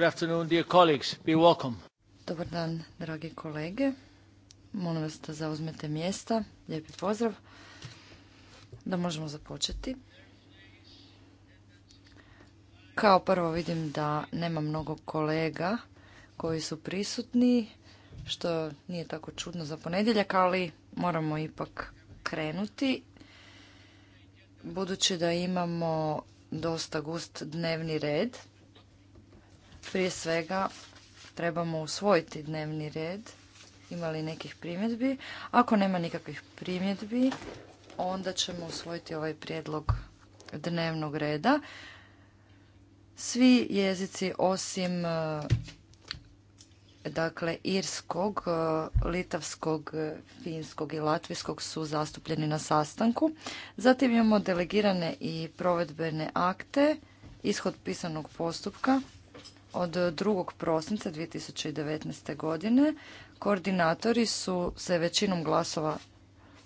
Good afternoon, Dobar dan, dragi kolege. Molim vas da zauzmete mjesta. Lijepi pozdrav. Da možemo započeti. Kao prvo vidim da nema mnogo kolega koji su prisutni, što nije tako čudno za ponedjeljak, ali moramo ipak krenuti. Budući da imamo dosta gust dnevni red, prije svega trebamo usvojiti dnevni red. Ima li nekih primjedbi? Ako nema nikakvih primjedbi, onda ćemo usvojiti ovaj prijedlog dnevnog reda. Svi jezici osim e, dakle irskog, e, litavskog, e, finskog i latvijskog su zastupljeni na sastanku. Zatim imamo delegirane i provedbene akte, ishod pisanog postupka, od 2. prosinca 2019. godine koordinatori su se većinom glasova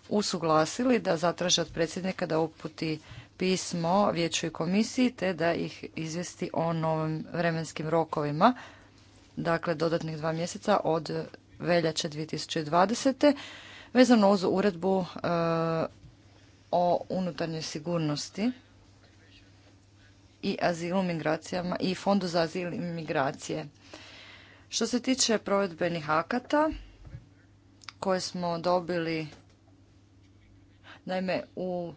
usuglasili da zatraže od predsjednika da uputi pismo vijeću komisiji te da ih izvijesti o novim vremenskim rokovima, dakle dodatnih dva mjeseca od veljače 2020. vezano uz uredbu e, o unutarnjoj sigurnosti i azilu migracijama i fondu za azil i migracije. Što se tiče provedbenih akata koje smo dobili, naime u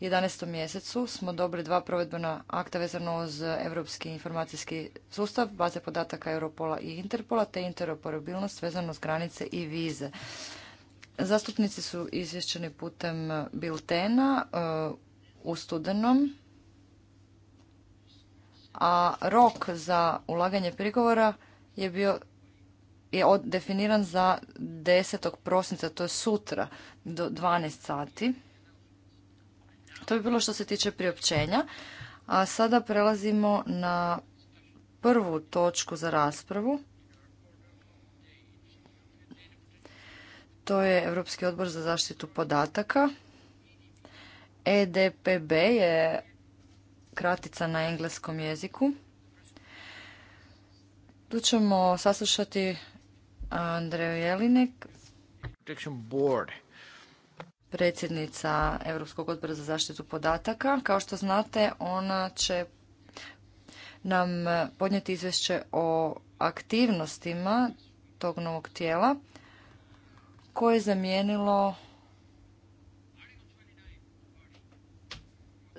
11. mjesecu smo dobili dva provedbena akta vezano uz Europski informacijski sustav, baze podataka Europola i Interpola, te interoperabilnost vezano uz granice i vize. Zastupnici su izvješćeni putem biltena e, u studenom a rok za ulaganje prigovora je bio je definiran za 10. prosinca, to je sutra do 12 sati. To bi bilo što se tiče priopćenja. A sada prelazimo na prvu točku za raspravu. To je Europski odbor za zaštitu podataka. EDPB je kratica na engleskom jeziku. Tu ćemo saslušati Andreju Jelinek, predsjednica Europskog odbora za zaštitu podataka. Kao što znate, ona će nam podnijeti izvješće o aktivnostima tog novog tijela koje je zamijenilo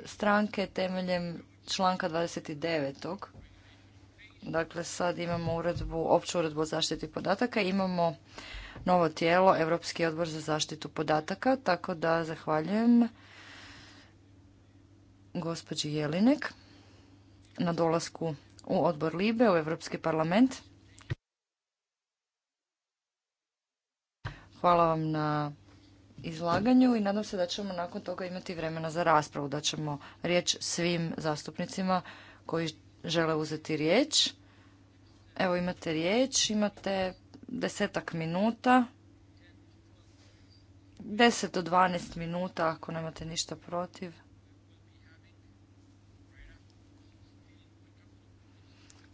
stranke temeljem članka 29. Dakle, sad imamo uredbu, opću uredbu o zaštiti podataka. Imamo novo tijelo, Europski odbor za zaštitu podataka, tako da zahvaljujem gospođi Jelinek na dolasku u odbor Libe u Europski parlament. Hvala vam na izlaganju i nadam se da ćemo nakon toga imati vremena za raspravu, da ćemo riječ svim zastupnicima koji žele uzeti riječ. Evo imate riječ, imate desetak minuta, deset do 12 minuta ako nemate ništa protiv.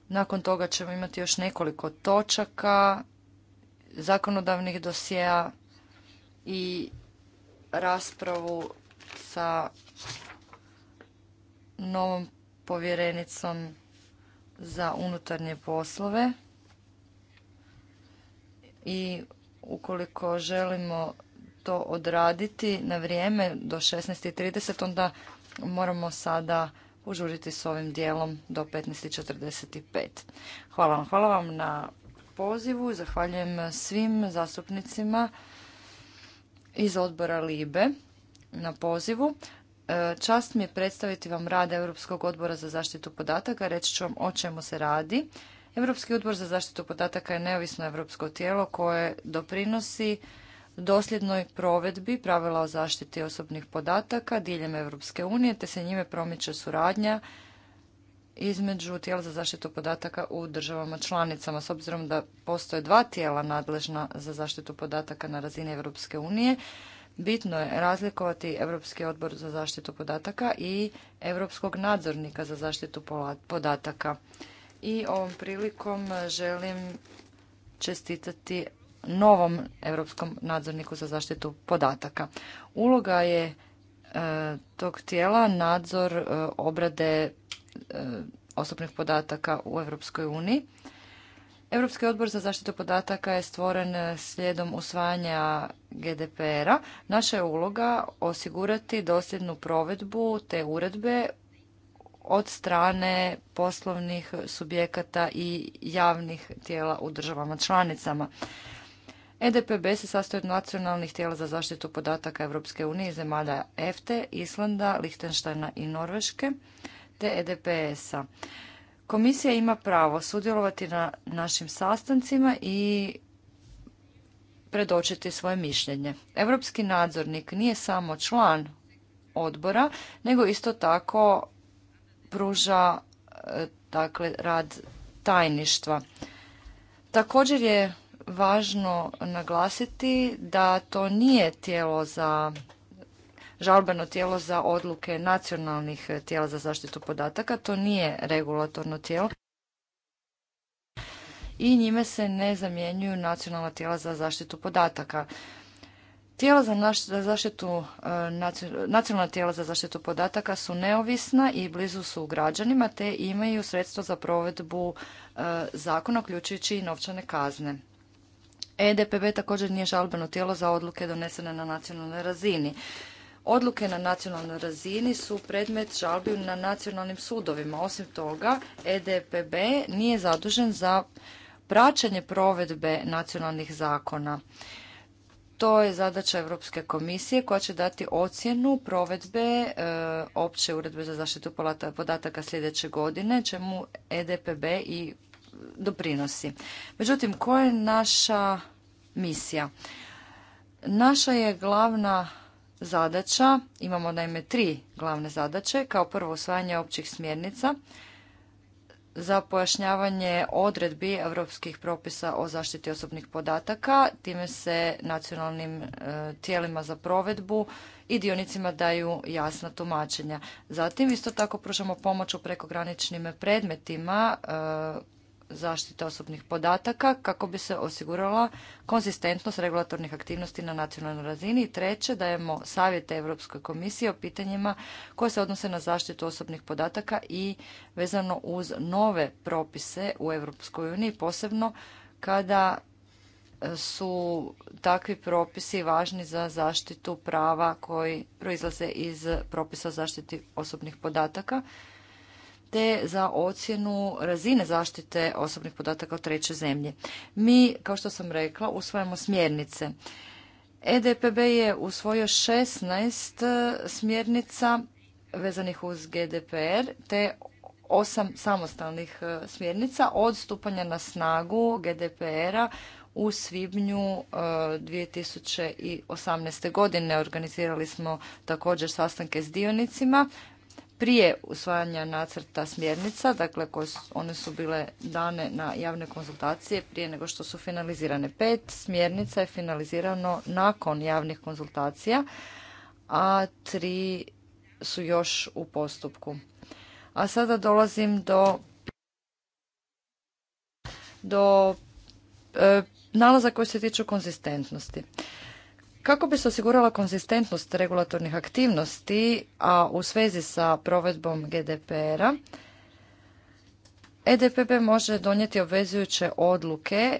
Nakon toga ćemo imati još nekoliko točaka, zakonodavnih dosjeja i raspravu sa novom povjerenicom za unutarnje poslove i ukoliko želimo to odraditi na vrijeme do 16.30 onda moramo sada požuriti s ovim dijelom do 15.45. Hvala vam, hvala vam na pozivu, zahvaljujem svim zastupnicima iz odbora LIBE na pozivu. E, čast mi je predstaviti vam rad Europskog odbora za zaštitu podataka. Reći ću vam o čemu se radi. Europski odbor za zaštitu podataka je neovisno europsko tijelo koje doprinosi dosljednoj provedbi pravila o zaštiti osobnih podataka diljem Europske unije te se njime promiče suradnja između tijela za zaštitu podataka u državama članicama. S obzirom da postoje dva tijela nadležna za zaštitu podataka na razini Europske unije, bitno je razlikovati Europski odbor za zaštitu podataka i Europskog nadzornika za zaštitu podataka. I ovom prilikom želim čestitati novom Europskom nadzorniku za zaštitu podataka. Uloga je e, tog tijela nadzor e, obrade E, osobnih podataka u Europskoj uniji. Europski odbor za zaštitu podataka je stvoren e, slijedom usvajanja GDPR-a. Naša je uloga osigurati dosljednu provedbu te uredbe od strane poslovnih subjekata i javnih tijela u državama članicama. EDPB se sastoji od nacionalnih tijela za zaštitu podataka Europske unije i zemalja EFTE, Islanda, Lihtenštajna i Norveške te EDPS-a. Komisija ima pravo sudjelovati na našim sastancima i predočiti svoje mišljenje. Europski nadzornik nije samo član odbora, nego isto tako pruža e, dakle, rad tajništva. Također je važno naglasiti da to nije tijelo za žalbeno tijelo za odluke nacionalnih tijela za zaštitu podataka. To nije regulatorno tijelo i njime se ne zamjenjuju nacionalna tijela za zaštitu podataka. Tijela za zaštitu, e, nacionalna tijela za zaštitu podataka su neovisna i blizu su građanima te imaju sredstvo za provedbu e, zakona, uključujući i novčane kazne. EDPB također nije žalbeno tijelo za odluke donesene na nacionalnoj razini. Odluke na nacionalnoj razini su predmet žalbi na nacionalnim sudovima. Osim toga, EDPB nije zadužen za praćenje provedbe nacionalnih zakona. To je zadaća Europske komisije koja će dati ocjenu provedbe e, opće uredbe za zaštitu podataka sljedeće godine, čemu EDPB i doprinosi. Međutim, koja je naša misija? Naša je glavna zadaća. Imamo naime tri glavne zadaće. Kao prvo usvajanje općih smjernica za pojašnjavanje odredbi europskih propisa o zaštiti osobnih podataka. Time se nacionalnim e, tijelima za provedbu i dionicima daju jasna tumačenja. Zatim isto tako pružamo pomoć u prekograničnim predmetima e, zaštite osobnih podataka kako bi se osigurala konzistentnost regulatornih aktivnosti na nacionalnoj razini. I treće, dajemo savjete Europskoj komisiji o pitanjima koje se odnose na zaštitu osobnih podataka i vezano uz nove propise u Europskoj uniji, posebno kada su takvi propisi važni za zaštitu prava koji proizlaze iz propisa zaštiti osobnih podataka te za ocjenu razine zaštite osobnih podataka u treće zemlje. Mi, kao što sam rekla, usvajamo smjernice. EDPB je usvojio 16 e, smjernica vezanih uz GDPR, te osam samostalnih e, smjernica od stupanja na snagu GDPR-a u svibnju 2018. E, godine organizirali smo također sastanke s dionicima prije usvajanja nacrta smjernica, dakle one su bile dane na javne konzultacije prije nego što su finalizirane. Pet smjernica je finalizirano nakon javnih konzultacija, a tri su još u postupku. A sada dolazim do, do e, nalaza koji se tiču konzistentnosti. Kako bi se osigurala konzistentnost regulatornih aktivnosti, a u svezi sa provedbom GDPR-a, EDPB može donijeti obvezujuće odluke e,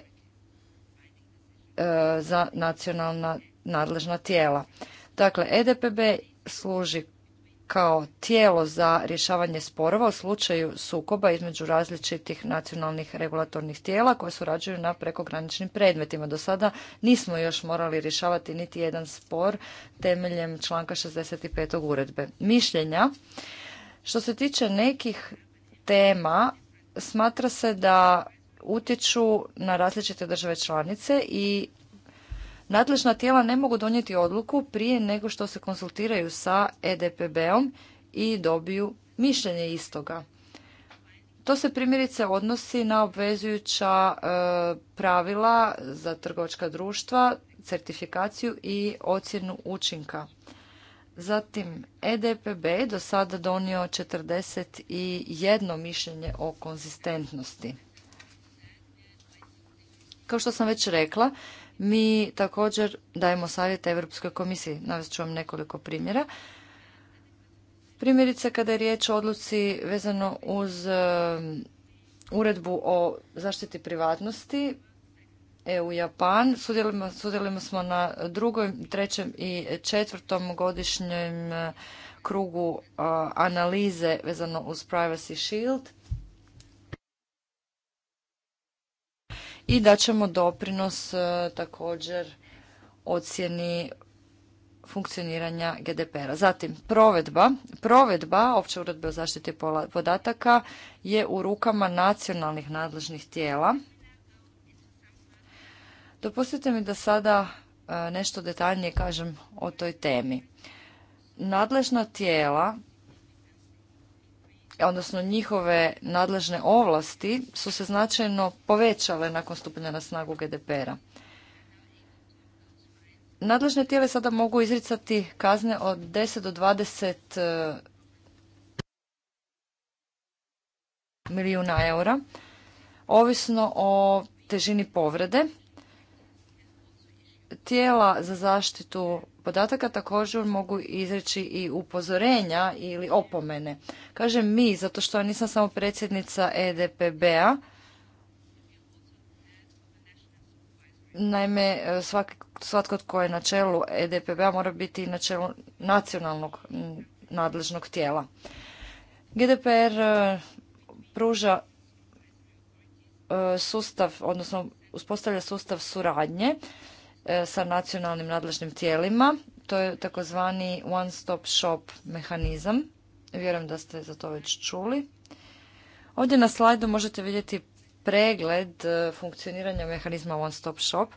za nacionalna nadležna tijela. Dakle, EDPB služi kao tijelo za rješavanje sporova u slučaju sukoba između različitih nacionalnih regulatornih tijela koje surađuju na prekograničnim predmetima. Do sada nismo još morali rješavati niti jedan spor temeljem članka 65. uredbe. Mišljenja. Što se tiče nekih tema, smatra se da utječu na različite države članice i Nadležna tijela ne mogu donijeti odluku prije nego što se konsultiraju sa EDPB-om i dobiju mišljenje istoga. To se primjerice odnosi na obvezujuća e, pravila za trgovačka društva, certifikaciju i ocjenu učinka. Zatim, EDPB je do sada donio 41 mišljenje o konzistentnosti. Kao što sam već rekla, mi također dajemo savjete Europskoj komisiji. Navest ću vam nekoliko primjera. Primjerice kada je riječ o odluci vezano uz um, uredbu o zaštiti privatnosti EU-Japan, sudjelimo smo na drugom, trećem i četvrtom godišnjem uh, krugu uh, analize vezano uz Privacy Shield. i da ćemo doprinos e, također ocjeni funkcioniranja GDPR-a. Zatim, provedba. Provedba opće uredbe o zaštiti podataka je u rukama nacionalnih nadležnih tijela. Dopustite mi da sada e, nešto detaljnije kažem o toj temi. Nadležna tijela odnosno njihove nadležne ovlasti su se značajno povećale nakon stupanja na snagu GDPR-a. Nadležne tijele sada mogu izricati kazne od 10 do 20 e, milijuna eura, ovisno o težini povrede. Tijela za zaštitu podataka također mogu izreći i upozorenja ili opomene. Kažem mi, zato što ja nisam samo predsjednica EDPB-a, Naime, svatko tko je na čelu EDPB-a mora biti na čelu nacionalnog nadležnog tijela. GDPR e, pruža e, sustav, odnosno uspostavlja sustav suradnje E, sa nacionalnim nadležnim tijelima. To je takozvani one stop shop mehanizam. Vjerujem da ste za to već čuli. Ovdje na slajdu možete vidjeti pregled e, funkcioniranja mehanizma one stop shop.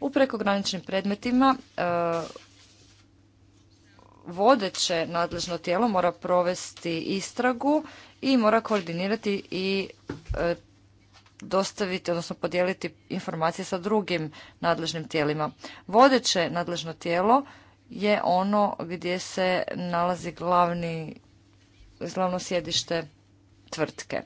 U prekograničnim predmetima e, vodeće nadležno tijelo mora provesti istragu i mora koordinirati i dostaviti, odnosno podijeliti informacije sa drugim nadležnim tijelima. Vodeće nadležno tijelo je ono gdje se nalazi glavni, glavno sjedište tvrtke.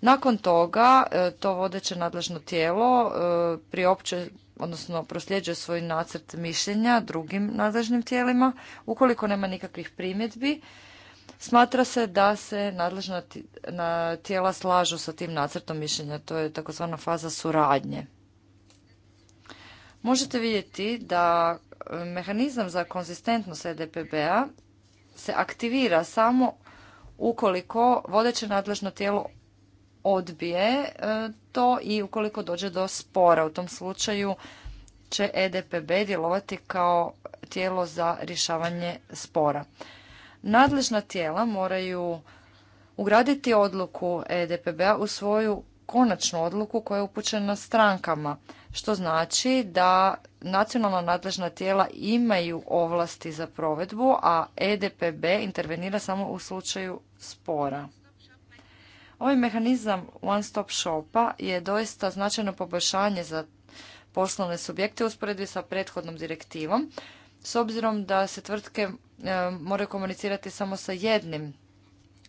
Nakon toga e, to vodeće nadležno tijelo e, priopće, odnosno prosljeđuje svoj nacrt mišljenja drugim nadležnim tijelima. Ukoliko nema nikakvih primjedbi, Smatra se da se nadležna tijela slažu sa tim nacrtom mišljenja, to je takozvana faza suradnje. Možete vidjeti da e, mehanizam za konzistentnost EDPB-a se aktivira samo ukoliko vodeće nadležno tijelo odbije e, to i ukoliko dođe do spora. U tom slučaju će EDPB djelovati kao tijelo za rješavanje spora nadležna tijela moraju ugraditi odluku EDPB-a u svoju konačnu odluku koja je upućena strankama, što znači da nacionalna nadležna tijela imaju ovlasti za provedbu, a EDPB intervenira samo u slučaju spora. Ovaj mehanizam one stop shopa je doista značajno poboljšanje za poslovne subjekte usporedbi sa prethodnom direktivom, s obzirom da se tvrtke E, moraju komunicirati samo sa jednim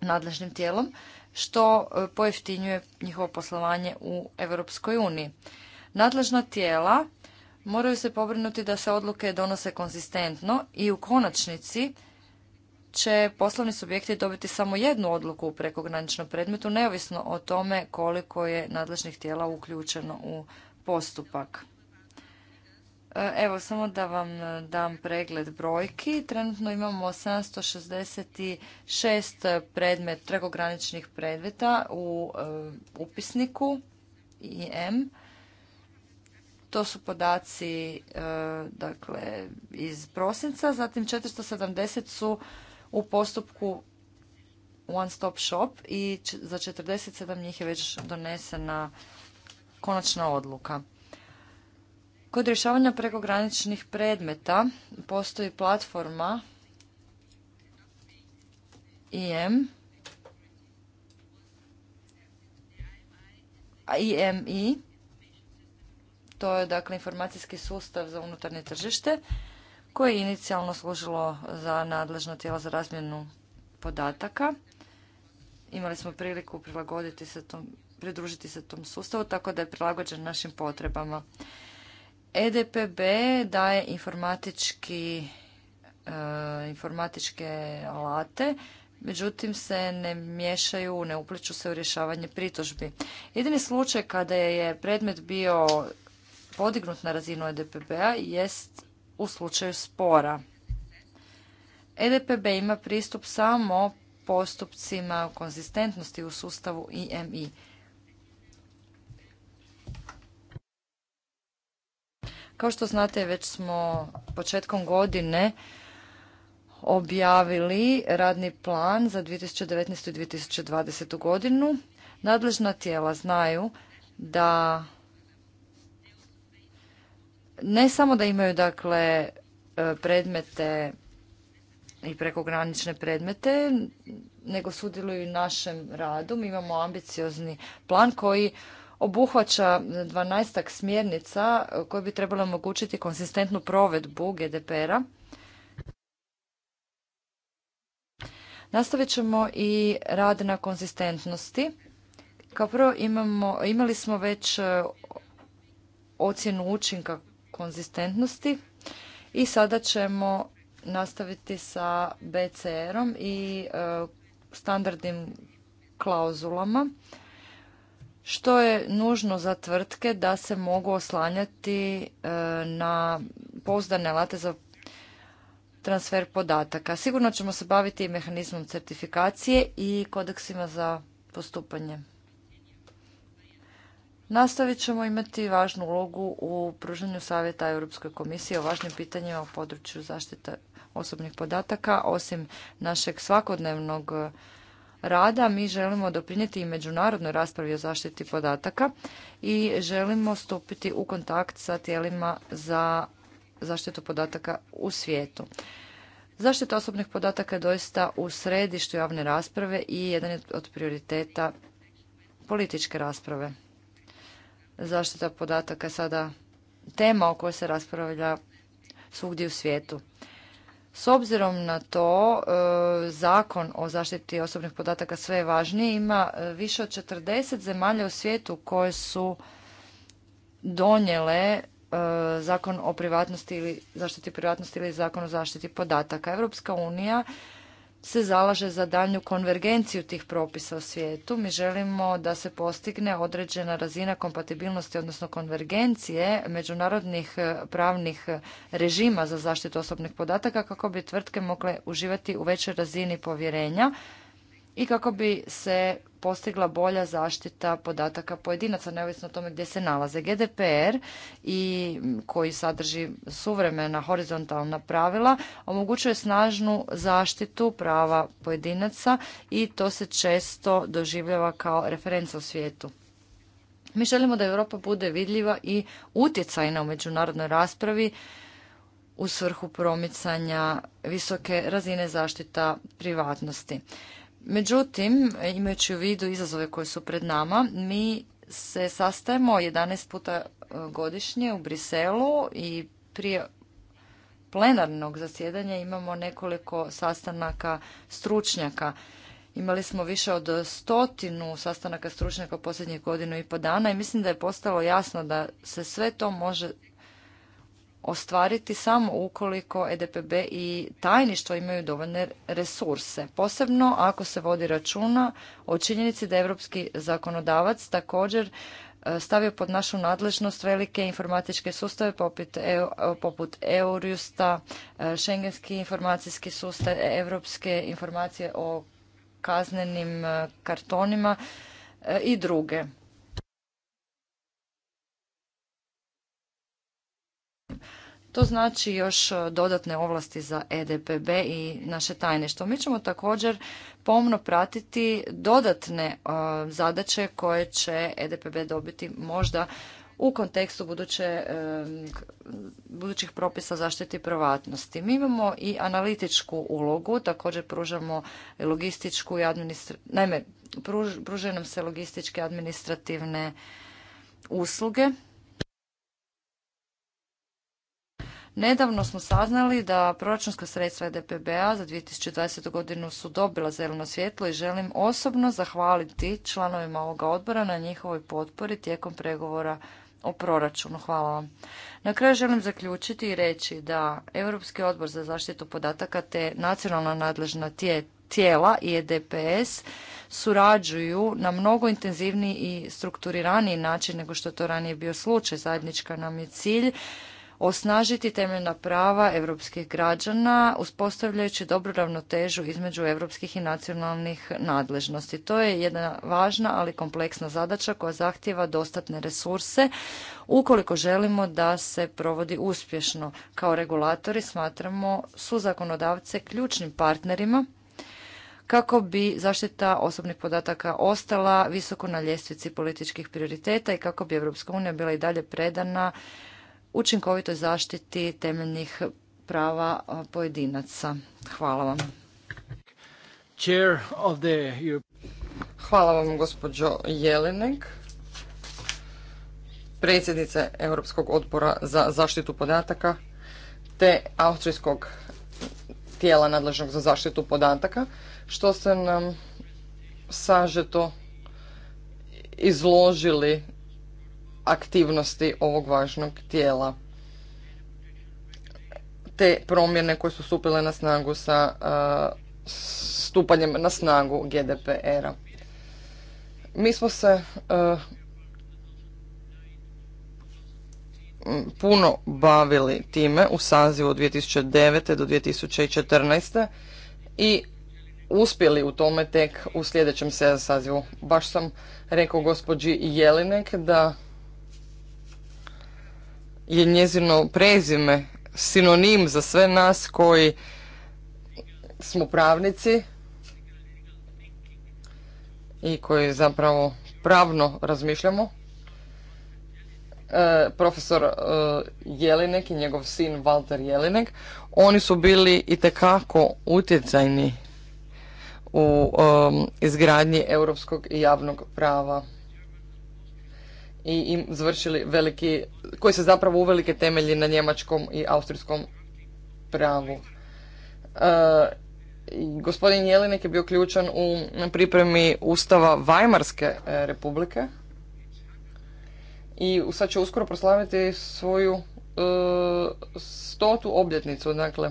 nadležnim tijelom, što e, pojeftinjuje njihovo poslovanje u Europskoj uniji. Nadležna tijela moraju se pobrinuti da se odluke donose konzistentno i u konačnici će poslovni subjekti dobiti samo jednu odluku u prekograničnom predmetu, neovisno o tome koliko je nadležnih tijela uključeno u postupak. E, evo, samo da vam e, dam pregled brojki. Trenutno imamo 766 e, predmet, prekograničnih predmeta u upisniku IM. To su podaci dakle, iz prosinca. Zatim 470 su u postupku One Stop Shop i za 47 njih je već donesena konačna odluka. Kod rješavanja prekograničnih predmeta postoji platforma IM, IMI, to je dakle informacijski sustav za unutarnje tržište koje je inicijalno služilo za nadležno tijelo za razmjenu podataka. Imali smo priliku prilagoditi se tom, pridružiti se tom sustavu tako da je prilagođen našim potrebama. EDPB daje informatički, e, informatičke alate, međutim se ne miješaju, ne upliču se u rješavanje pritužbi. Jedini slučaj kada je predmet bio podignut na razinu EDPB-a jest u slučaju spora. EDPB ima pristup samo postupcima konzistentnosti u sustavu IMI. Kao što znate, već smo početkom godine objavili radni plan za 2019. i 2020. godinu. Nadležna tijela znaju da ne samo da imaju dakle e, predmete i prekogranične predmete, nego sudjeluju i našem radu. Mi imamo ambiciozni plan koji obuhvaća 12 smjernica koje bi trebalo omogućiti konsistentnu provedbu GDPR-a. Nastavit ćemo i rad na konzistentnosti. Kao prvo imamo, imali smo već e, ocjenu učinka konzistentnosti i sada ćemo nastaviti sa BCR-om i e, standardnim klauzulama što je nužno za tvrtke da se mogu oslanjati e, na pouzdane alate za transfer podataka. Sigurno ćemo se baviti i mehanizmom certifikacije i kodeksima za postupanje. Nastavit ćemo imati važnu ulogu u pružanju savjeta Europskoj komisiji o važnim pitanjima u području zaštite osobnih podataka, osim našeg svakodnevnog rada mi želimo doprinijeti i međunarodnoj raspravi o zaštiti podataka i želimo stupiti u kontakt sa tijelima za zaštitu podataka u svijetu. Zaštita osobnih podataka je doista u središtu javne rasprave i jedan je od prioriteta političke rasprave. Zaštita podataka je sada tema o kojoj se raspravlja svugdje u svijetu. S obzirom na to, e, zakon o zaštiti osobnih podataka sve je važniji. Ima e, više od 40 zemalja u svijetu koje su donijele e, zakon o privatnosti ili zaštiti privatnosti ili zakon o zaštiti podataka. Europska unija se zalaže za daljnju konvergenciju tih propisa u svijetu. Mi želimo da se postigne određena razina kompatibilnosti, odnosno konvergencije međunarodnih eh, pravnih eh, režima za zaštitu osobnih podataka kako bi tvrtke mogle uživati u većoj razini povjerenja i kako bi se postigla bolja zaštita podataka pojedinaca, neovisno o tome gdje se nalaze. GDPR i koji sadrži suvremena horizontalna pravila omogućuje snažnu zaštitu prava pojedinaca i to se često doživljava kao referenca u svijetu. Mi želimo da Europa bude vidljiva i utjecajna u međunarodnoj raspravi u svrhu promicanja visoke razine zaštita privatnosti. Međutim, imajući u vidu izazove koje su pred nama, mi se sastajemo 11 puta e, godišnje u Briselu i prije plenarnog zasjedanja imamo nekoliko sastanaka stručnjaka. Imali smo više od stotinu sastanaka stručnjaka u posljednjih godinu i po dana i mislim da je postalo jasno da se sve to može ostvariti samo ukoliko EDPB i tajništvo imaju dovoljne resurse, posebno ako se vodi računa o činjenici da je europski zakonodavac također e, stavio pod našu nadležnost velike informatičke sustave poput, e, poput e, Schengenski informacijski sustav, Europske informacije o kaznenim kartonima i druge. To znači još e, dodatne ovlasti za EDPB i naše tajništvo. Mi ćemo također pomno pratiti dodatne e, zadaće koje će EDPB dobiti možda u kontekstu buduće, e, budućih propisa zaštiti privatnosti. Mi imamo i analitičku ulogu, također pružamo logističku i administrativnu, naime, pružaju nam se logističke administrativne usluge Nedavno smo saznali da proračunska sredstva EDPB-a za 2020. godinu su dobila zeleno svjetlo i želim osobno zahvaliti članovima ovoga odbora na njihovoj potpori tijekom pregovora o proračunu. Hvala vam. Na kraju želim zaključiti i reći da Europski odbor za zaštitu podataka te nacionalna nadležna tijela i EDPS surađuju na mnogo intenzivniji i strukturiraniji način nego što je to ranije bio slučaj. Zajednička nam je cilj osnažiti temeljna prava europskih građana uspostavljajući dobru ravnotežu između europskih i nacionalnih nadležnosti. To je jedna važna, ali kompleksna zadaća koja zahtjeva dostatne resurse ukoliko želimo da se provodi uspješno. Kao regulatori smatramo su zakonodavce ključnim partnerima kako bi zaštita osobnih podataka ostala visoko na ljestvici političkih prioriteta i kako bi Europska unija bila i dalje predana učinkovitoj zaštiti temeljnih prava pojedinaca. Hvala vam. Hvala vam, gospođo Jelenek, predsjednice Europskog odbora za zaštitu podataka te Austrijskog tijela nadležnog za zaštitu podataka, što ste nam sažeto izložili aktivnosti ovog važnog tijela. Te promjene koje su stupile na snagu sa stupanjem na snagu GDPR-a. Mi smo se puno bavili time u sazivu od 2009. do 2014. i uspjeli u tome tek u sljedećem sazivu. Baš sam rekao gospođi Jelinek da je njezino prezime sinonim za sve nas koji smo pravnici i koji zapravo pravno razmišljamo. E, profesor e, Jelinek i njegov sin Walter Jelinek, oni su bili itekako utjecajni u e, izgradnji europskog i javnog prava i im završili veliki, koji se zapravo uvelike temelji na njemačkom i austrijskom pravu. E, gospodin Jelinek je bio ključan u pripremi ustava Vajmarske e, republike i sad će uskoro proslaviti svoju e, stotu obljetnicu. Dakle,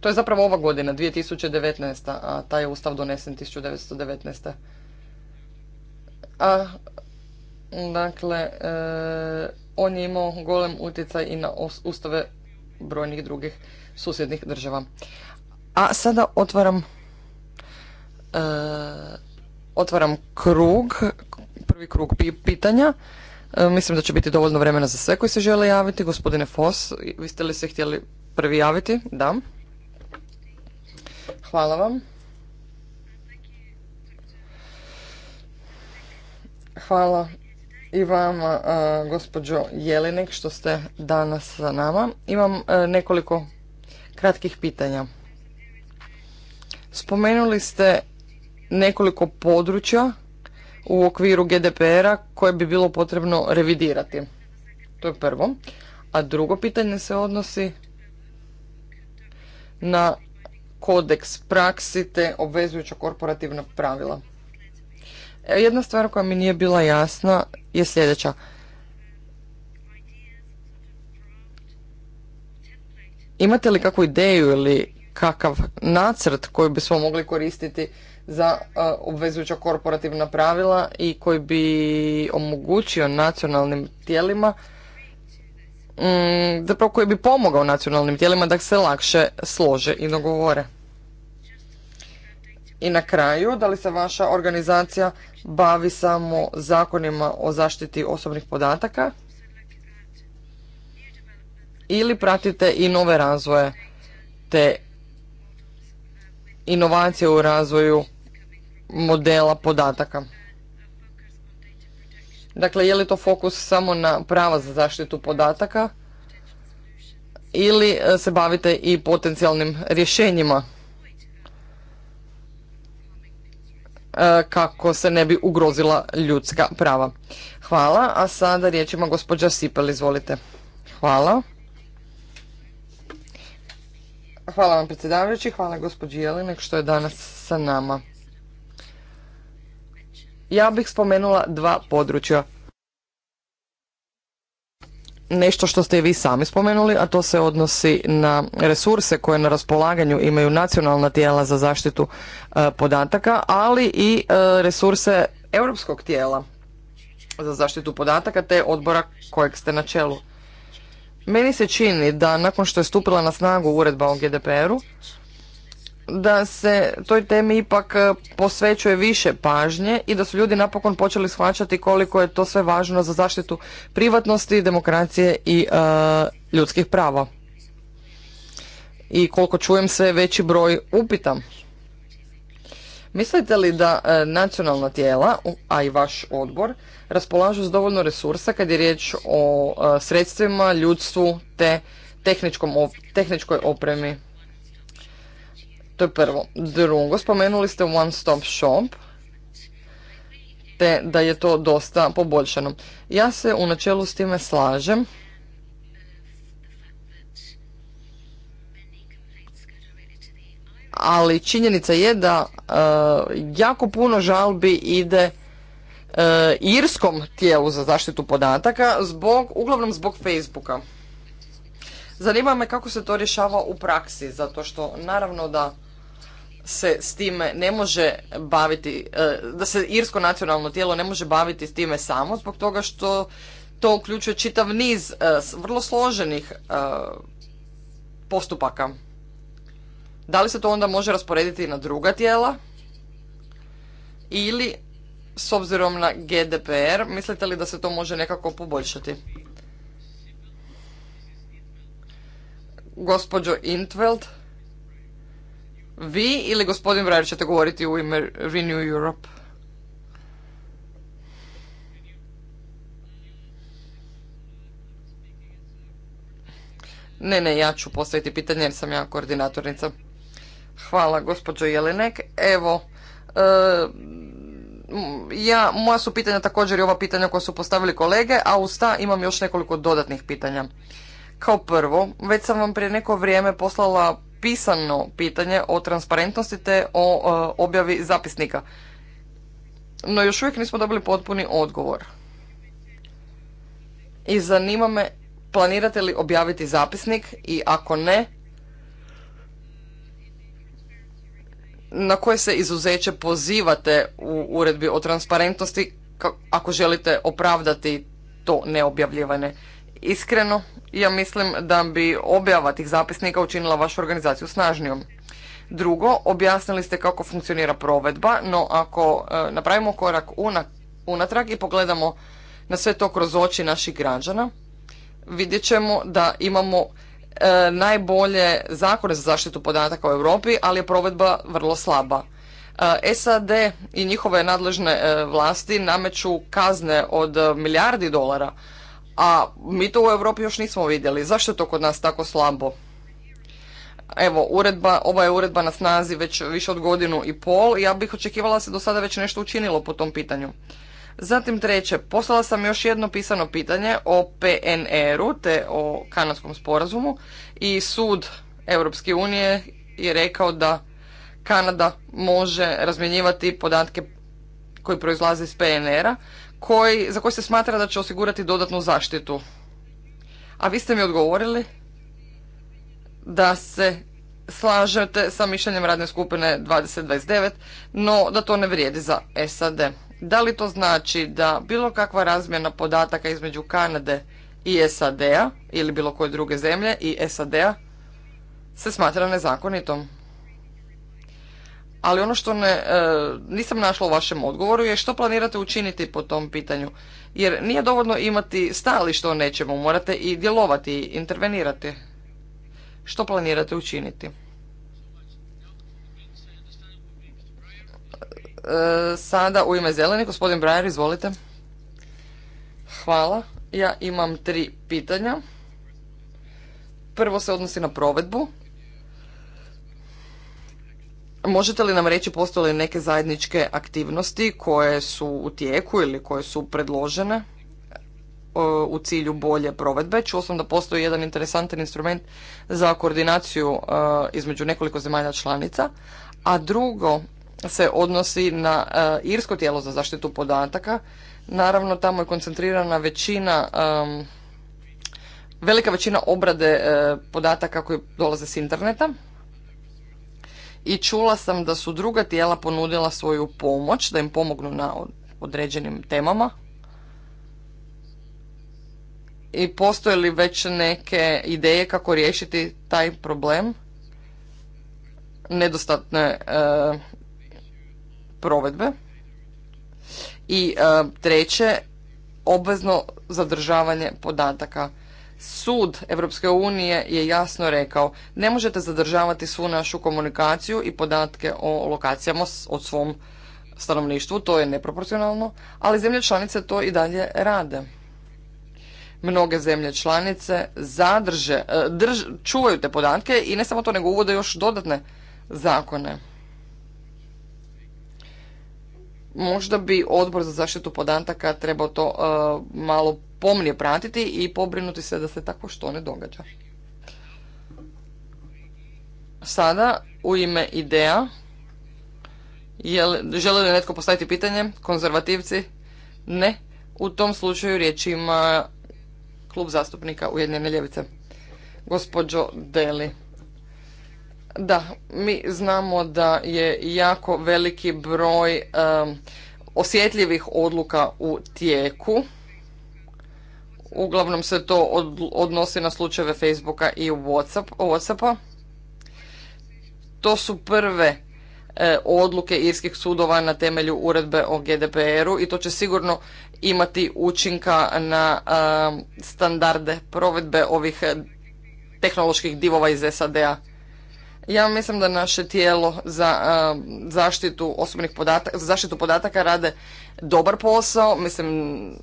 to je zapravo ova godina, 2019. A taj je ustav donesen 1919. A Dakle, e, on je imao golem utjecaj i na ustave brojnih drugih susjednih država. A sada otvaram e, otvaram krug, prvi krug pitanja. E, mislim da će biti dovoljno vremena za sve koji se žele javiti. Gospodine Fos, vi ste li se htjeli prvi javiti? Da. Hvala vam. Hvala i vama, e, gospođo Jelinek, što ste danas sa nama. Imam e, nekoliko kratkih pitanja. Spomenuli ste nekoliko područja u okviru GDPR-a koje bi bilo potrebno revidirati. To je prvo. A drugo pitanje se odnosi na kodeks praksi te obvezujuća korporativna pravila. Jedna stvar koja mi nije bila jasna je sljedeća. Imate li kakvu ideju ili kakav nacrt koji bismo mogli koristiti za obvezujuća korporativna pravila i koji bi omogućio nacionalnim tijelima mm, zapravo koji bi pomogao nacionalnim tijelima da se lakše slože i dogovore. I na kraju, da li se vaša organizacija bavi samo zakonima o zaštiti osobnih podataka ili pratite i nove razvoje te inovacije u razvoju modela podataka? Dakle, je li to fokus samo na prava za zaštitu podataka ili e, se bavite i potencijalnim rješenjima? E, kako se ne bi ugrozila ljudska prava. Hvala, a sada riječ ima gospođa Sipel, izvolite. Hvala. Hvala vam predsjedavajući, hvala gospođi Jelinek što je danas sa nama. Ja bih spomenula dva područja nešto što ste i vi sami spomenuli, a to se odnosi na resurse koje na raspolaganju imaju nacionalna tijela za zaštitu e, podataka, ali i e, resurse europskog tijela za zaštitu podataka te odbora kojeg ste na čelu. Meni se čini da nakon što je stupila na snagu uredba o GDPR-u, da se toj temi ipak e, posvećuje više pažnje i da su ljudi napokon počeli shvaćati koliko je to sve važno za zaštitu privatnosti, demokracije i e, ljudskih prava. I koliko čujem sve veći broj upita. Mislite li da e, nacionalna tijela, a i vaš odbor, raspolažu s dovoljno resursa kad je riječ o sredstvima, ljudstvu te tehničkom, tehničkoj opremi? prvo. Drugo, spomenuli ste One Stop Shop, te da je to dosta poboljšano. Ja se u načelu s time slažem. ali činjenica je da e, jako puno žalbi ide e, irskom tijelu za zaštitu podataka zbog uglavnom zbog Facebooka. Zanima me kako se to rješava u praksi zato što naravno da se s time ne može baviti, e, da se irsko nacionalno tijelo ne može baviti s time samo zbog toga što to uključuje čitav niz e, vrlo složenih e, postupaka. Da li se to onda može rasporediti na druga tijela? Ili, s obzirom na GDPR, mislite li da se to može nekako poboljšati? Gospođo Intveld? Vi ili gospodin Brajer ćete govoriti u ime Renew Europe? Ne, ne, ja ću postaviti pitanje jer sam ja koordinatornica. Hvala, gospođo Jelenek. Evo, e, ja, moja su pitanja također i ova pitanja koja su postavili kolege, a uz ta imam još nekoliko dodatnih pitanja. Kao prvo, već sam vam prije neko vrijeme poslala pisano pitanje o transparentnosti te o e, objavi zapisnika. No još uvijek nismo dobili potpuni odgovor. I zanima me, planirate li objaviti zapisnik i ako ne, na koje se izuzeće pozivate u uredbi o transparentnosti ako želite opravdati to neobjavljivanje. Iskreno, ja mislim da bi objava tih zapisnika učinila vašu organizaciju snažnijom. Drugo, objasnili ste kako funkcionira provedba, no ako e, napravimo korak unatrag i pogledamo na sve to kroz oči naših građana, vidjet ćemo da imamo e, najbolje zakone za zaštitu podataka u Europi, ali je provedba vrlo slaba. E, SAD i njihove nadležne vlasti nameću kazne od milijardi dolara a mi to u Europi još nismo vidjeli. Zašto je to kod nas tako slabo? Evo, uredba, ova je uredba na snazi već više od godinu i pol i ja bih očekivala se do sada već nešto učinilo po tom pitanju. Zatim treće, poslala sam još jedno pisano pitanje o PNR-u te o kanadskom sporazumu i sud Europske unije je rekao da Kanada može razmjenjivati podatke koji proizlaze iz PNR-a koji, za koji se smatra da će osigurati dodatnu zaštitu. A vi ste mi odgovorili da se slažete sa mišljenjem radne skupine 2029, no da to ne vrijedi za SAD. Da li to znači da bilo kakva razmjena podataka između Kanade i SAD-a ili bilo koje druge zemlje i SAD-a se smatra nezakonitom? ali ono što ne, e, nisam našla u vašem odgovoru je što planirate učiniti po tom pitanju. Jer nije dovoljno imati stali o nečemu, morate i djelovati, intervenirati. Što planirate učiniti? E, sada u ime zeleni, gospodin Brajer, izvolite. Hvala. Ja imam tri pitanja. Prvo se odnosi na provedbu. Možete li nam reći postoje li neke zajedničke aktivnosti koje su u tijeku ili koje su predložene e, u cilju bolje provedbe? Čuo sam da postoji jedan interesantan instrument za koordinaciju e, između nekoliko zemalja članica, a drugo se odnosi na e, irsko tijelo za zaštitu podataka. Naravno, tamo je koncentrirana većina velika većina obrade podataka koji dolaze s interneta i čula sam da su druga tijela ponudila svoju pomoć, da im pomognu na određenim temama. I postoje li već neke ideje kako riješiti taj problem nedostatne e, provedbe? I e, treće, obvezno zadržavanje podataka Sud Europske unije je jasno rekao, ne možete zadržavati svu našu komunikaciju i podatke o lokacijama od svom stanovništvu, to je neproporcionalno, ali zemlje članice to i dalje rade. Mnoge zemlje članice zadrže, e, čuvaju te podatke i ne samo to, nego uvode još dodatne zakone. Možda bi odbor za zaštitu podataka trebao to e, malo pomnije pratiti i pobrinuti se da se tako što ne događa. Sada u ime ideja žele li netko postaviti pitanje? Konzervativci? Ne. U tom slučaju riječ ima klub zastupnika Ujedinjene ljevice. Gospođo Deli. Da, mi znamo da je jako veliki broj osjetljivih odluka u tijeku Uglavnom se to odnosi na slučajeve Facebooka i Whatsappa. To su prve e, odluke irskih sudova na temelju uredbe o GDPR-u i to će sigurno imati učinka na e, standarde provedbe ovih e, tehnoloških divova iz SAD-a. Ja mislim da naše tijelo za zaštitu osobnih podataka, za zaštitu podataka rade dobar posao, mislim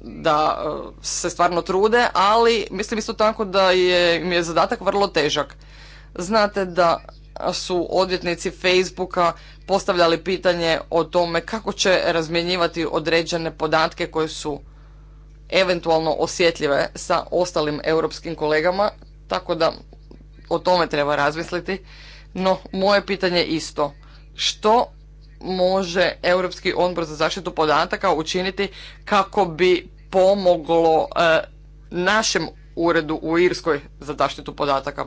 da se stvarno trude, ali mislim isto tako da je, im je zadatak vrlo težak. Znate da su odvjetnici Facebooka postavljali pitanje o tome kako će razmjenjivati određene podatke koje su eventualno osjetljive sa ostalim europskim kolegama, tako da o tome treba razmisliti no, moje pitanje je isto. Što može Europski odbor za zaštitu podataka učiniti kako bi pomoglo e, našem uredu u Irskoj za zaštitu podataka?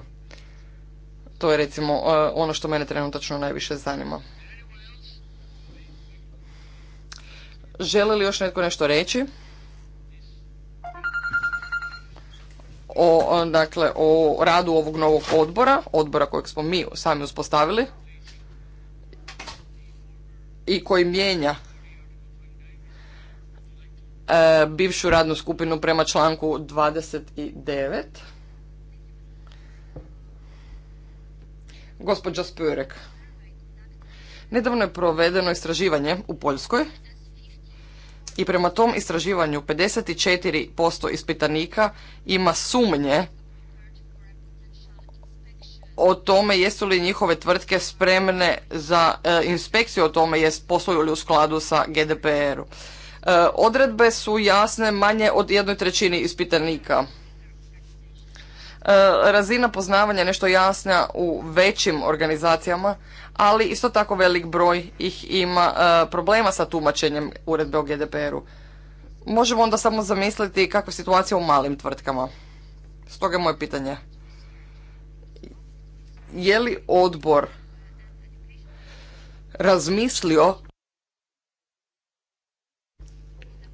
To je recimo e, ono što mene trenutačno najviše zanima. Želi li još netko nešto reći? o, dakle, o radu ovog novog odbora, odbora kojeg smo mi sami uspostavili i koji mijenja e, bivšu radnu skupinu prema članku 29. Gospođa Spurek. Nedavno je provedeno istraživanje u Poljskoj i prema tom istraživanju 54% ispitanika ima sumnje o tome jesu li njihove tvrtke spremne za e, inspekciju o tome jest posluju li u skladu sa gdpr u e, odredbe su jasne manje od jednoj trećini ispitanika. E, razina poznavanja je nešto jasna u većim organizacijama, ali isto tako velik broj ih ima e, problema sa tumačenjem uredbe o GDPR-u. Možemo onda samo zamisliti kakva je situacija u malim tvrtkama. Stoga je moje pitanje. Je li odbor razmislio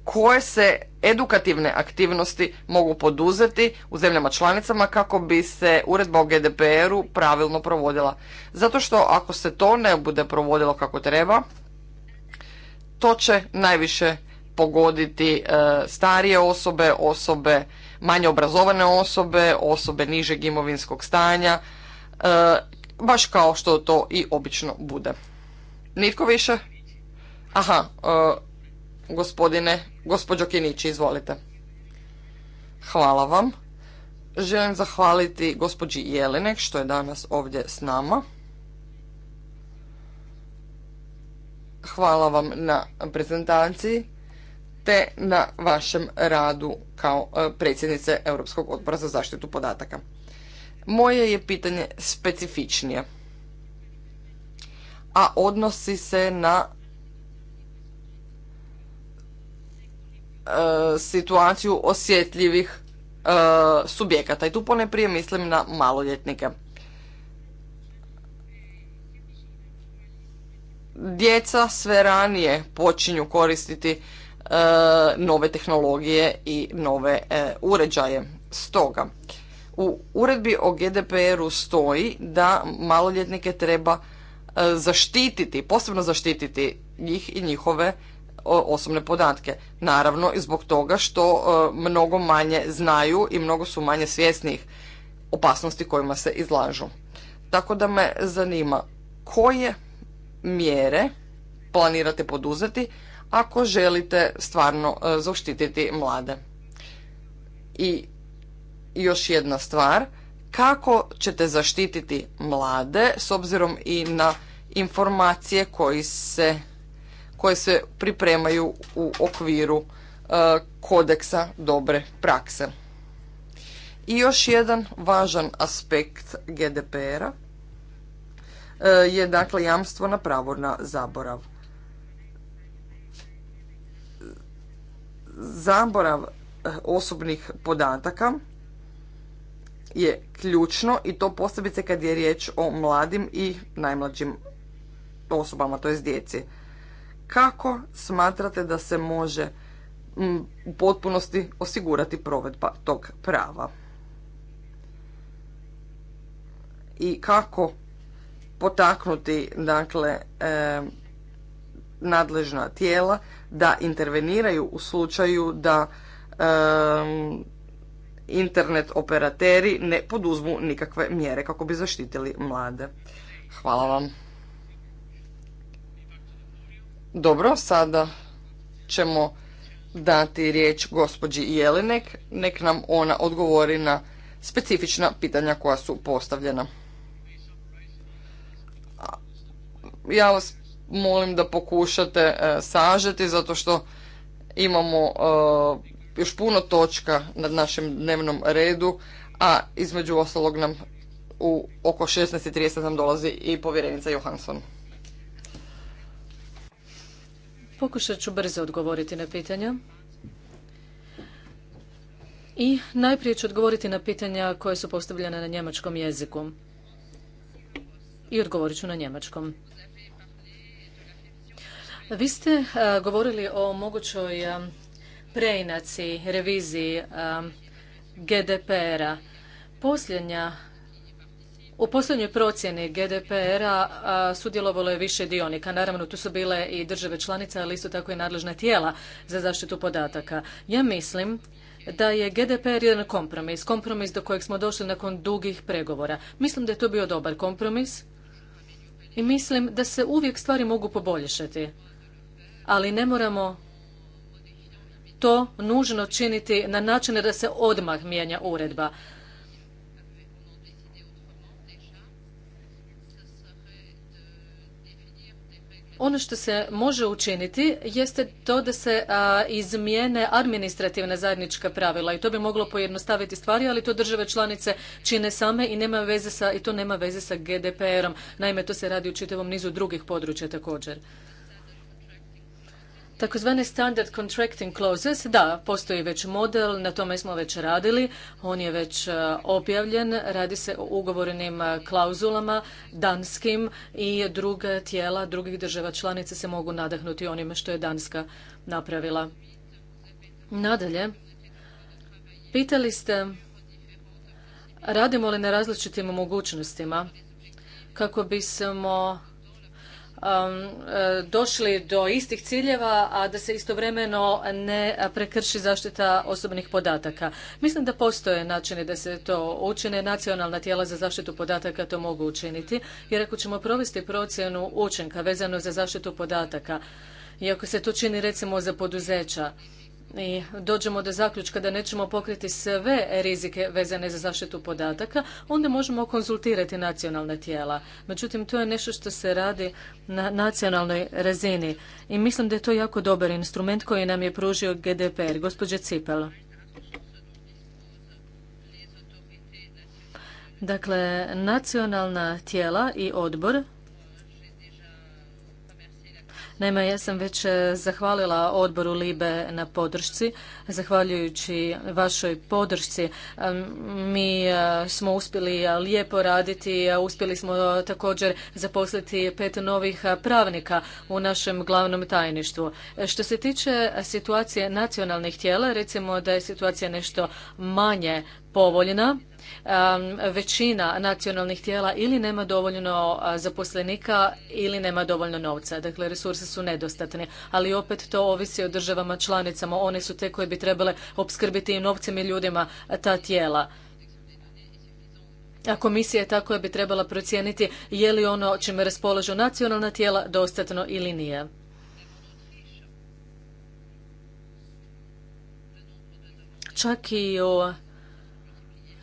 koje se edukativne aktivnosti mogu poduzeti u zemljama članicama kako bi se uredba o GDPR-u pravilno provodila. Zato što ako se to ne bude provodilo kako treba, to će najviše pogoditi e, starije osobe, osobe manje obrazovane osobe, osobe nižeg imovinskog stanja, e, baš kao što to i obično bude. Nitko više? Aha, e, gospodine, gospođo Kinići, izvolite. Hvala vam. Želim zahvaliti gospođi Jelinek što je danas ovdje s nama. Hvala vam na prezentaciji te na vašem radu kao e, predsjednice Europskog odbora za zaštitu podataka. Moje je pitanje specifičnije, a odnosi se na E, situaciju osjetljivih e, subjekata i tu pone prije mislim na maloljetnike. Djeca sve ranije počinju koristiti e, nove tehnologije i nove uređaje. Stoga, u uredbi o GDPR-u stoji da maloljetnike treba zaštititi, posebno zaštititi njih i njihove osobne podatke. Naravno i zbog toga što e, mnogo manje znaju i mnogo su manje svjesnih opasnosti kojima se izlažu. Tako da me zanima koje mjere planirate poduzeti ako želite stvarno e, zaštititi mlade. I još jedna stvar, kako ćete zaštititi mlade s obzirom i na informacije koji se koje se pripremaju u okviru uh, kodeksa dobre prakse. I još jedan važan aspekt GDPR-a uh, je dakle jamstvo na pravo na zaborav. Zaborav uh, osobnih podataka je ključno i to posebice kad je riječ o mladim i najmlađim osobama, to jest djeci kako smatrate da se može mm, u potpunosti osigurati provedba tog prava i kako potaknuti dakle e, nadležna tijela da interveniraju u slučaju da e, internet operateri ne poduzmu nikakve mjere kako bi zaštitili mlade. Hvala vam. Dobro, sada ćemo dati riječ gospođi Jelinek, nek nam ona odgovori na specifična pitanja koja su postavljena. Ja vas molim da pokušate e, sažeti zato što imamo e, još puno točka na našem dnevnom redu, a između ostalog nam u oko 16.30 nam dolazi i povjerenica Johansson. Pokušat ću brzo odgovoriti na pitanja. I najprije ću odgovoriti na pitanja koje su postavljena na njemačkom jeziku. I odgovorit ću na njemačkom. Vi ste e, govorili o mogućoj e, preinaci, reviziji e, GDPR-a. Posljednja u posljednjoj procjeni GDPR-a sudjelovalo je više dionika. Naravno, tu su bile i države članice, ali isto tako i nadležna tijela za zaštitu podataka. Ja mislim da je GDPR jedan kompromis, kompromis do kojeg smo došli nakon dugih pregovora. Mislim da je to bio dobar kompromis i mislim da se uvijek stvari mogu poboljšati, ali ne moramo to nužno činiti na način da se odmah mijenja uredba. Ono što se može učiniti jeste to da se izmijene administrativna zajednička pravila i to bi moglo pojednostaviti stvari, ali to države članice čine same i nema veze sa i to nema veze sa GDPR-om. Naime, to se radi u čitavom nizu drugih područja također. Takozvani standard contracting clauses, da, postoji već model, na tome smo već radili, on je već e, objavljen, radi se o ugovorenim e, klauzulama, danskim i druga tijela drugih država članica se mogu nadahnuti onime što je Danska napravila. Nadalje, pitali ste radimo li na različitim mogućnostima kako bismo Um, e, došli do istih ciljeva, a da se istovremeno ne prekrši zaštita osobnih podataka. Mislim da postoje načini da se to učine. Nacionalna tijela za zaštitu podataka to mogu učiniti, jer ako ćemo provesti procjenu učinka vezano za zaštitu podataka, i ako se to čini recimo za poduzeća, i dođemo do zaključka da nećemo pokriti sve rizike vezane za zaštitu podataka, onda možemo konzultirati nacionalna tijela. Međutim, to je nešto što se radi na nacionalnoj razini i mislim da je to jako dobar instrument koji nam je pružio GDPR. Gospodje Cipel. Dakle, nacionalna tijela i odbor Naime, ja sam već e, zahvalila odboru Libe na podršci. Zahvaljujući vašoj podršci mi e, smo uspjeli e, lijepo raditi, uspjeli smo također zaposliti pet novih pravnika u našem glavnom tajništvu. Što se tiče situacije nacionalnih tijela, recimo da je situacija nešto manje povoljna većina nacionalnih tijela ili nema dovoljno zaposlenika ili nema dovoljno novca. Dakle, resursi su nedostatni, ali opet to ovisi o državama članicama. One su te koje bi trebale opskrbiti i novcem i ljudima ta tijela. A komisija je ta koja bi trebala procijeniti je li ono čime raspolažu nacionalna tijela dostatno ili nije. Čak i o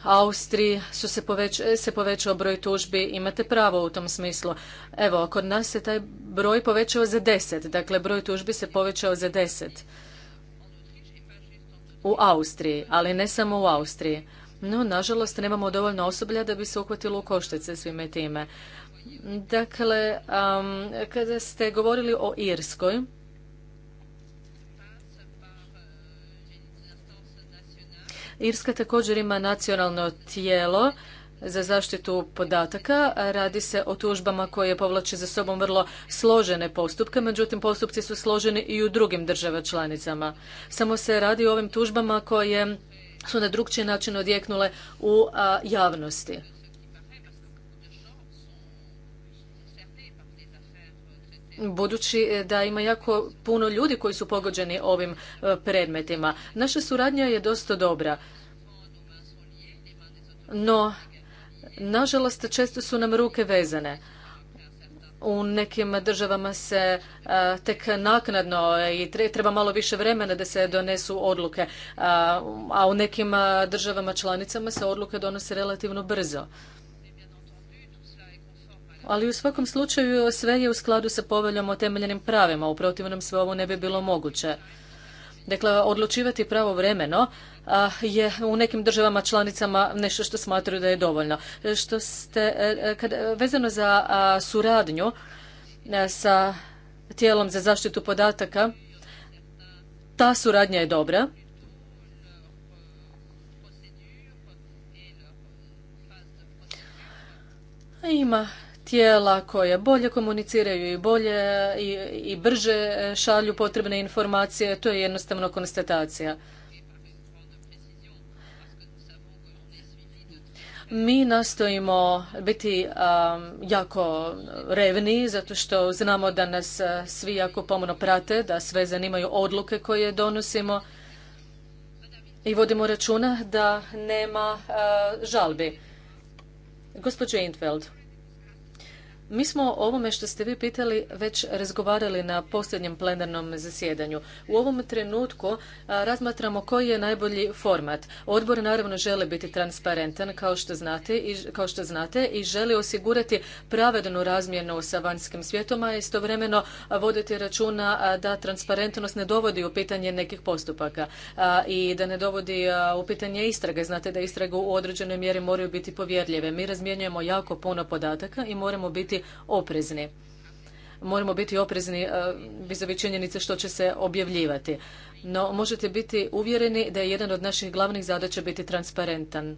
Austriji su se, poveć, se povećao broj tužbi, imate pravo u tom smislu. Evo, kod nas se taj broj povećao za 10, dakle broj tužbi se povećao za 10 u Austriji, ali ne samo u Austriji. No, nažalost, nemamo dovoljno osoblja da bi se uhvatilo u koštice svime time. Dakle, kada ste govorili o Irskoj, Irska također ima nacionalno tijelo za zaštitu podataka. Radi se o tužbama koje povlače za sobom vrlo složene postupke, međutim postupci su složeni i u drugim država članicama. Samo se radi o ovim tužbama koje su na drugčiji način odjeknule u javnosti. budući e, da ima jako puno ljudi koji su pogođeni ovim e, predmetima. Naša suradnja je dosta dobra, no nažalost često su nam ruke vezane. U nekim državama se e, tek naknadno i treba malo više vremena da se donesu odluke, a u nekim državama članicama se odluke donose relativno brzo ali u svakom slučaju sve je u skladu sa poveljom o temeljenim pravima, u protivnom sve ovo ne bi bilo moguće. Dakle, odlučivati pravo pravovremeno je u nekim državama članicama nešto što smatraju da je dovoljno. Što ste, e, e, vezano za suradnju e, sa tijelom za zaštitu podataka, ta suradnja je dobra. Ima tijela koje bolje komuniciraju i bolje i, i brže šalju potrebne informacije, to je jednostavno konstatacija. Mi nastojimo biti jako revni zato što znamo da nas svi jako pomno prate, da sve zanimaju odluke koje donosimo i vodimo računa da nema žalbi. Gospođo Intveld, mi smo o ovome što ste vi pitali već razgovarali na posljednjem plenarnom zasjedanju. U ovom trenutku razmatramo koji je najbolji format. Odbor naravno želi biti transparentan kao što znate i, kao što znate, i želi osigurati pravednu razmjenu sa vanjskim svijetom, a istovremeno voditi računa da transparentnost ne dovodi u pitanje nekih postupaka i da ne dovodi u pitanje istrage. Znate da istrage u određenoj mjeri moraju biti povjerljive. Mi razmjenjujemo jako puno podataka i moramo biti biti oprezni. Moramo biti oprezni e, vizavi činjenice što će se objavljivati. No, možete biti uvjereni da je jedan od naših glavnih zadaća biti transparentan.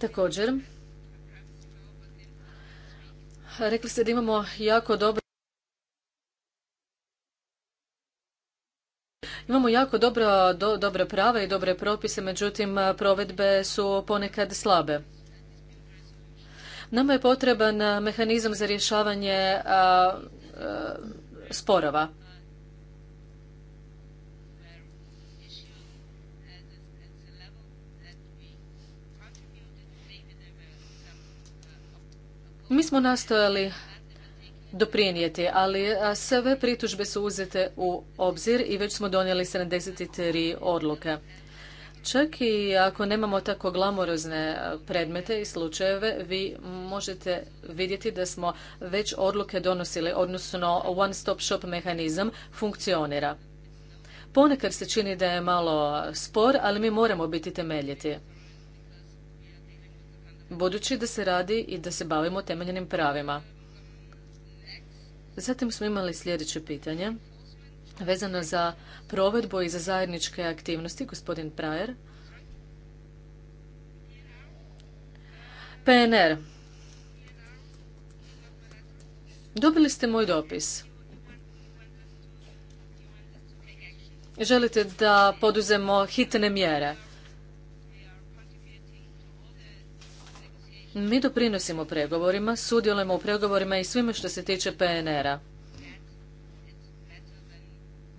Također, rekli ste da imamo jako dobro Imamo jako dobro, dobra prava i dobre propise, međutim provedbe su ponekad slabe. Nama je potreban mehanizam za rješavanje sporova. Mi smo nastojali doprinijeti, ali sve pritužbe su uzete u obzir i već smo donijeli 73 odluke. Čak i ako nemamo tako glamorozne predmete i slučajeve, vi možete vidjeti da smo već odluke donosili, odnosno one stop shop mehanizam funkcionira. Ponekad se čini da je malo spor, ali mi moramo biti temeljiti. Budući da se radi i da se bavimo temeljenim pravima. Zatim smo imali sljedeće pitanje vezano za provedbu i za zajedničke aktivnosti, gospodin Prajer. PNR. Dobili ste moj dopis. Želite da poduzemo hitne mjere. Mi doprinosimo pregovorima, sudjelujemo u pregovorima i svime što se tiče PNR-a.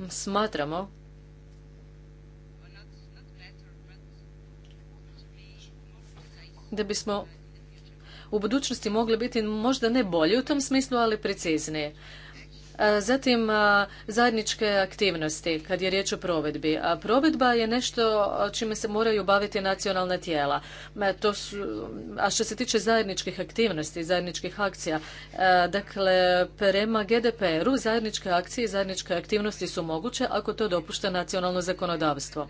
Smatramo da bismo u budućnosti mogli biti možda ne bolji u tom smislu, ali precizniji. E, zatim e, zajedničke aktivnosti kad je riječ o provedbi. provedba je nešto čime se moraju baviti nacionalna tijela. E, to su, a što se tiče zajedničkih aktivnosti, zajedničkih akcija, dakle prema GDPR-u zajedničke akcije i zajedničke aktivnosti su moguće ako to dopušta nacionalno zakonodavstvo.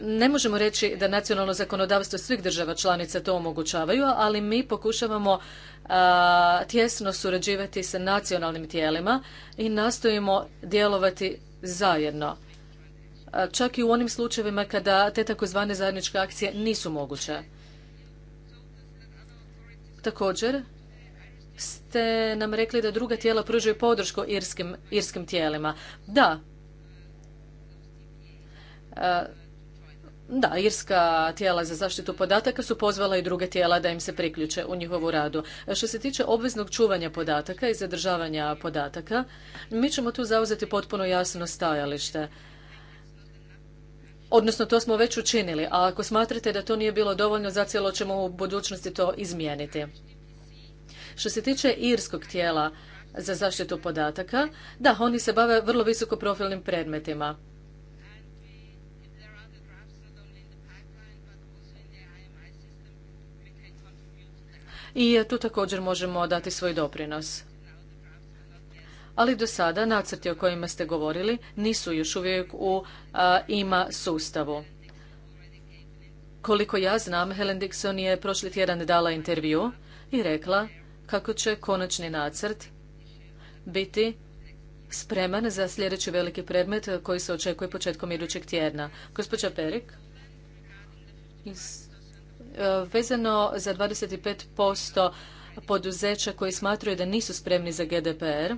ne možemo reći da nacionalno zakonodavstvo svih država članica to omogućavaju, ali mi pokušavamo tjesno surađivati sa nacionalnim tijelima i nastojimo djelovati zajedno. Čak i u onim slučajevima kada te takozvane zajedničke akcije nisu moguće. Također ste nam rekli da druga tijela pružaju podršku irskim, irskim tijelima. Da, da, irska tijela za zaštitu podataka su pozvala i druge tijela da im se priključe u njihovu radu. Što se tiče obveznog čuvanja podataka i zadržavanja podataka, mi ćemo tu zauzeti potpuno jasno stajalište. Odnosno, to smo već učinili, a ako smatrate da to nije bilo dovoljno, za zacijelo ćemo u budućnosti to izmijeniti. Što se tiče irskog tijela za zaštitu podataka, da, oni se bave vrlo visoko profilnim predmetima. i tu također možemo dati svoj doprinos. Ali do sada nacrti o kojima ste govorili nisu još uvijek u ima sustavu. Koliko ja znam, Helen Dixon je prošli tjedan dala intervju i rekla kako će konačni nacrt biti spreman za sljedeći veliki predmet koji se očekuje početkom idućeg tjedna. Gospođa Perik iz E, vezano za 25% poduzeća koji smatraju da nisu spremni za GDPR,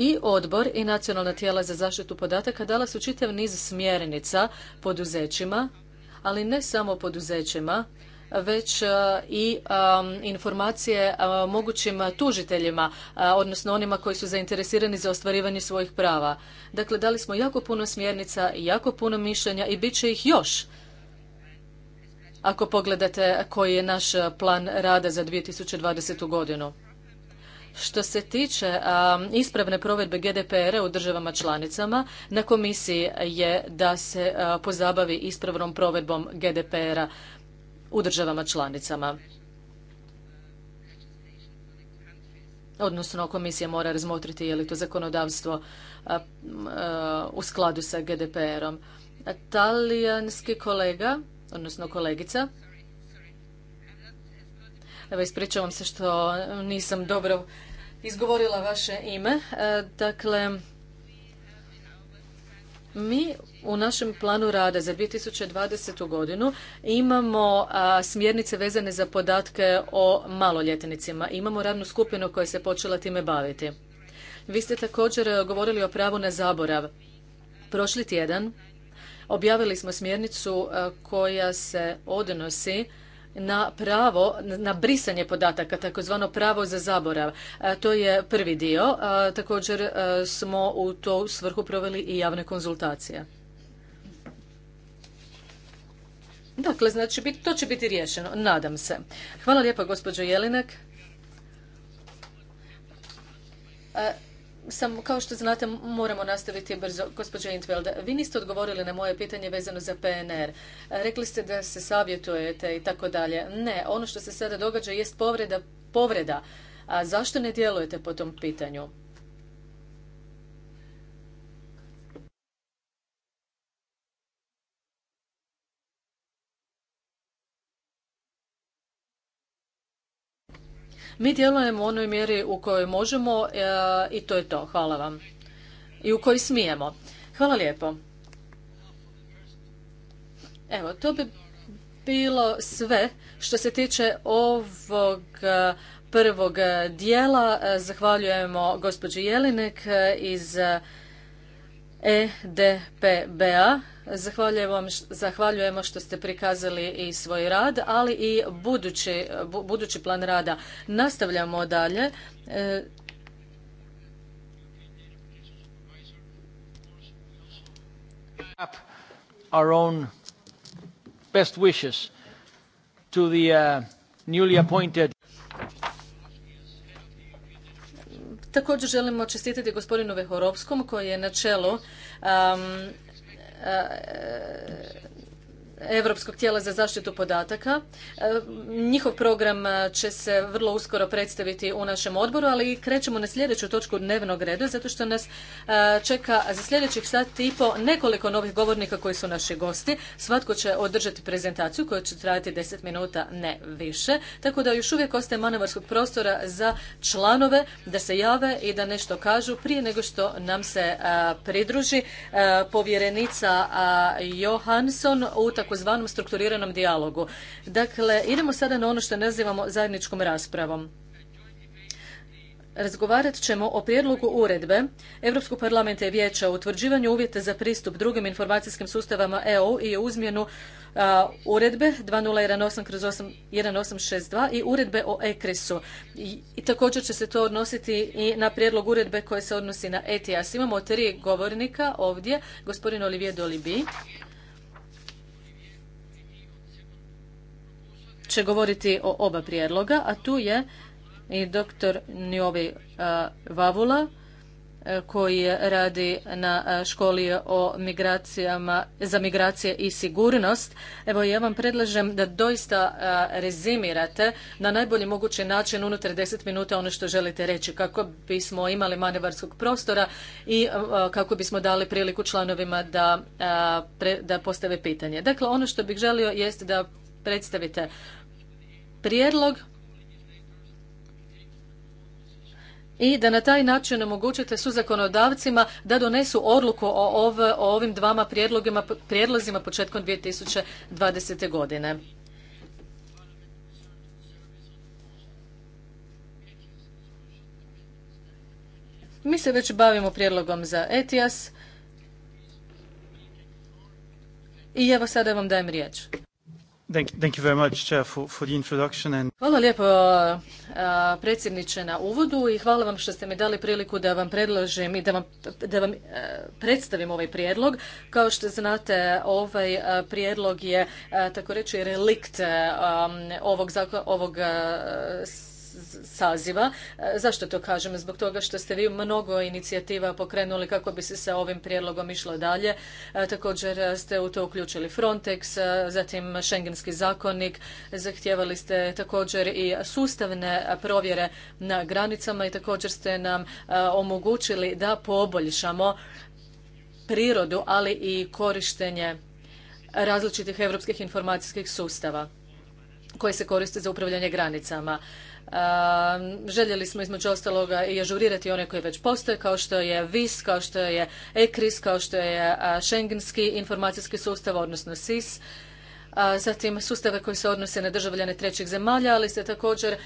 I odbor i nacionalna tijela za zaštitu podataka dala su čitav niz smjernica poduzećima, ali ne samo poduzećima, već e, i informacije mogućim tužiteljima, odnosno onima koji su zainteresirani za ostvarivanje svojih prava. Dakle, dali smo jako puno smjernica, jako puno mišljenja i bit će ih još. Ako pogledate koji je naš plan rada za 2020. godinu. Što se tiče ispravne provedbe GDPR-a u državama članicama, na komisiji je da se pozabavi ispravnom provedbom GDPR-a u državama članicama. Odnosno, komisija mora razmotriti je li to zakonodavstvo u skladu sa GDPR-om. Talijanski kolega, odnosno kolegica, Evo, ispričavam se što nisam dobro izgovorila vaše ime. Dakle, mi u našem planu rada za 2020. godinu imamo smjernice vezane za podatke o maloljetnicima. Imamo radnu skupinu koja se počela time baviti. Vi ste također e, govorili o pravu na zaborav. Prošli tjedan objavili smo smjernicu e, koja se odnosi na pravo na brisanje podataka, takozvano pravo za zaborav. E, to je prvi dio. E, također e, smo u to svrhu proveli i javne konzultacije. Dakle, znači, to će biti riješeno, nadam se. Hvala lijepa, gospođo Jelinek sam, kao što znate, moramo nastaviti brzo. Gospođo Intveld, vi niste odgovorili na moje pitanje vezano za PNR. Rekli ste da se savjetujete i tako dalje. Ne, ono što se sada događa jest povreda, povreda. A zašto ne djelujete po tom pitanju? Mi djelujemo u onoj mjeri u kojoj možemo e, i to je to. Hvala vam. I u kojoj smijemo. Hvala lijepo. Evo, to bi bilo sve što se tiče ovog e, prvog dijela. E, zahvaljujemo gospođi Jelinek iz EDPBA Zahvaljujemo što ste prikazali i svoj rad, ali i budući, plan rada. Nastavljamo dalje. E, our own best wishes uh, Također želimo čestitati gospodinu Vehorovskom koji je na čelu Europskog tijela za zaštitu podataka. E, njihov program e, će se vrlo uskoro predstaviti u našem odboru, ali krećemo na sljedeću točku dnevnog reda, zato što nas e, čeka za sljedećih sat i po nekoliko novih govornika koji su naši gosti. Svatko će održati prezentaciju koja će trajati 10 minuta, ne više. Tako da još uvijek ostaje manevarskog prostora za članove da se jave i da nešto kažu prije nego što nam se pridruži povjerenica Johansson u takozvanom strukturiranom dijalogu. Dakle, idemo sada na ono što nazivamo zajedničkom raspravom. Razgovarat ćemo o prijedlogu uredbe Europskog parlamenta i vijeća o utvrđivanju uvjeta za pristup drugim informacijskim sustavama EU i o uzmjenu uredbe 2018/1862 i uredbe o ECRIS-u. I, također će se to odnositi i na prijedlog uredbe koje se odnosi na ETIAS. Imamo tri govornika ovdje, gospodin Olivier Dolibi, će govoriti o oba prijedloga, a tu je i doktor Njovi e, Vavula e, koji radi na e, školi o migracijama, za migracije i sigurnost. Evo ja vam predlažem da doista rezimirate na najbolji mogući način unutar deset minuta ono što želite reći kako bismo imali manevarskog prostora i kako bismo dali priliku članovima da, da postave pitanje. Dakle, ono što bih želio jest da predstavite prijedlog i da na taj način omogućite su zakonodavcima da donesu odluku o, ovim dvama prijedlozima početkom 2020. godine. Mi se već bavimo prijedlogom za ETIAS i evo sada vam dajem riječ. Hvala lijepo uh, predsjedniče na uvodu i hvala vam što ste mi dali priliku da vam predložim i da vam, da vam uh, predstavim ovaj prijedlog. Kao što znate, ovaj uh, prijedlog je tako reći relikt um, ovog, ovog saziva. E, zašto to kažem? Zbog toga što ste vi mnogo inicijativa pokrenuli kako bi se sa ovim prijedlogom išlo dalje. E, također e, ste u to uključili Frontex, zatim Schengenski zakonik, zahtijevali ste također i sustavne provjere na granicama i također ste nam omogućili da poboljšamo prirodu, ali i korištenje različitih europskih informacijskih sustava koje se koriste za upravljanje granicama. Željeli smo između ostaloga i ažurirati one koje već postoje, kao što je VIS, kao što je ECRIS, kao što je Schengenski informacijski sustav, odnosno SIS, zatim sustave koji se odnose na državljane trećih zemalja, ali se također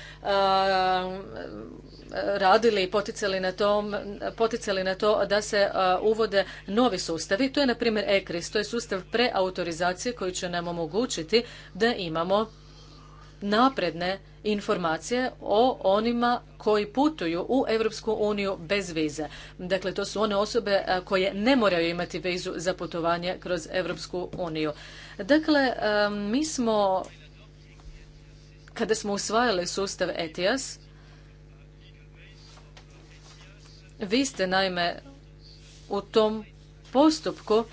radili i poticali na, tom, poticali na to da se uvode novi sustavi. To je, na primjer, ECRIS, to je sustav preautorizacije koji će nam omogućiti da imamo napredne informacije o onima koji putuju u Europsku uniju bez vize. Dakle, to su one osobe koje ne moraju imati vizu za putovanje kroz Europsku uniju. Dakle, mi smo, kada smo usvajali sustav ETIAS, vi ste naime u tom postupku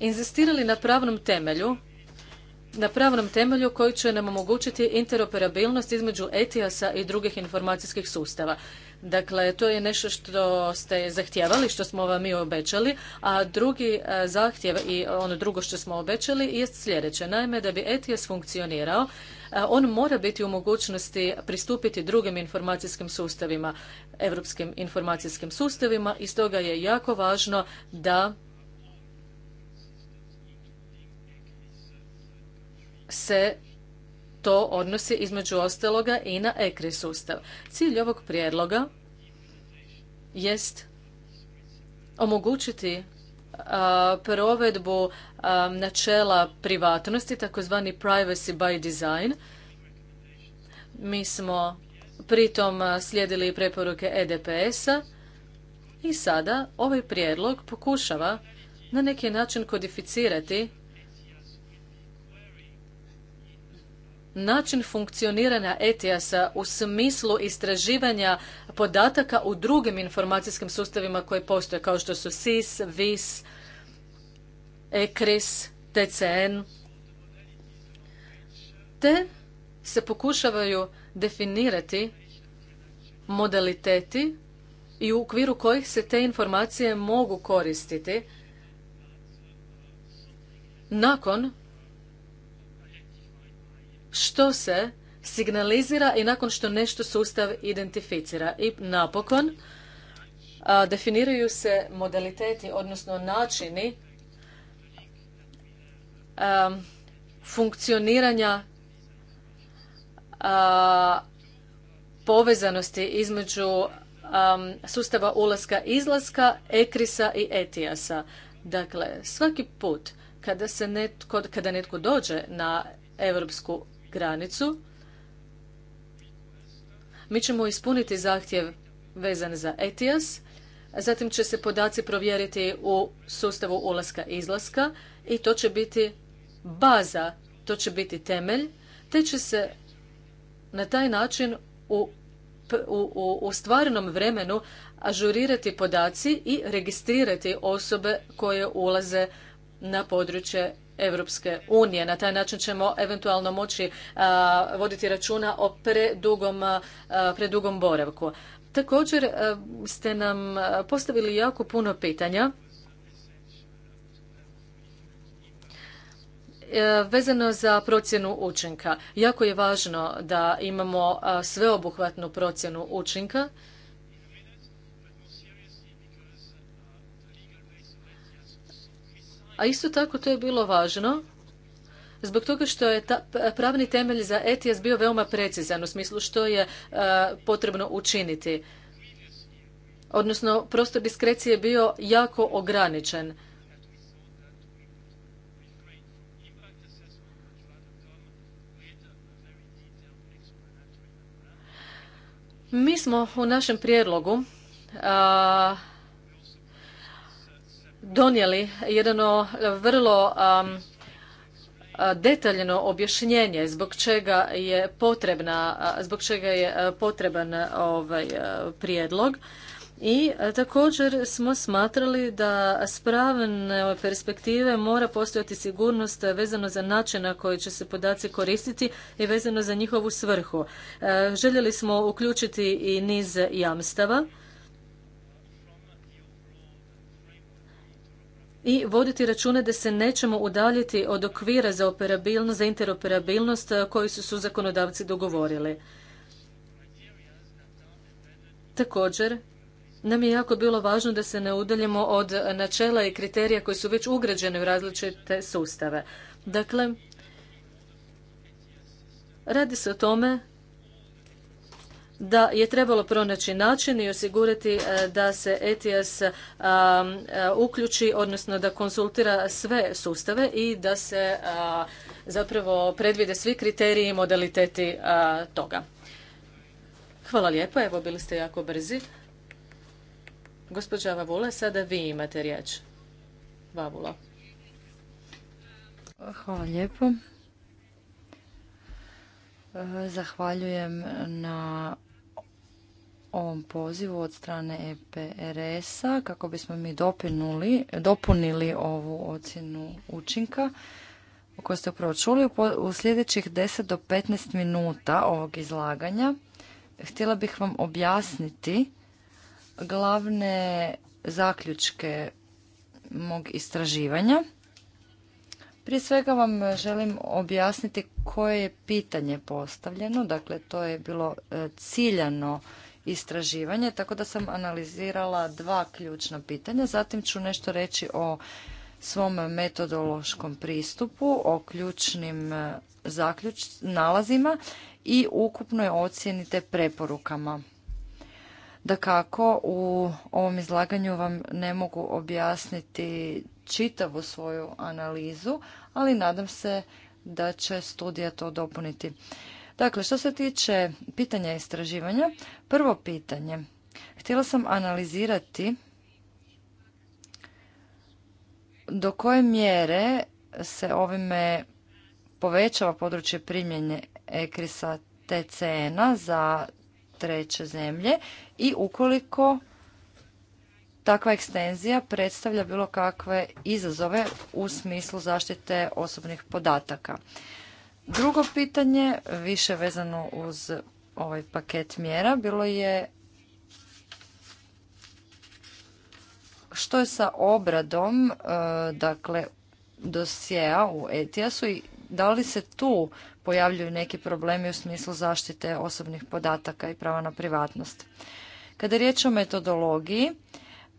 inzistirali na pravnom temelju na pravnom temelju koji će nam omogućiti interoperabilnost između ETIAS-a i drugih informacijskih sustava. Dakle, to je nešto što ste zahtijevali, što smo vam mi obećali, a drugi e, zahtjev i ono drugo što smo obećali jest sljedeće. Naime, da bi ETIAS funkcionirao, e, on mora biti u mogućnosti pristupiti drugim informacijskim sustavima, europskim informacijskim sustavima i stoga je jako važno da se to odnosi između ostaloga i na ekri sustav. Cilj ovog prijedloga jest omogućiti provedbu načela privatnosti, takozvani privacy by design. Mi smo pritom slijedili preporuke EDPS-a i sada ovaj prijedlog pokušava na neki način kodificirati način funkcioniranja ETIAS-a u smislu istraživanja podataka u drugim informacijskim sustavima koji postoje, kao što su SIS, VIS, ECRIS, TCN, te se pokušavaju definirati modaliteti i u okviru kojih se te informacije mogu koristiti nakon što se signalizira i nakon što nešto sustav identificira. I napokon definiraju se modaliteti, odnosno načini funkcioniranja a, povezanosti između sustava ulaska izlaska, ekrisa i etijasa. Dakle, svaki put kada se netko, kada netko dođe na Europsku granicu, mi ćemo ispuniti zahtjev vezan za ETIAS, zatim će se podaci provjeriti u sustavu ulaska i izlaska i to će biti baza, to će biti temelj, te će se na taj način u, u, u stvarnom vremenu ažurirati podaci i registrirati osobe koje ulaze na područje Europske unije. Na taj način ćemo eventualno moći voditi računa o predugom, predugom boravku. Također ste nam postavili jako puno pitanja. Vezano za procjenu učinka. Jako je važno da imamo sveobuhvatnu procjenu učinka A isto tako to je bilo važno zbog toga što je pravni temelj za ETIAS bio veoma precizan u smislu što je e, potrebno učiniti. Odnosno, prostor diskrecije je bio jako ograničen. Mi smo u našem prijedlogu donijeli jedno e, vrlo detaljno objašnjenje zbog čega je potrebna, zbog čega je e, potreban e, ovaj prijedlog. I također smo smatrali da s pravne perspektive mora postojati sigurnost vezano za način na koji će se podaci koristiti i vezano za njihovu svrhu. Željeli smo uključiti i niz jamstava i voditi računa da se nećemo udaljiti od okvira za operabilnost, za interoperabilnost eh, koji su su zakonodavci dogovorili. Također, nam je jako bilo važno da se ne udaljimo od načela i kriterija koji su već ugrađeni u različite sustave. Dakle, radi se o tome da je trebalo pronaći način i osigurati e, da se ETS e, e, uključi, odnosno da konsultira sve sustave i da se zapravo predvide svi kriteriji i modaliteti toga. Hvala lijepo, evo bili ste jako brzi. Gospođa Vavula, sada vi imate riječ. Vavula. Hvala lijepo. Zahvaljujem na ovom pozivu od strane EPRS-a kako bismo mi dopinuli, dopunili ovu ocjenu učinka koju ste upravo čuli. U sljedećih 10 do 15 minuta ovog izlaganja htjela bih vam objasniti glavne zaključke mog istraživanja prije svega vam želim objasniti koje je pitanje postavljeno. Dakle, to je bilo e, ciljano istraživanje, tako da sam analizirala dva ključna pitanja. Zatim ću nešto reći o svom metodološkom pristupu, o ključnim e, nalazima i ukupnoj ocjeni te preporukama. Da kako u ovom izlaganju vam ne mogu objasniti čitavu svoju analizu, ali nadam se da će studija to dopuniti. Dakle, što se tiče pitanja istraživanja, prvo pitanje. Htjela sam analizirati do koje mjere se ovime povećava područje primjene ekrisa TCN-a za treće zemlje i ukoliko Takva ekstenzija predstavlja bilo kakve izazove u smislu zaštite osobnih podataka. Drugo pitanje, više vezano uz ovaj paket mjera, bilo je što je sa obradom e, dakle dosjea u ETIAS-u i da li se tu pojavljuju neki problemi u smislu zaštite osobnih podataka i prava na privatnost. Kada je riječ o metodologiji,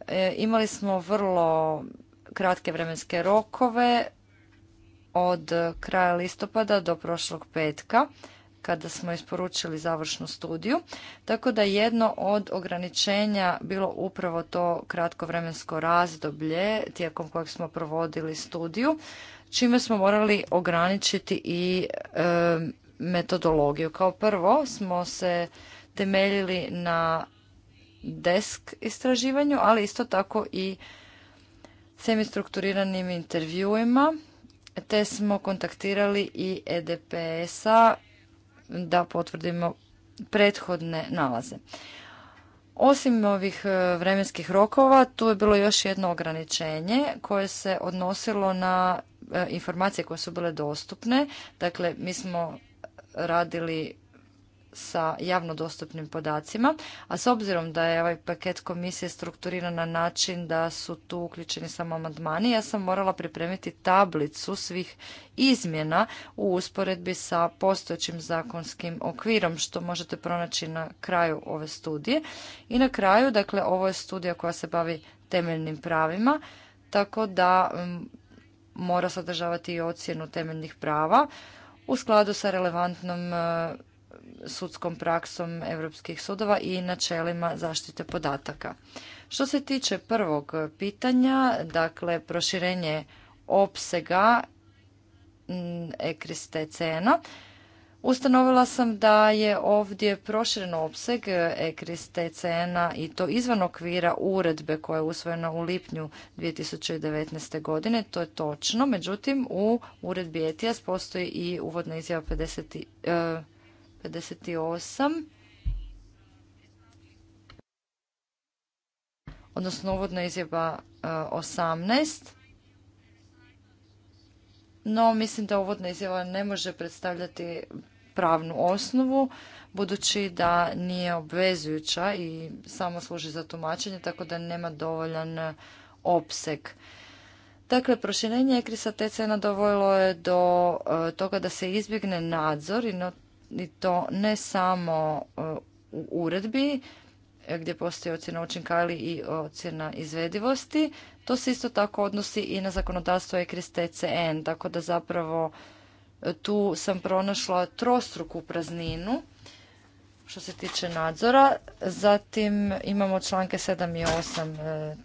E, imali smo vrlo kratke vremenske rokove od kraja listopada do prošlog petka kada smo isporučili završnu studiju. Tako da jedno od ograničenja bilo upravo to kratko vremensko razdoblje tijekom kojeg smo provodili studiju, čime smo morali ograničiti i e, metodologiju. Kao prvo smo se temeljili na desk istraživanju, ali isto tako i semistrukturiranim intervjuima, te smo kontaktirali i EDPS-a da potvrdimo prethodne nalaze. Osim ovih e, vremenskih rokova, tu je bilo još jedno ograničenje koje se odnosilo na e, informacije koje su bile dostupne. Dakle, mi smo radili sa javno dostupnim podacima, a s obzirom da je ovaj paket komisije strukturiran na način da su tu uključeni samo amandmani, ja sam morala pripremiti tablicu svih izmjena u usporedbi sa postojećim zakonskim okvirom, što možete pronaći na kraju ove studije. I na kraju, dakle, ovo je studija koja se bavi temeljnim pravima, tako da mora sadržavati i ocjenu temeljnih prava u skladu sa relevantnom e, sudskom praksom europskih sudova i načelima zaštite podataka. Što se tiče prvog pitanja, dakle proširenje opsega mm, ekriste a Ustanovila sam da je ovdje proširen opseg ekris TCN-a i to izvan okvira uredbe koja je usvojena u lipnju 2019. godine. To je točno. Međutim, u uredbi ETIAS postoji i uvodna izjava 50, 58. Odnosno uvodna izjava 18. E, no, mislim da uvodna izjava ne može predstavljati pravnu osnovu, budući da nije obvezujuća i samo služi za tumačenje, tako da nema dovoljan opseg. Dakle, proširenje ECRIS-a tcn je do e, toga da se izbjegne nadzor i i to ne samo e, u uredbi e, gdje postoji ocjena učinka i ocjena izvedivosti. To se isto tako odnosi i na zakonodavstvo ECRIS TCN, tako da zapravo e, tu sam pronašla trostruku prazninu što se tiče nadzora. Zatim imamo članke 7 i 8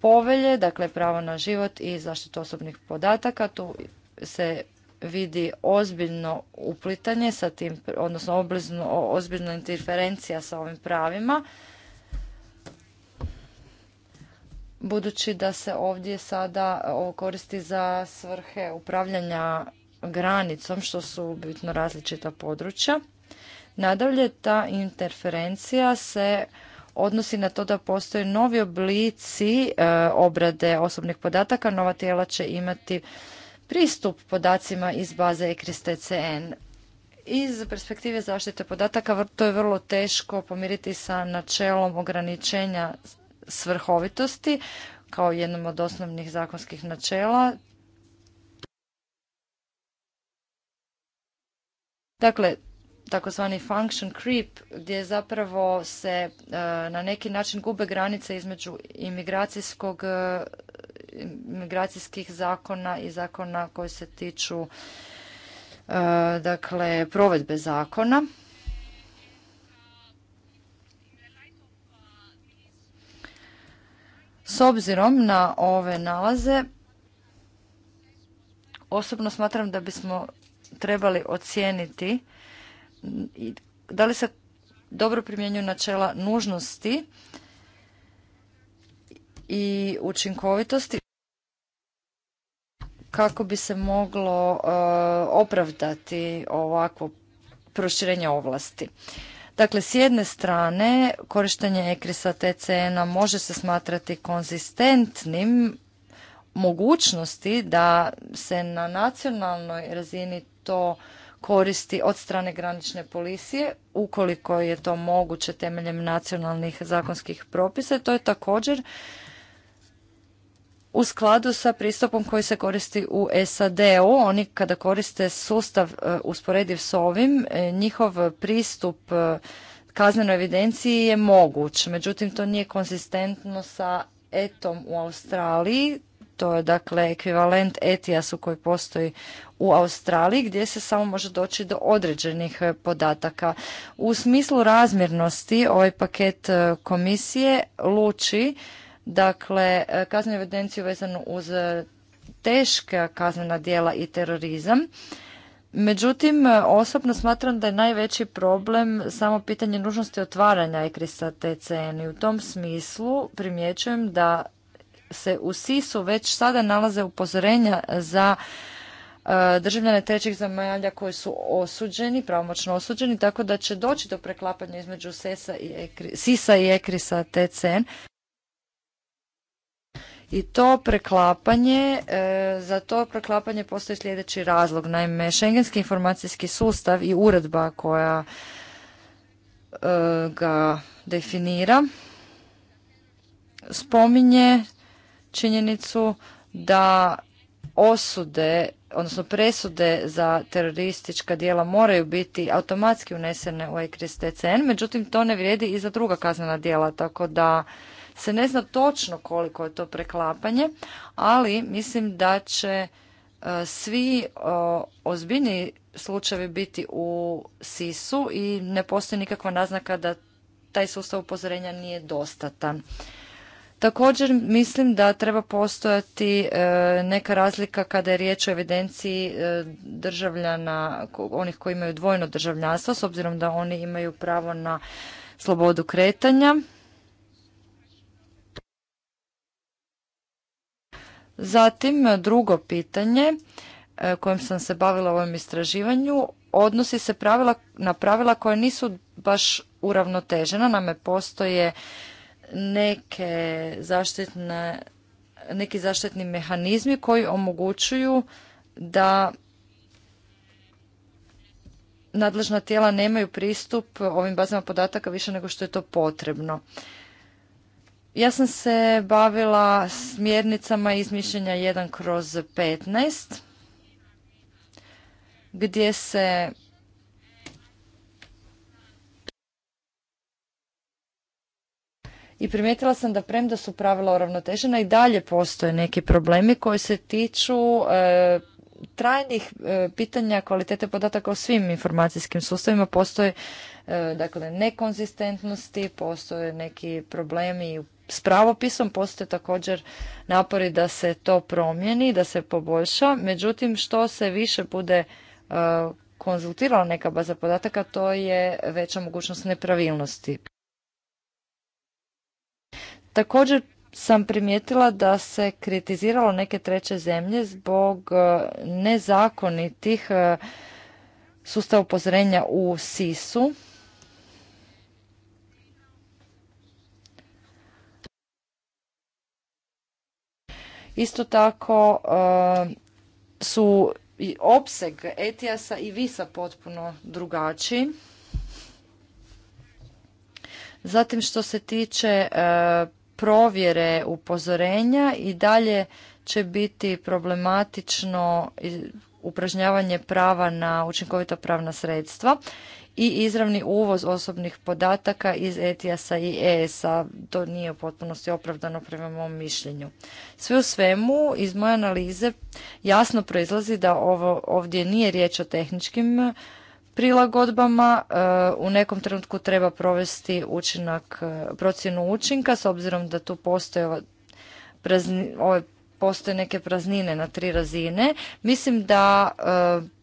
povelje, dakle pravo na život i zaštitu osobnih podataka. Tu se vidi ozbiljno uplitanje sa tim, odnosno ozbiljna interferencija sa ovim pravima. Budući da se ovdje sada koristi za svrhe upravljanja granicom, što su bitno različita područja. Nadalje, ta interferencija se odnosi na to da postoje novi oblici e, obrade osobnih podataka. Nova tijela će imati pristup podacima iz baze ECRIS-TCN. Iz perspektive zaštite podataka to je vrlo teško pomiriti sa načelom ograničenja svrhovitosti kao jednom od osnovnih zakonskih načela. Dakle, takozvani function creep gdje zapravo se e, na neki način gube granice između imigracijskog e, imigracijskih zakona i zakona koji se tiču e, dakle provedbe zakona. S obzirom na ove nalaze, osobno smatram da bismo trebali ocijeniti da li se dobro primjenjuju načela nužnosti i učinkovitosti kako bi se moglo e, opravdati ovakvo proširenje ovlasti. Dakle, s jedne strane, korištenje ekrisa TCN-a može se smatrati konzistentnim mogućnosti da se na nacionalnoj razini to koristi od strane granične policije, ukoliko je to moguće temeljem nacionalnih zakonskih propisa. To je također u skladu sa pristupom koji se koristi u SAD-u. Oni kada koriste sustav e, usporediv s ovim, e, njihov pristup e, kaznenoj evidenciji je moguć. Međutim, to nije konsistentno sa etom u Australiji. To je dakle ekvivalent etijasu koji postoji u Australiji gdje se samo može doći do određenih podataka. U smislu razmjernosti ovaj paket komisije luči Dakle, kaznenu evidenciju vezanu uz e, teška kaznena djela i terorizam. Međutim, e, osobno smatram da je najveći problem samo pitanje nužnosti otvaranja ekrisa TCN i u tom smislu primjećujem da se u SIS-u već sada nalaze upozorenja za e, državljane trećih zemalja koji su osuđeni, pravomoćno osuđeni, tako da će doći do preklapanja između SIS-a i ekrisa TCN. I to preklapanje, e, za to preklapanje postoji sljedeći razlog. Naime, Schengenski informacijski sustav i uredba koja e, ga definira spominje činjenicu da osude, odnosno presude za teroristička djela moraju biti automatski unesene u ECRIS TCN, međutim to ne vrijedi i za druga kaznena djela, tako da se ne zna točno koliko je to preklapanje, ali mislim da će e, svi e, ozbiljni slučajevi biti u SIS-u i ne postoji nikakva naznaka da taj sustav upozorenja nije dostatan. Također mislim da treba postojati e, neka razlika kada je riječ o evidenciji državljana, onih koji imaju dvojno državljanstvo, s obzirom da oni imaju pravo na slobodu kretanja Zatim, drugo pitanje e, kojim sam se bavila u ovom istraživanju odnosi se pravila, na pravila koja nisu baš uravnotežena. Naime, postoje neke zaštitne, neki zaštitni mehanizmi koji omogućuju da nadležna tijela nemaju pristup ovim bazama podataka više nego što je to potrebno ja sam se bavila smjernicama iz mišljenja 1 kroz 15, gdje se i primijetila sam da premda su pravila uravnotežena i dalje postoje neki problemi koji se tiču e, trajnih e, pitanja kvalitete podataka u svim informacijskim sustavima. Postoje E, dakle nekonzistentnosti, postoje neki problemi s pravopisom, postoje također napori da se to promijeni, da se poboljša. Međutim, što se više bude e, konzultirala neka baza podataka, to je veća mogućnost nepravilnosti. Također sam primijetila da se kritiziralo neke treće zemlje zbog e, nezakonitih sustava upozorenja u SIS-u. Isto tako e, su i opseg Etijasa i Visa potpuno drugačiji. Zatim što se tiče e, provjere upozorenja i dalje će biti problematično upražnjavanje prava na učinkovita pravna sredstva i izravni uvoz osobnih podataka iz ETIAS-a i ES-a. To nije u potpunosti opravdano prema mom mišljenju. Sve u svemu, iz moje analize jasno proizlazi da ovo ovdje nije riječ o tehničkim prilagodbama e, u nekom trenutku treba provesti učinak, e, procjenu učinka s obzirom da tu postoje ove postoje neke praznine na tri razine. Mislim da e,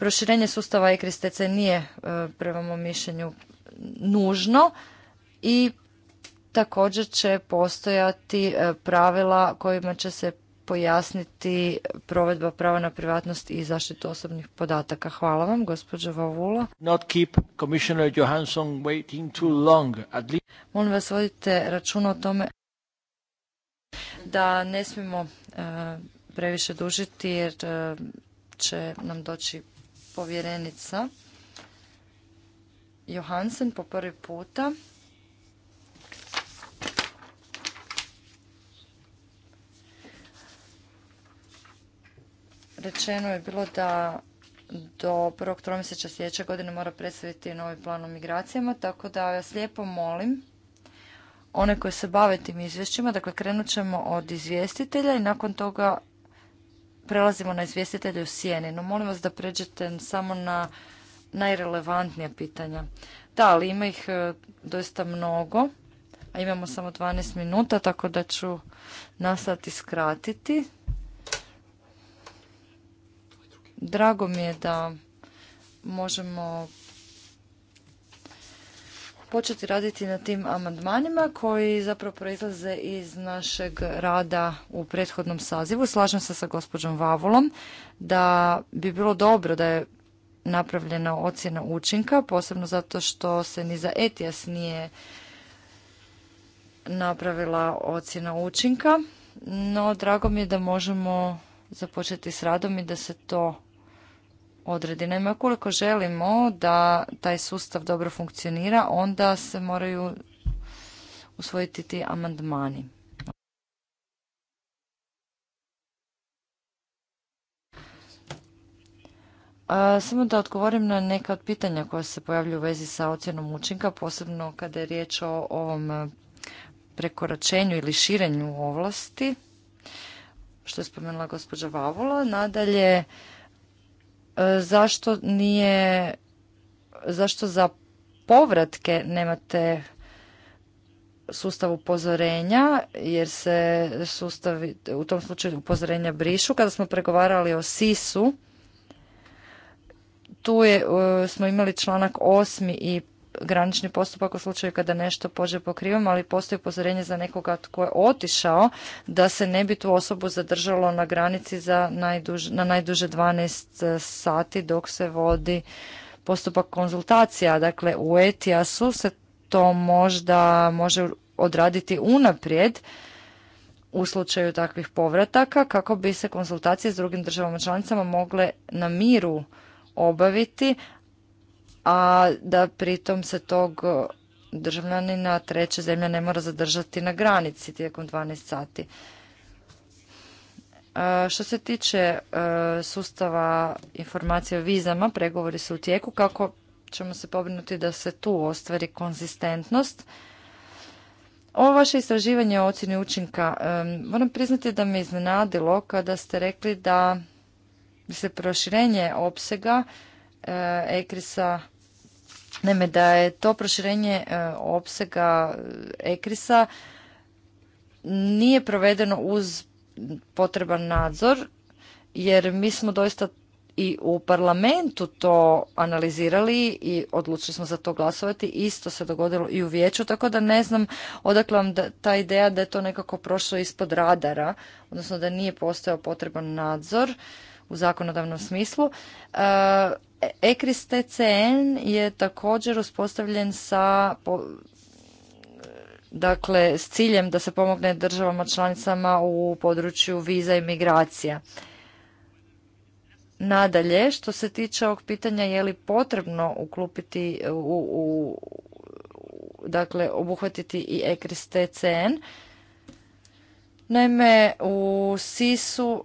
proširenje sustava i tc nije e, prema mom mišljenju nužno i također će postojati e, pravila kojima će se pojasniti provedba prava na privatnost i zaštitu osobnih podataka. Hvala vam, gospođo Vavula. Molim vas, vodite računa o tome da ne smijemo e, previše dužiti jer će nam doći povjerenica Johansen po prvi puta. Rečeno je bilo da do prvog tromjeseća sljedeće godine mora predstaviti novi plan o migracijama, tako da vas lijepo molim one koji se bave tim izvješćima, dakle krenut ćemo od izvjestitelja i nakon toga prelazimo na izvjestitelje u sjeni, no molim vas da pređete samo na najrelevantnija pitanja. Da, ali ima ih e, doista mnogo, a imamo samo 12 minuta, tako da ću nastati skratiti. Drago mi je da možemo početi raditi na tim amandmanima koji zapravo proizlaze iz našeg rada u prethodnom sazivu. Slažem se sa gospođom Vavulom da bi bilo dobro da je napravljena ocjena učinka, posebno zato što se ni za ETIAS nije napravila ocjena učinka, no drago mi je da možemo započeti s radom i da se to naime ukoliko želimo da taj sustav dobro funkcionira, onda se moraju usvojiti ti amandmani. Samo da odgovorim na neka od pitanja koja se pojavljuju u vezi sa ocjenom učinka, posebno kada je riječ o ovom prekoračenju ili širenju ovlasti, što je spomenula gospođa Vavola. Nadalje, E, zašto nije, zašto za povratke nemate sustav upozorenja, jer se sustav u tom slučaju upozorenja brišu. Kada smo pregovarali o SIS-u, tu e, smo imali članak 8. i granični postupak u slučaju kada nešto pođe po krivom, ali postoji upozorenje za nekoga tko je otišao da se ne bi tu osobu zadržalo na granici za na najduže 12 eh, sati dok se vodi postupak konzultacija. Dakle, u etias se to možda može odraditi unaprijed u slučaju takvih povrataka kako bi se konzultacije s drugim državama članicama mogle na miru obaviti, a da pritom se tog e, državljanina treće zemlja ne mora zadržati na granici tijekom 12 sati. E, što se tiče e, sustava informacije o vizama, pregovori su u tijeku. Kako ćemo se pobrinuti da se tu ostvari konzistentnost? Ovo vaše istraživanje o ocjeni učinka, moram priznati da me iznenadilo kada ste rekli da bi se proširenje opsega Ekrisa Naime, da je to proširenje e, opsega e, Ekrisa nije provedeno uz potreban nadzor, jer mi smo doista i u parlamentu to analizirali i odlučili smo za to glasovati. Isto se dogodilo i u vijeću, tako da ne znam odakle vam ta ideja da je to nekako prošlo ispod radara, odnosno da nije postojao potreban nadzor u zakonodavnom smislu. ECRIS TCN je također uspostavljen sa dakle s ciljem da se pomogne državama članicama u području viza i migracija. Nadalje, što se tiče ovog pitanja je li potrebno uklupiti u, dakle obuhvatiti i ECRIS TCN. Naime, u SIS-u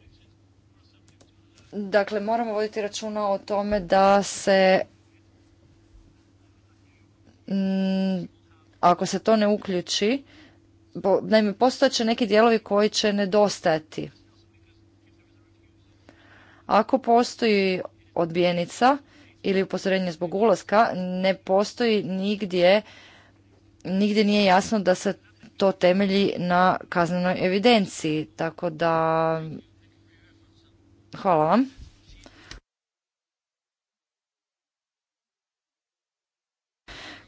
Dakle, moramo voditi računa o tome da se mm, ako se to ne uključi, bo, naime, postojeće neki dijelovi koji će nedostajati. Ako postoji odbijenica ili upozorenje zbog ulaska, ne postoji nigdje, nigdje nije jasno da se to temelji na kaznenoj evidenciji, tako da Hvala vam.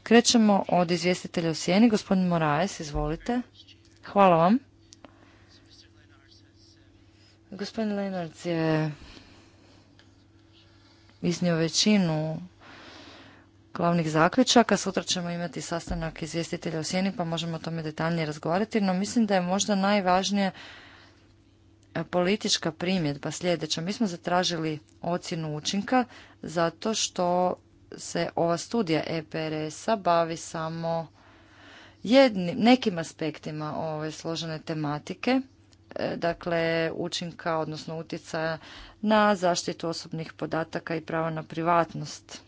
Krećemo od izvjestitelja u sjeni. Gospodin Moraes, izvolite. Hvala vam. Gospodin Lenarc je iznio većinu glavnih zaključaka. Sutra ćemo imati sastanak izvjestitelja u sjeni pa možemo o tome detaljnije razgovarati, no mislim da je možda najvažnije E, politička primjedba sljedeća. Mi smo zatražili ocjenu učinka zato što se ova studija EPRS-a bavi samo nekim aspektima ove složene tematike, e, dakle učinka, odnosno utjecaja na zaštitu osobnih podataka i prava na privatnost.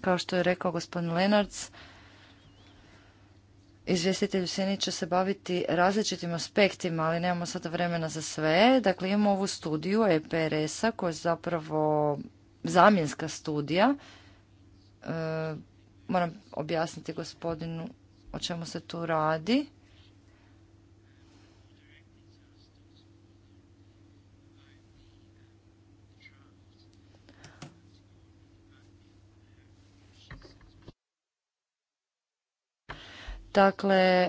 Kao što je rekao gospodin Lenarc, izvjestitelj u će se baviti različitim aspektima, ali nemamo sada vremena za sve. Dakle, imamo ovu studiju EPRS-a koja je zapravo zamjenska studija. E, moram objasniti gospodinu o čemu se tu radi. Dakle,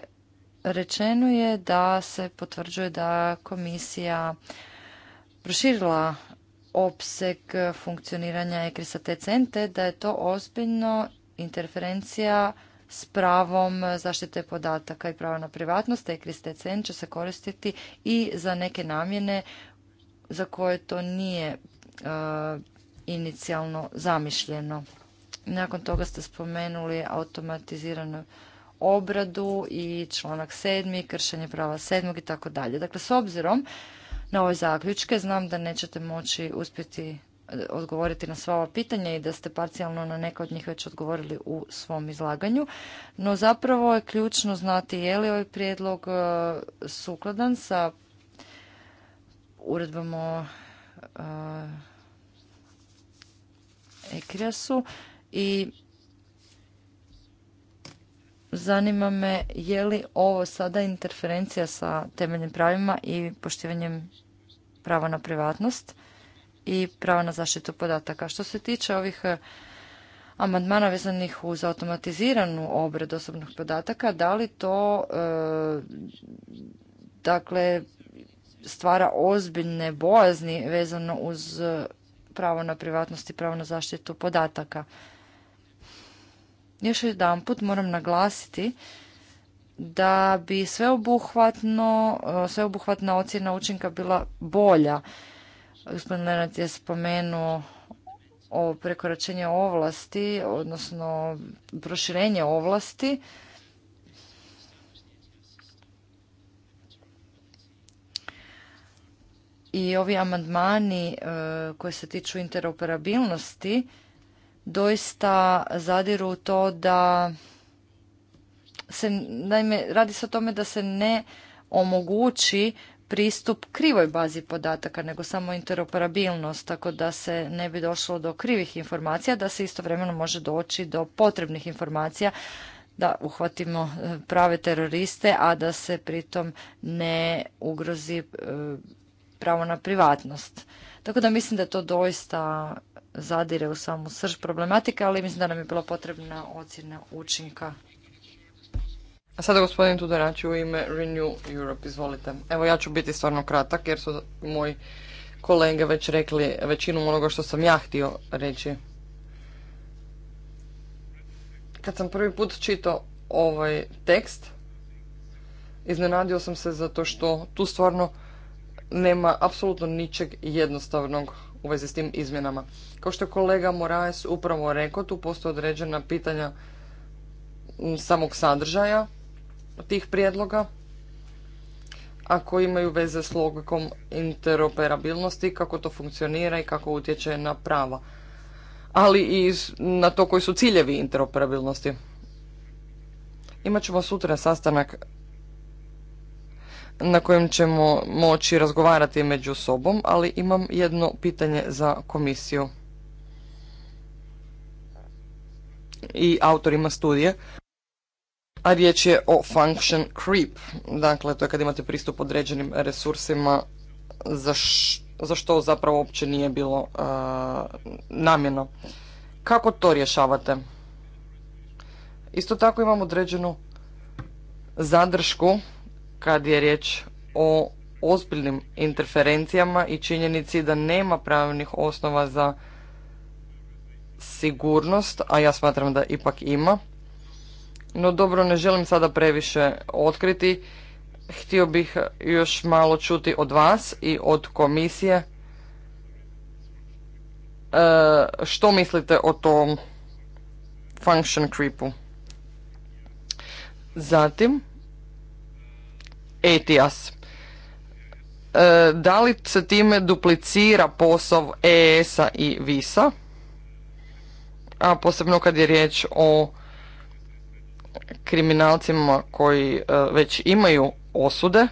rečeno je da se potvrđuje da komisija proširila opseg funkcioniranja ECRIS-a TCNT, da je to ozbiljno interferencija s pravom zaštite podataka i prava na privatnost. ECRIS TCN će se koristiti i za neke namjene za koje to nije e, inicijalno zamišljeno. Nakon toga ste spomenuli automatizirano obradu i članak 7. kršenje prava 7. i tako dalje. Dakle, s obzirom na ove zaključke, znam da nećete moći uspjeti e, odgovoriti na sva ova pitanja i da ste parcijalno na neka od njih već odgovorili u svom izlaganju. No zapravo je ključno znati je li ovaj prijedlog e, sukladan sa uredbom o e, i Zanima me je li ovo sada interferencija sa temeljnim pravima i poštivanjem prava na privatnost i prava na zaštitu podataka. Što se tiče ovih eh, amandmana vezanih uz automatiziranu obradu osobnih podataka, da li to eh, dakle stvara ozbiljne bojazni vezano uz pravo na privatnost i pravo na zaštitu podataka? Još jedanput moram naglasiti da bi sveobuhvatno, sveobuhvatna ocjena učinka bila bolja. Gospodin Lenart je spomenuo o prekoračenju ovlasti, odnosno proširenje ovlasti. I ovi amandmani e, koji se tiču interoperabilnosti doista zadiru u to da se, naime, radi se o tome da se ne omogući pristup krivoj bazi podataka, nego samo interoperabilnost, tako da se ne bi došlo do krivih informacija, da se istovremeno može doći do potrebnih informacija da uhvatimo e, prave teroriste, a da se pritom ne ugrozi e, pravo na privatnost. Tako da mislim da je to doista zadire u samu srž problematike, ali mislim da nam je bila potrebna ocjena učinka. A sada gospodin Tudorač u ime Renew Europe, izvolite. Evo ja ću biti stvarno kratak jer su moji kolege već rekli većinu onoga što sam ja htio reći. Kad sam prvi put čitao ovaj tekst, iznenadio sam se zato što tu stvarno nema apsolutno ničeg jednostavnog u vezi s tim izmjenama. Kao što je kolega Moraes upravo rekao, tu postoje određena pitanja samog sadržaja tih prijedloga, a koji imaju veze s logikom interoperabilnosti, kako to funkcionira i kako utječe na prava, ali i na to koji su ciljevi interoperabilnosti. Imaćemo sutra sastanak na kojem ćemo moći razgovarati među sobom, ali imam jedno pitanje za komisiju i autorima studije. A riječ je o function creep. Dakle, to je kad imate pristup određenim resursima za, za što zapravo uopće nije bilo uh, namjeno. Kako to rješavate? Isto tako imam određenu zadršku kad je riječ o ozbiljnim interferencijama i činjenici da nema pravnih osnova za sigurnost, a ja smatram da ipak ima. No dobro, ne želim sada previše otkriti. Htio bih još malo čuti od vas i od komisije e, što mislite o tom function creepu. Zatim, ETIAS. E, da li se time duplicira posao EES-a i VISA, a posebno kad je riječ o kriminalcima koji e, već imaju osude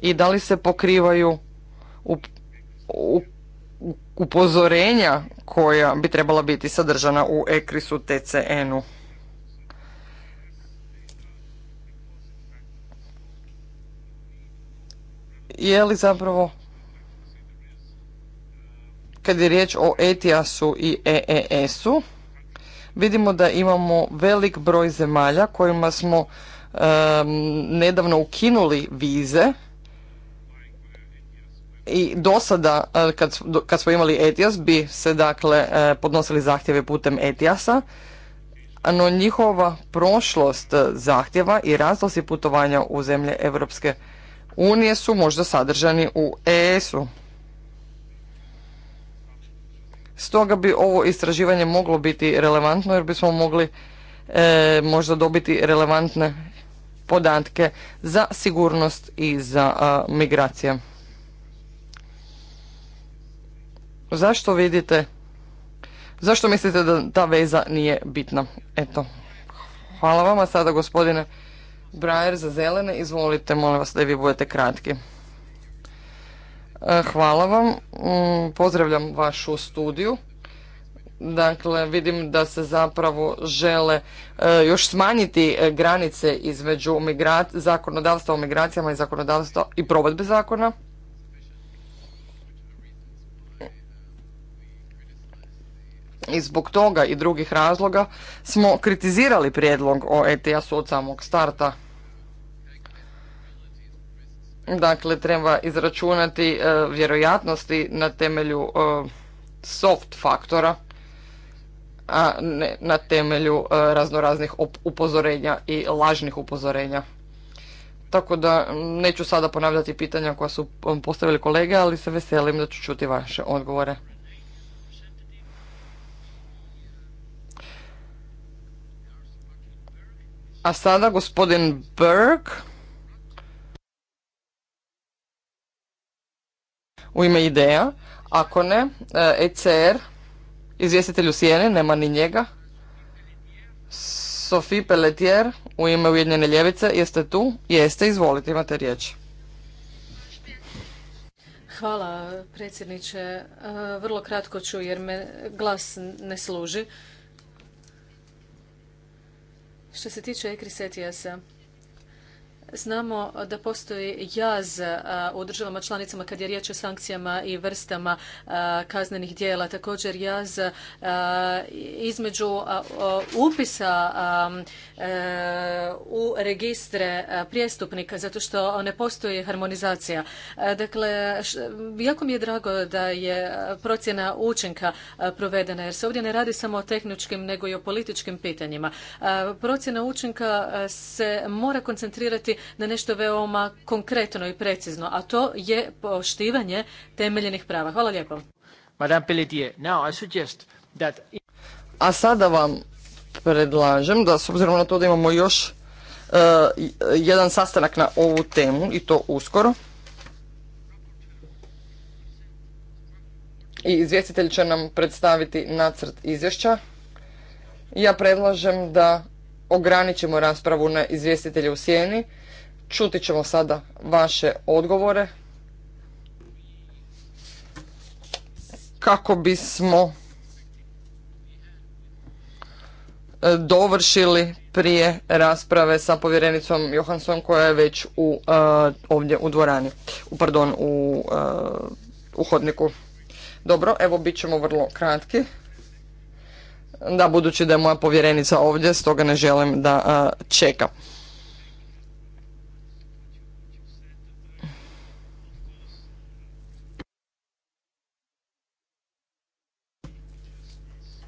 i da li se pokrivaju upozorenja koja bi trebala biti sadržana u ekrisu TCN-u. je li zapravo kad je riječ o ETIAS-u i EES-u e e vidimo da imamo velik broj zemalja kojima smo nedavno ukinuli vize i do sada e, kad, kad smo imali ETIAS bi se dakle podnosili zahtjeve putem ETIAS-a no njihova prošlost zahtjeva i razlozi putovanja u zemlje Europske unije su možda sadržani u ES-u. Stoga bi ovo istraživanje moglo biti relevantno jer bismo mogli e, možda dobiti relevantne podatke za sigurnost i za a, migracije. Zašto vidite? Zašto mislite da ta veza nije bitna? Eto. Hvala vama sada gospodine Brajer za zelene, izvolite, molim vas da vi budete kratki. E, hvala vam, mm, pozdravljam vašu studiju. Dakle, vidim da se zapravo žele e, još smanjiti e, granice između zakonodavstva o migracijama i zakonodavstva i provedbe zakona. i zbog toga i drugih razloga smo kritizirali prijedlog o ETS-u od samog starta. Dakle, treba izračunati e, vjerojatnosti na temelju e, soft faktora, a ne na temelju e, raznoraznih upozorenja i lažnih upozorenja. Tako da neću sada ponavljati pitanja koja su postavili kolege, ali se veselim da ću čuti vaše odgovore. A sada gospodin Berg u ime ideja. Ako ne, ECR, e izvjestitelju u nema ni njega. Sophie Pelletier u ime Ujedinjene ljevice, jeste tu? Jeste, izvolite, imate riječ. Hvala predsjedniče. E, vrlo kratko ću jer me glas ne služi. Što se tiče ekrisetijasa, Znamo da postoji jaz u državama članicama kad je riječ o sankcijama i vrstama kaznenih djela. Također jaz između upisa e, u registre prijestupnika zato što ne postoji harmonizacija. Dakle, jako mi je drago da je procjena učinka provedena jer se ovdje ne radi samo o tehničkim nego i o političkim pitanjima. Procjena učinka se mora koncentrirati na nešto veoma konkretno i precizno, a to je poštivanje temeljenih prava. Hvala lijepo. A sada vam predlažem da, s obzirom na to da imamo još e, jedan sastanak na ovu temu, i to uskoro, i izvjestitelj će nam predstaviti nacrt izvješća. Ja predlažem da ograničimo raspravu na izvjestitelje u sjeni Čuti ćemo sada vaše odgovore kako bismo e, dovršili prije rasprave sa povjerenicom Johansom koja je već u, e, ovdje u dvorani, u, pardon, u, uh, Dobro, evo bit ćemo vrlo kratki. Da, budući da je moja povjerenica ovdje, stoga ne želim da čeka.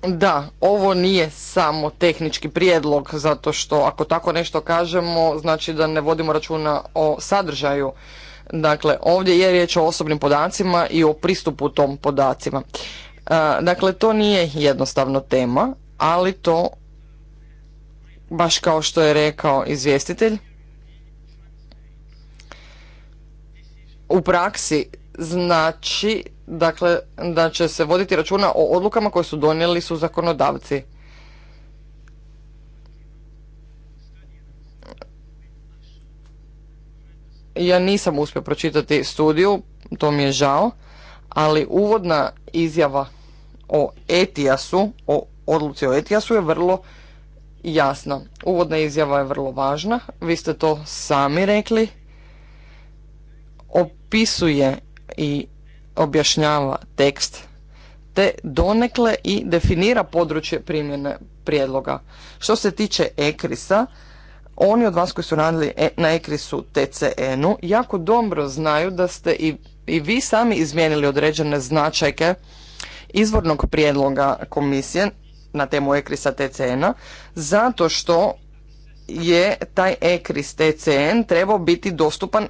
Da, ovo nije samo tehnički prijedlog, zato što ako tako nešto kažemo, znači da ne vodimo računa o sadržaju. Dakle, ovdje je riječ o osobnim podacima i o pristupu tom podacima. E, dakle, to nije jednostavno tema, ali to, baš kao što je rekao izvjestitelj, u praksi znači dakle, da će se voditi računa o odlukama koje su donijeli su zakonodavci. Ja nisam uspio pročitati studiju, to mi je žao, ali uvodna izjava o etijasu, o odluci o etijasu je vrlo jasna. Uvodna izjava je vrlo važna, vi ste to sami rekli. Opisuje i objašnjava tekst te donekle i definira područje primjene prijedloga. Što se tiče ekrisa, oni od vas koji su radili e, na ekrisu TCN-u jako dobro znaju da ste i, i vi sami izmijenili određene značajke izvornog prijedloga komisije na temu ekrisa TCN-a zato što je taj ekris TCN trebao biti dostupan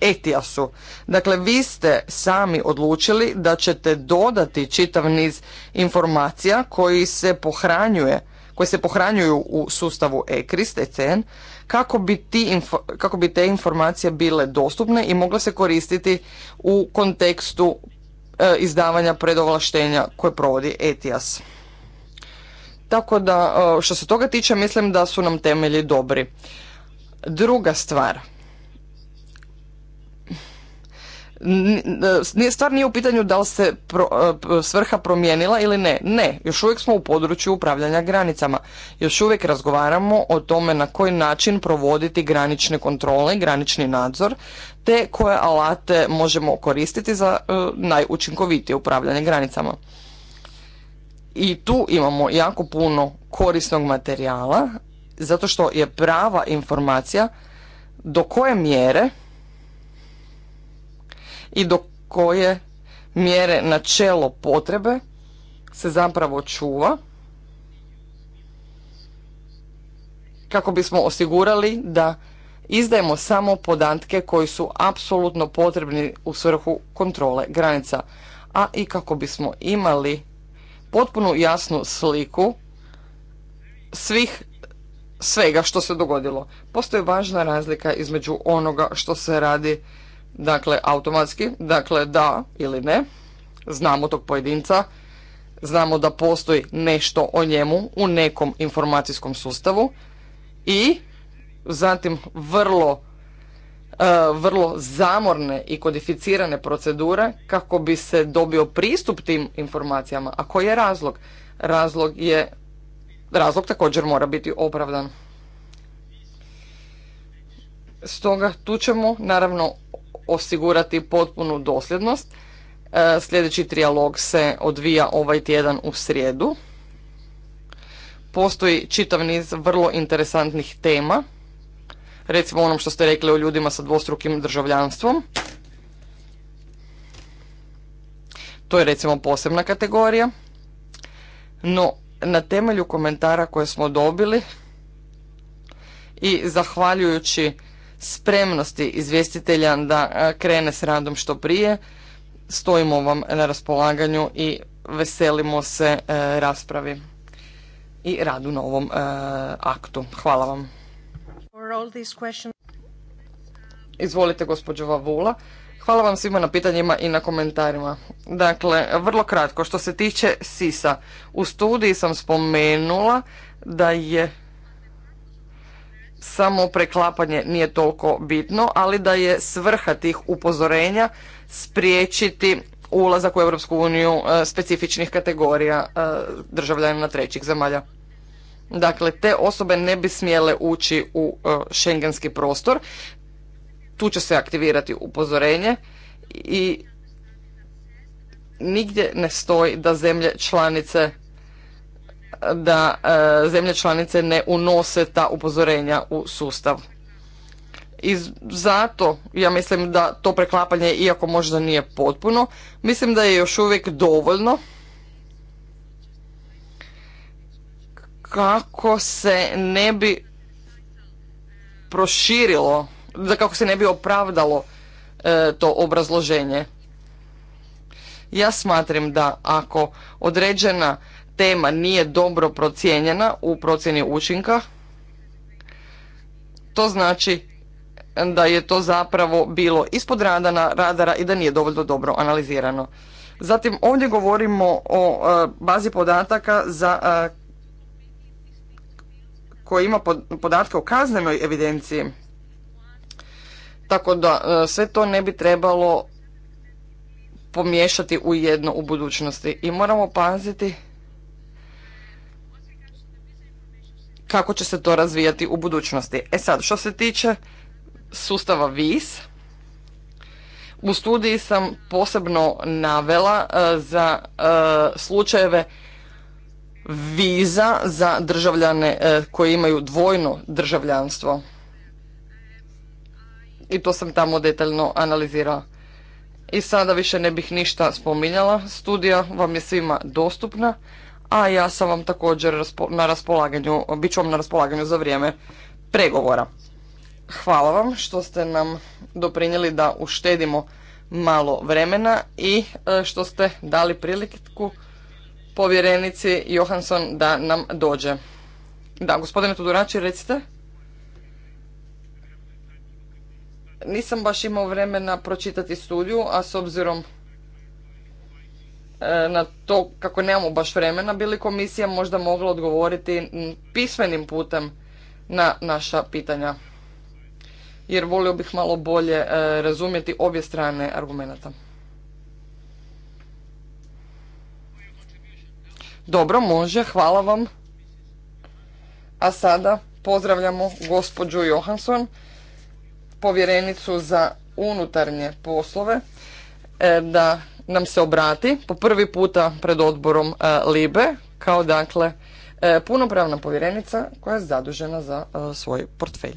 etijasu. Dakle, vi ste sami odlučili da ćete dodati čitav niz informacija koji se pohranjuje koji se pohranjuju u sustavu ECRIS, ECN, kako bi, ti, kako bi te informacije bile dostupne i mogle se koristiti u kontekstu e, izdavanja predovlaštenja koje provodi ETIAS. Tako da, e, što se toga tiče, mislim da su nam temelji dobri. Druga stvar – Stvar nije u pitanju da li se e, svrha promijenila ili ne. Ne, još uvijek smo u području upravljanja granicama. Još uvijek razgovaramo o tome na koji način provoditi granične kontrole, granični nadzor, te koje alate možemo koristiti za e, najučinkovitije upravljanje granicama. I tu imamo jako puno korisnog materijala, zato što je prava informacija do koje mjere i do koje mjere načelo potrebe se zapravo čuva kako bismo osigurali da izdajemo samo podatke koji su apsolutno potrebni u svrhu kontrole granica, a i kako bismo imali potpunu jasnu sliku svih svega što se dogodilo. Postoji važna razlika između onoga što se radi Dakle, automatski, dakle da ili ne, znamo tog pojedinca, znamo da postoji nešto o njemu u nekom informacijskom sustavu i zatim vrlo e, vrlo zamorne i kodificirane procedure kako bi se dobio pristup tim informacijama. A koji je razlog? Razlog je, razlog također mora biti opravdan. Stoga tu ćemo naravno osigurati potpunu dosljednost. E, sljedeći trijalog se odvija ovaj tjedan u srijedu. Postoji čitav niz vrlo interesantnih tema, recimo onom što ste rekli o ljudima sa dvostrukim državljanstvom. To je recimo posebna kategorija. No, na temelju komentara koje smo dobili i zahvaljujući spremnosti izvjestitelja da krene s radom što prije. Stojimo vam na raspolaganju i veselimo se e, raspravi i radu na ovom e, aktu. Hvala vam. Izvolite gospođo Vavula. Hvala vam svima na pitanjima i na komentarima. Dakle, vrlo kratko, što se tiče SISA, u studiji sam spomenula da je samo preklapanje nije toliko bitno, ali da je svrha tih upozorenja spriječiti ulazak u Europsku uniju e, specifičnih kategorija e, državljana trećih zemalja. Dakle, te osobe ne bi smjele ući u šengenski e, prostor. Tu će se aktivirati upozorenje i nigdje ne stoji da zemlje članice da e, zemlje članice ne unose ta upozorenja u sustav. I zato ja mislim da to preklapanje, iako možda nije potpuno, mislim da je još uvijek dovoljno kako se ne bi proširilo, da kako se ne bi opravdalo e, to obrazloženje. Ja smatram da ako određena tema nije dobro procijenjena u procjeni učinka, to znači da je to zapravo bilo ispod radana, radara i da nije dovoljno dobro analizirano. Zatim ovdje govorimo o e, bazi podataka za e, koja ima podatke o kaznenoj evidenciji. Tako da e, sve to ne bi trebalo pomiješati u jedno u budućnosti i moramo paziti kako će se to razvijati u budućnosti. E sad, što se tiče sustava VIS, u studiji sam posebno navela e, za e, slučajeve viza za državljane e, koji imaju dvojno državljanstvo. I to sam tamo detaljno analizirala. I sada više ne bih ništa spominjala. Studija vam je svima dostupna a ja sam vam također na raspolaganju, bit ću vam na raspolaganju za vrijeme pregovora. Hvala vam što ste nam doprinijeli da uštedimo malo vremena i e, što ste dali priliku povjerenici Johansson da nam dođe. Da, gospodine Tudorači, recite. Nisam baš imao vremena pročitati studiju, a s obzirom E, na to kako nemamo baš vremena bili komisija možda mogla odgovoriti pismenim putem na naša pitanja jer volio bih malo bolje e, razumjeti obje strane argumenata dobro može hvala vam a sada pozdravljamo gospođu johanson povjerenicu za unutarnje poslove e, da nam se obrati po prvi puta pred odborom e, LIBE kao dakle e, punopravna povjerenica koja je zadužena za e, svoj portfelj.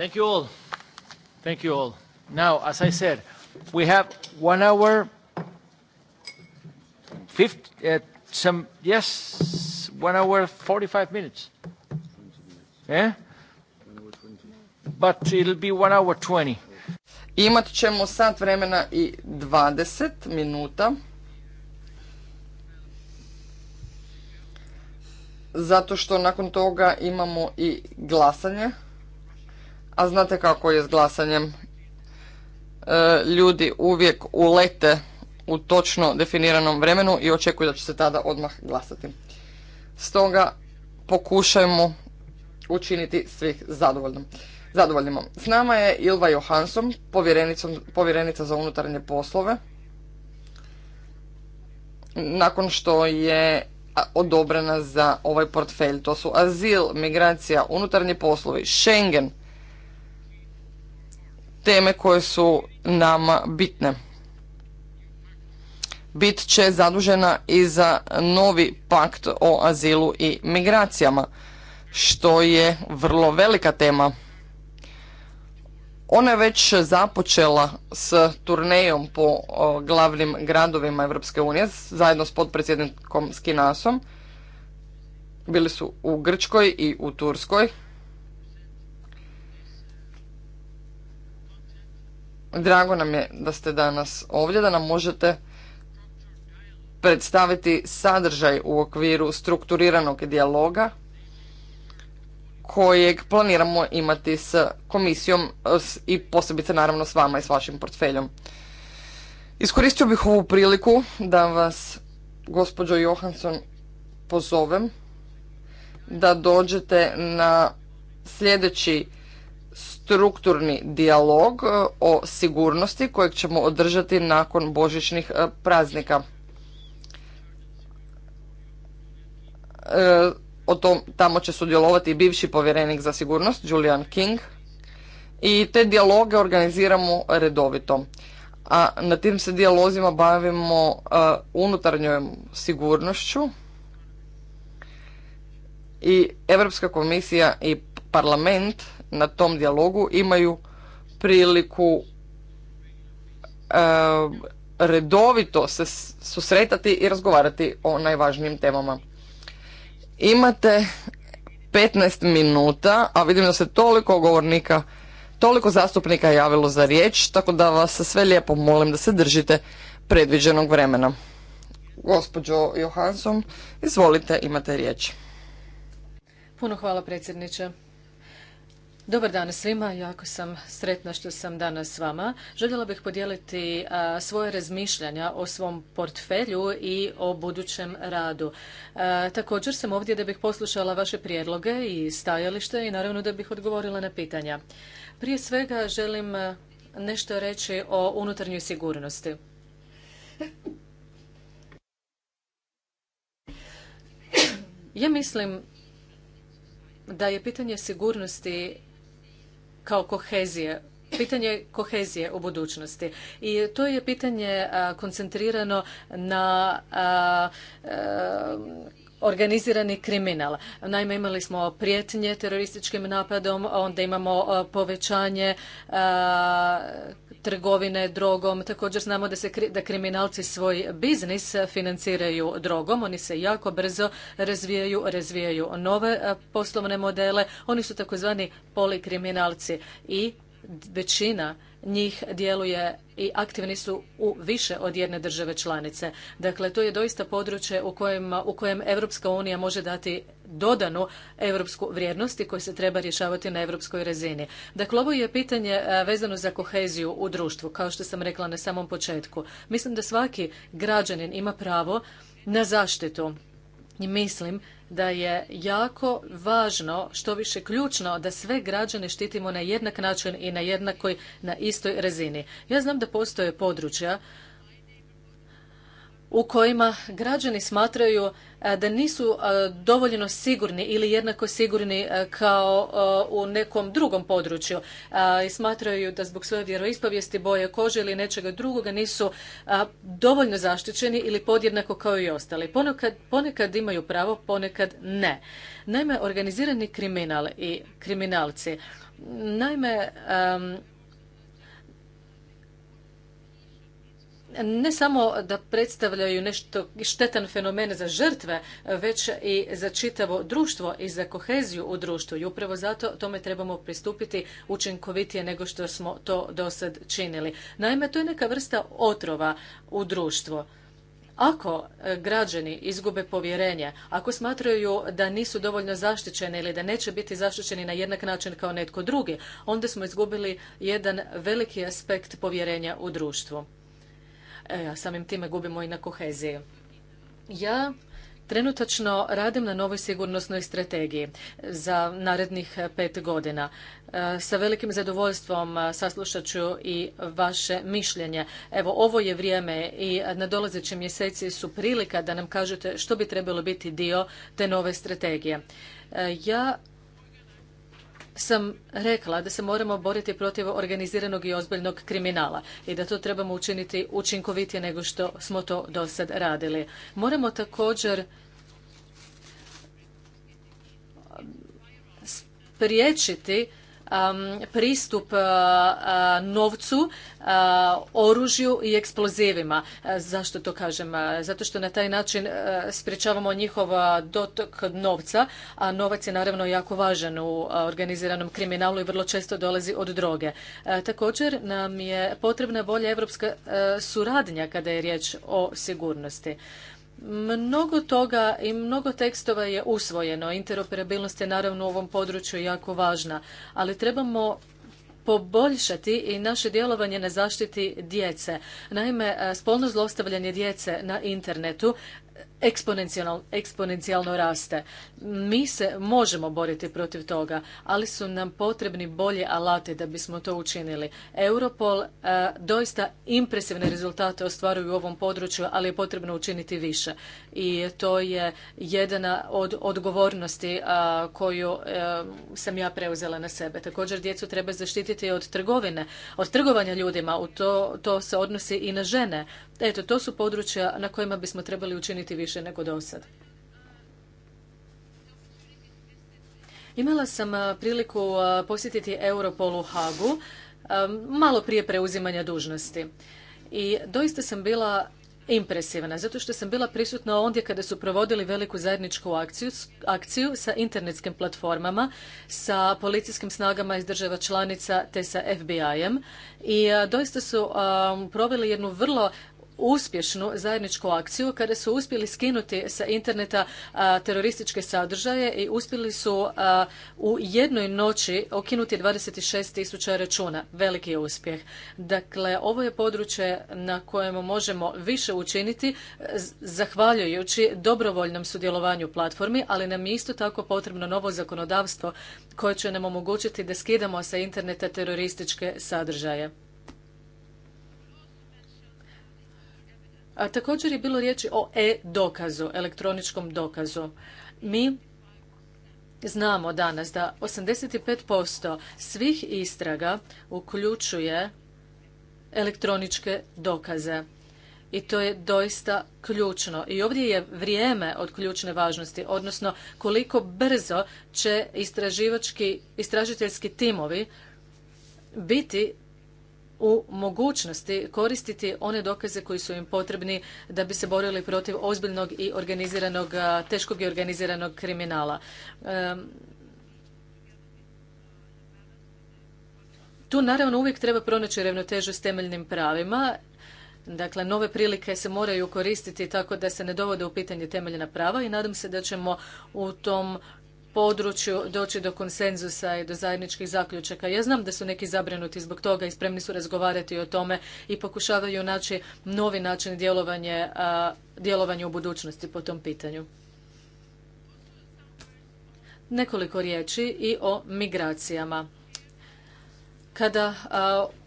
Thank you all. Thank you all. Now, as I said, we have one hour, 50, uh, some, yes, one hour, 45 minutes. Eh? But it'll be one hour 20. Imat ćemo sat vremena i 20 minuta. Zato što nakon toga imamo i glasanje a znate kako je s glasanjem. E, ljudi uvijek ulete u točno definiranom vremenu i očekuju da će se tada odmah glasati. Stoga pokušajmo učiniti svih zadovoljnom. Zadovoljnimo. S nama je Ilva Johansson, povjerenica za unutarnje poslove. Nakon što je odobrena za ovaj portfelj. To su azil, migracija, unutarnji poslovi, Schengen, teme koje su nama bitne. Bit će zadužena i za novi pakt o azilu i migracijama, što je vrlo velika tema. Ona je već započela s turnejom po glavnim gradovima Europske unije zajedno s potpredsjednikom Skinasom. Bili su u Grčkoj i u Turskoj. Drago nam je da ste danas ovdje, da nam možete predstaviti sadržaj u okviru strukturiranog dijaloga kojeg planiramo imati s komisijom i posebice naravno s vama i s vašim portfeljom. Iskoristio bih ovu priliku da vas, gospođo Johansson, pozovem da dođete na sljedeći strukturni dijalog e, o sigurnosti kojeg ćemo održati nakon božićnih e, praznika. E, o tom, tamo će sudjelovati i bivši povjerenik za sigurnost, Julian King, i te dijaloge organiziramo redovito. A na tim se dijalozima bavimo unutarnjom sigurnošću i Europska komisija i parlament na tom dijalogu imaju priliku eh, redovito se susretati i razgovarati o najvažnijim temama. Imate 15 minuta, a vidim da se toliko govornika, toliko zastupnika javilo za riječ, tako da vas sve lijepo molim da se držite predviđenog vremena. Gospođo Johansson, izvolite, imate riječ. Puno hvala predsjedniče. Dobar dan svima, jako sam sretna što sam danas s vama. Željela bih podijeliti svoje razmišljanja o svom portfelju i o budućem radu. također sam ovdje da bih poslušala vaše prijedloge i stajalište i naravno da bih odgovorila na pitanja. Prije svega želim nešto reći o unutarnjoj sigurnosti. Ja mislim da je pitanje sigurnosti kao kohezije pitanje kohezije u budućnosti i to je pitanje koncentrirano na organizirani kriminal. Naime, imali smo prijetnje terorističkim napadom, onda imamo povećanje trgovine drogom. Također znamo da, se, da kriminalci svoj biznis financiraju drogom. Oni se jako brzo razvijaju, razvijaju nove e, poslovne modele. Oni su takozvani polikriminalci i većina njih djeluje i aktivni su u više od jedne države članice. Dakle, to je doista područje u kojem, u kojem Europska unija može dati dodanu europsku vrijednost i koje se treba rješavati na europskoj razini. Dakle, ovo je pitanje e, vezano za koheziju u društvu, kao što sam rekla na samom početku. Mislim da svaki građanin ima pravo na zaštitu mislim da je jako važno, što više ključno, da sve građane štitimo na jednak način i na jednakoj, na istoj razini. Ja znam da postoje područja u kojima građani smatraju e, da nisu e, dovoljno sigurni ili jednako sigurni e, kao u nekom drugom području i smatraju da zbog svoje vjeroispovijesti, boje kože ili nečega drugoga nisu dovoljno zaštićeni ili podjednako kao i ostali. Ponekad, ponekad imaju pravo, ponekad ne. Naime, organizirani kriminal i kriminalci Naime, ne samo da predstavljaju nešto štetan fenomen za žrtve, već i za čitavo društvo i za koheziju u društvu. I upravo zato tome trebamo pristupiti učinkovitije nego što smo to do sad činili. Naime, to je neka vrsta otrova u društvo. Ako e, građani izgube povjerenje, ako smatraju da nisu dovoljno zaštićeni ili da neće biti zaštićeni na jednak način kao netko drugi, onda smo izgubili jedan veliki aspekt povjerenja u društvu. E, samim time gubimo i na koheziji. Ja Trenutačno radim na novoj sigurnosnoj strategiji za narednih pet godina. E, sa velikim zadovoljstvom e, saslušat ću i vaše mišljenje. Evo, ovo je vrijeme i nadolazeći mjeseci su prilika da nam kažete što bi trebalo biti dio te nove strategije. Ja sam rekla da se moramo boriti protiv organiziranog i ozbiljnog kriminala i da to trebamo učiniti učinkovitije nego što smo to do sad radili. Moramo također spriječiti Um, pristup uh, uh, novcu, uh, oružju i eksplozivima. Zašto to kažem? Zato što na taj način sprječavamo njihov dotok novca, a novac je naravno jako važan u organiziranom kriminalu i vrlo često dolazi od droge. Također nam je potrebna bolja europska suradnja kada je riječ o sigurnosti. Mnogo toga i mnogo tekstova je usvojeno. Interoperabilnost je naravno u ovom području jako važna, ali trebamo poboljšati i naše djelovanje na zaštiti djece. Naime, spolno zlostavljanje djece na internetu eksponencijalno raste. Mi se možemo boriti protiv toga, ali su nam potrebni bolje alati da bismo to učinili. Europol e, doista impresivne rezultate ostvaruju u ovom području, ali je potrebno učiniti više. I to je jedna od odgovornosti e, koju e, sam ja preuzela na sebe. Također djecu treba zaštititi od trgovine, od trgovanja ljudima. U to, to se odnosi i na žene. Eto, to su područja na kojima bismo trebali učiniti više više nego do sad. Imala sam priliku posjetiti Europol u Hagu malo prije preuzimanja dužnosti. I doista sam bila impresivna, zato što sam bila prisutna ondje kada su provodili veliku zajedničku akciju, akciju sa internetskim platformama, sa policijskim snagama iz država članica te sa FBI-em. I doista su proveli jednu vrlo uspješnu zajedničku akciju kada su uspjeli skinuti sa interneta terorističke sadržaje i uspjeli su u jednoj noći okinuti 26 tisuća računa. Veliki je uspjeh. Dakle, ovo je područje na kojem možemo više učiniti e, zahvaljujući dobrovoljnom sudjelovanju platformi, ali nam je isto tako potrebno novo zakonodavstvo koje će nam omogućiti da skidamo sa interneta terorističke sadržaje. A, također je bilo riječi o e-dokazu, elektroničkom dokazu. Mi znamo danas da 85% svih istraga uključuje elektroničke dokaze. I to je doista ključno. I ovdje je vrijeme od ključne važnosti, odnosno koliko brzo će istraživački, istražiteljski timovi biti u mogućnosti koristiti one dokaze koji su im potrebni da bi se borili protiv ozbiljnog i organiziranog, teškog i organiziranog kriminala. Tu naravno uvijek treba pronaći ravnotežu s temeljnim pravima. Dakle, nove prilike se moraju koristiti tako da se ne dovode u pitanje temeljna prava i nadam se da ćemo u tom području doći do konsenzusa i do zajedničkih zaključaka. Ja znam da su neki zabrinuti zbog toga i spremni su razgovarati o tome i pokušavaju naći novi način djelovanja u budućnosti po tom pitanju. Nekoliko riječi i o migracijama. Kada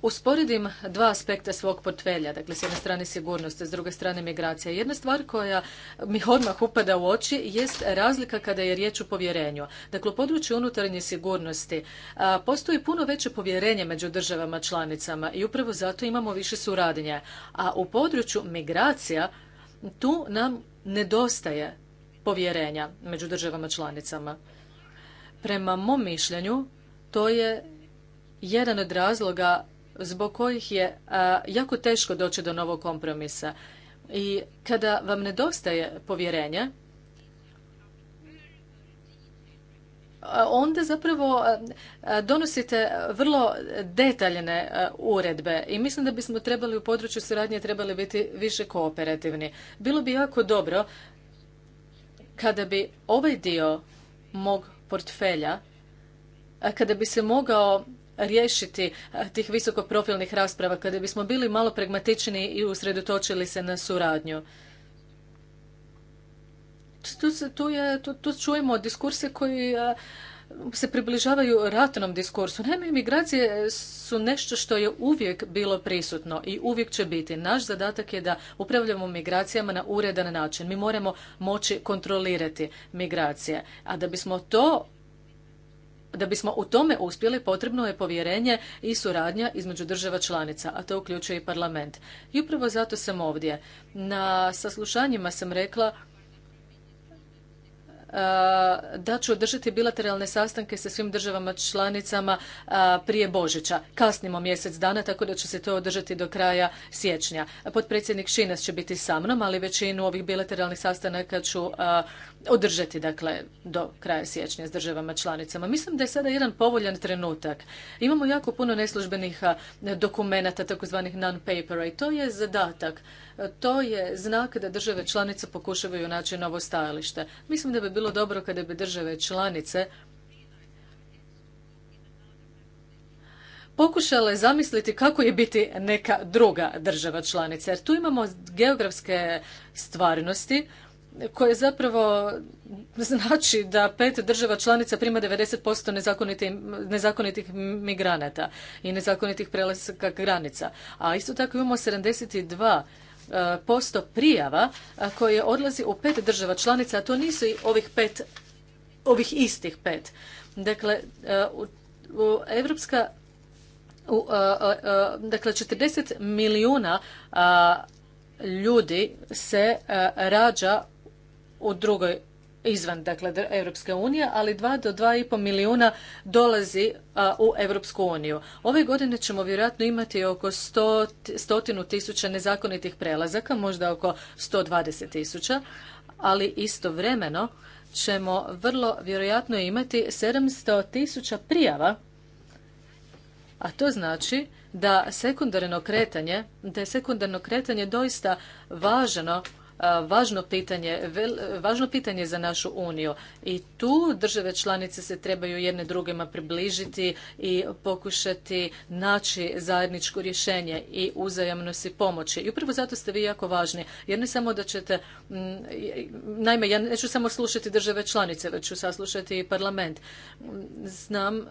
usporedim dva aspekta svog portfelja, dakle s jedne strane sigurnost, s druge strane migracija, jedna stvar koja mi odmah upada u oči jest razlika kada je riječ o povjerenju. Dakle, u području unutarnje sigurnosti postoji puno veće povjerenje među državama članicama i upravo zato imamo više suradnje. A u području migracija tu nam nedostaje povjerenja među državama članicama. Prema mom mišljenju, to je jedan od razloga zbog kojih je jako teško doći do novog kompromisa. I kada vam nedostaje povjerenje, onda zapravo donosite vrlo detaljne uredbe i mislim da bismo trebali u području suradnje trebali biti više kooperativni. Bilo bi jako dobro kada bi ovaj dio mog portfelja kada bi se mogao riješiti tih visokoprofilnih rasprava kada bismo bili malo pragmatični i usredotočili se na suradnju. Tu, tu, je, tu, čujemo diskurse koji se približavaju ratnom diskursu. Naime, migracije su nešto što je uvijek bilo prisutno i uvijek će biti. Naš zadatak je da upravljamo migracijama na uredan način. Mi moramo moći kontrolirati migracije. A da bismo to da bismo u tome uspjeli potrebno je povjerenje i suradnja između država članica, a to uključuje i parlament. I upravo zato sam ovdje. Na saslušanjima sam rekla da ću održati bilateralne sastanke sa svim državama članicama prije Božića. Kasnimo mjesec dana, tako da će se to održati do kraja siječnja. Potpredsjednik Šinas će biti sa mnom, ali većinu ovih bilateralnih sastanaka ću održati dakle do kraja siječnja s državama članicama. Mislim da je sada jedan povoljan trenutak. Imamo jako puno neslužbenih dokumenata, takozvanih non-papera i to je zadatak. To je znak da države članice pokušavaju naći novo stajalište. Mislim da bi bilo dobro kada bi države članice pokušale zamisliti kako je biti neka druga država članica. Jer tu imamo geografske stvarnosti koje zapravo znači da pet država članica prima 90% nezakonitih migranata i nezakonitih prelaska granica. A isto tako imamo 72 posto prijava koje odlazi u pet država članica, a to nisu ovih pet, ovih istih pet. Dakle, u, Evropska, dakle 40 milijuna ljudi se rađa u drugoj izvan dakle Europske unije, ali 2 do 2,5 milijuna dolazi u Europsku uniju. Ove godine ćemo vjerojatno imati oko 100, stotinu tisuća nezakonitih prelazaka, možda oko dvadeset tisuća, ali istovremeno ćemo vrlo vjerojatno imati 700 tisuća prijava, a to znači da sekundarno kretanje, da je sekundarno kretanje doista važno važno pitanje, važno pitanje za našu uniju i tu države članice se trebaju jedne drugima približiti i pokušati naći zajedničko rješenje i uzajamno si pomoći. I upravo zato ste vi jako važni, jer ne samo da ćete, naime ja neću samo slušati države članice, već ću saslušati i parlament. Znam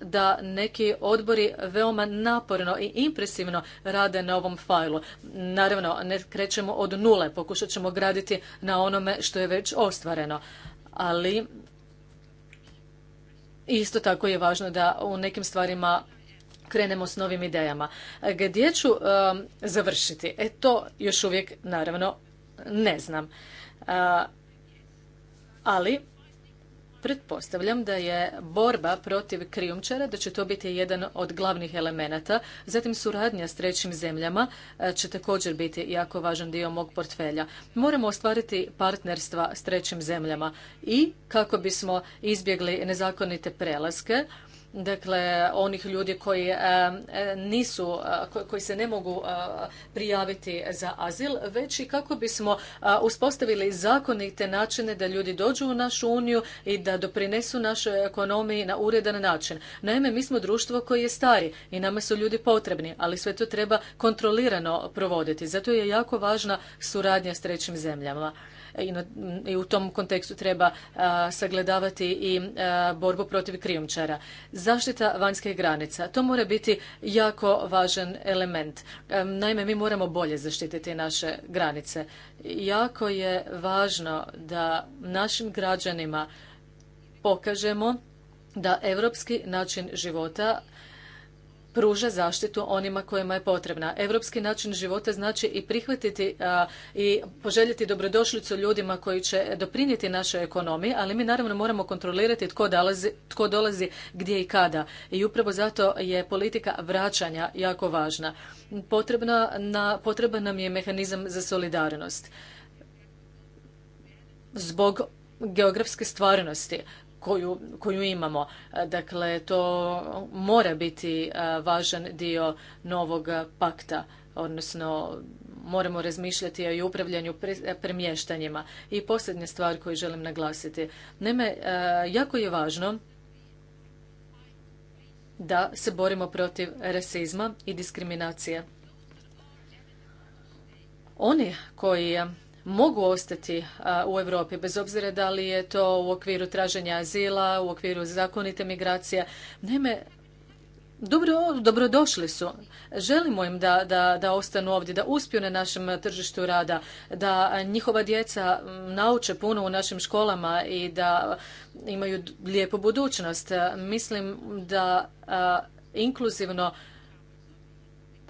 da neki odbori veoma naporno i impresivno rade na ovom fajlu. Naravno, ne krećemo od nule, pokušat ćemo graditi na onome što je već ostvareno. Ali isto tako je važno da u nekim stvarima krenemo s novim idejama. Gdje ću um, završiti? E to još uvijek naravno ne znam. Uh, ali Pretpostavljam da je borba protiv krijumčara, da će to biti jedan od glavnih elemenata. Zatim suradnja s trećim zemljama e, će također biti jako važan dio mog portfelja. Moramo ostvariti partnerstva s trećim zemljama i kako bismo izbjegli nezakonite prelaske, dakle onih ljudi koji e, e, nisu, e, koji se ne mogu prijaviti za azil, već i kako bismo uspostavili zakonite načine da ljudi dođu u našu uniju i da doprinesu našoj ekonomiji na uredan način. Naime, mi smo društvo koje je stari i nama su ljudi potrebni, ali sve to treba kontrolirano provoditi. Zato je jako važna suradnja s trećim zemljama i u tom kontekstu treba sagledavati i borbu protiv krijumčara. Zaštita vanjskih granica. To mora biti jako važan element. E, naime, mi moramo bolje zaštititi naše granice. Jako je važno da našim građanima pokažemo da europski način života pruža zaštitu onima kojima je potrebna. Europski način života znači i prihvatiti i poželjeti dobrodošlicu ljudima koji će doprinijeti našoj ekonomiji, ali mi naravno moramo kontrolirati tko dolazi, gdje i kada. I upravo zato je politika vraćanja jako važna. Potrebna na, potreban nam je mehanizam za solidarnost. Zbog geografske stvarnosti koju, koju imamo. E, dakle, to mora biti e, važan dio novog pakta odnosno moramo razmišljati i o upravljanju premještanjima. I posljednja stvar koju želim naglasiti. Naime, e, jako je važno da se borimo protiv rasizma i diskriminacije. Oni koji mogu ostati u Europi, bez obzira da li je to u okviru traženja azila, u okviru zakonite migracije. Naime, dobro, dobrodošli su. Želimo im da, ostanu ovdje, da uspiju na našem tržištu rada, da njihova djeca nauče puno u našim školama i da imaju lijepu budućnost. Mislim da inkluzivno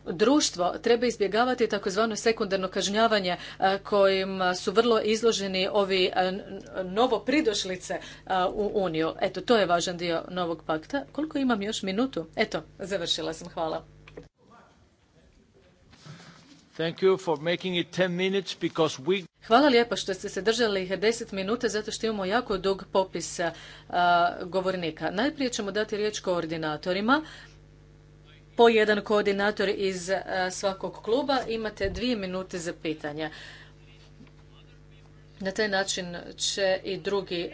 društvo treba izbjegavati takozvano sekundarno kažnjavanje e, kojim su vrlo izloženi ovi e, novo pridošlice e, u Uniju. Eto, to je važan dio novog pakta. Koliko imam još minutu? Eto, završila sam. Hvala. Hvala lijepa što ste se držali 10 minuta zato što imamo jako dug popis govornika. Najprije ćemo dati riječ koordinatorima po jedan koordinator iz e, svakog kluba. Imate dvije minute za pitanja. Na taj način će i drugi e,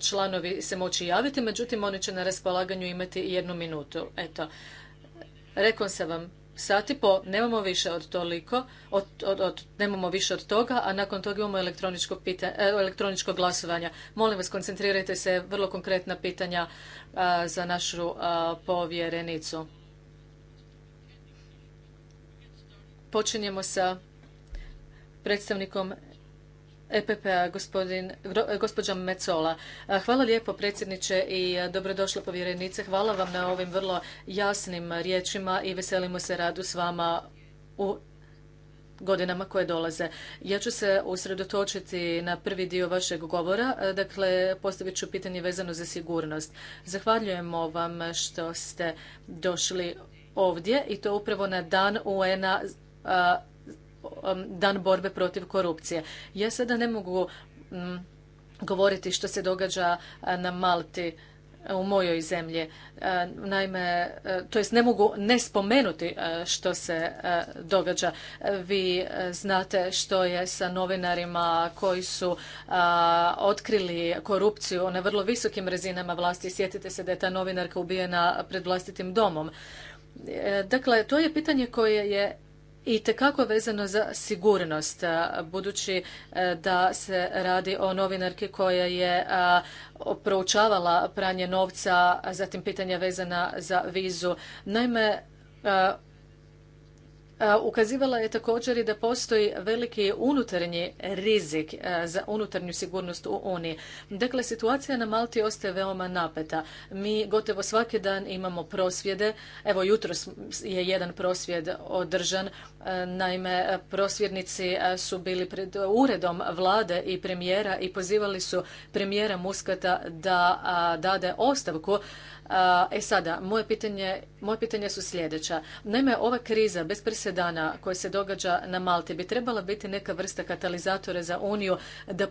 članovi se moći javiti, međutim oni će na raspolaganju imati jednu minutu. Eto, rekao sam vam sati po, nemamo više od toliko, nemamo više od toga, a nakon toga imamo elektroničko, glasovanja. E, glasovanje. Molim vas, koncentrirajte se, vrlo konkretna pitanja za našu povjerenicu. Počinjemo sa predstavnikom EPP-a, gospođa Mecola. Hvala lijepo predsjedniče i dobrodošla povjerenice. Hvala vam na ovim vrlo jasnim riječima i veselimo se radu s vama u godinama koje dolaze. Ja ću se usredotočiti na prvi dio vašeg govora, dakle postavit ću pitanje vezano za sigurnost. Zahvaljujemo vam što ste došli ovdje i to upravo na dan UN-a Um, dan borbe protiv korupcije. Ja sada ne mogu mm, govoriti što se događa na Malti u mojoj zemlji. Naime, to jest ne mogu ne spomenuti što se događa. Vi znate što je sa novinarima koji su otkrili korupciju na vrlo visokim razinama vlasti. Sjetite se da je ta novinarka ubijena pred vlastitim domom. E, dakle, to je pitanje koje je i tekako vezano za sigurnost, budući e, da se radi o novinarki koja je proučavala pranje novca, zatim pitanja vezana za vizu. Naime, e, Ukazivala je također i da postoji veliki unutarnji rizik za unutarnju sigurnost u Uniji. Dakle, situacija na Malti ostaje veoma napeta. Mi gotovo svaki dan imamo prosvjede. Evo, jutro je jedan prosvjed održan. Naime, prosvjednici su bili pred uredom vlade i premijera i pozivali su premijera Muskata da dade ostavku E sada, moje pitanje, moje pitanje su sljedeća. Naime, ova kriza bez presedana koja se događa na Malti bi trebala biti neka vrsta katalizatora za Uniju da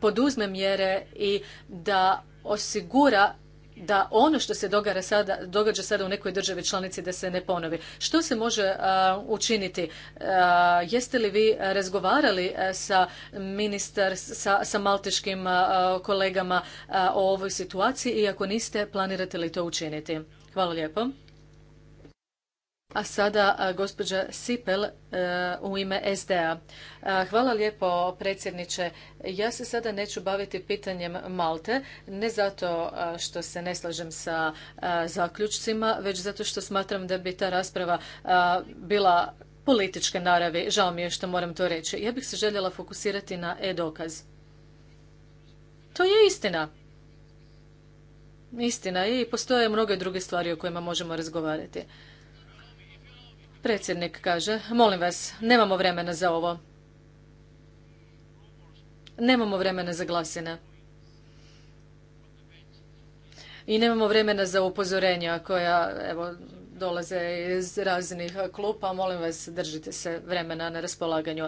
poduzme mjere i da osigura da ono što se događa sada, događa sada u nekoj državi članici da se ne ponovi. Što se može učiniti? jeste li vi razgovarali sa ministar, sa, sa malteškim kolegama o ovoj situaciji i ako niste, planirate li to učiniti? Hvala lijepo. A sada gospođa Sipel e, u ime SDA. E, hvala lijepo predsjedniče. Ja se sada neću baviti pitanjem Malte, ne zato što se ne slažem sa zaključcima, već zato što smatram da bi ta rasprava bila političke naravi. Žao mi je što moram to reći. Ja bih se željela fokusirati na e-dokaz. To je istina. Istina i postoje mnoge druge stvari o kojima možemo razgovarati. Predsjednik kaže, molim vas, nemamo vremena za ovo. Nemamo vremena za glasine. I nemamo vremena za upozorenja koja evo, dolaze iz raznih klupa. Molim vas, držite se vremena na raspolaganju.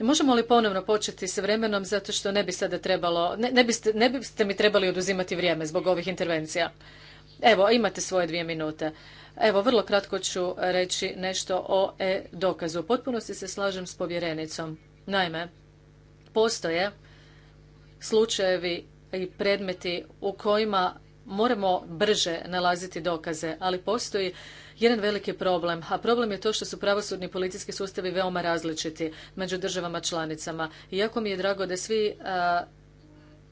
Možemo li ponovno početi s vremenom zato što ne bi sada trebalo, ne, ne, biste, ne biste mi trebali oduzimati vrijeme zbog ovih intervencija. Evo, imate svoje dvije minute. Evo, vrlo kratko ću reći nešto o e-dokazu. potpunosti se slažem s povjerenicom. Naime, postoje slučajevi i predmeti u kojima moramo brže nalaziti dokaze, ali postoji jedan veliki problem, a problem je to što su pravosudni i policijski sustavi veoma različiti među državama članicama. Iako mi je drago da svi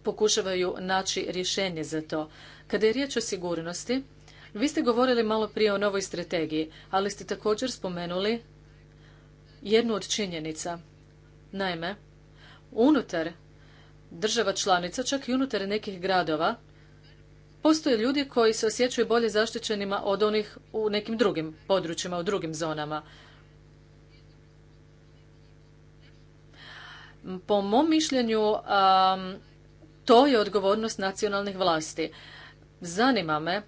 pokušavaju naći rješenje za to. Kada je riječ o sigurnosti, vi ste govorili malo prije o novoj strategiji, ali ste također spomenuli jednu od činjenica. Naime, unutar država članica, čak i unutar nekih gradova, postoje ljudi koji se osjećaju bolje zaštićenima od onih u nekim drugim područjima, u drugim zonama. Po mom mišljenju, to je odgovornost nacionalnih vlasti. Zanima me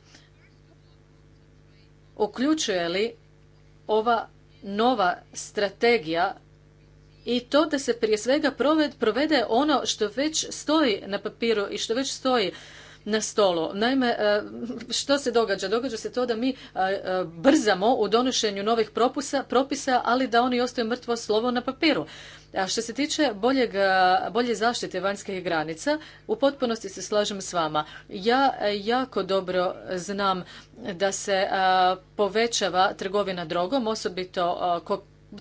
uključuje li ova nova strategija i to da se prije svega provede ono što već stoji na papiru i što već stoji na stolu. Naime, e, što se događa? Događa se to da mi e, e, brzamo u donošenju novih propusa, propisa, ali da oni ostaju mrtvo slovo na papiru. A što se tiče boljeg, bolje zaštite vanjskih granica, u potpunosti se slažem s vama. Ja jako dobro znam da se povećava trgovina drogom, osobito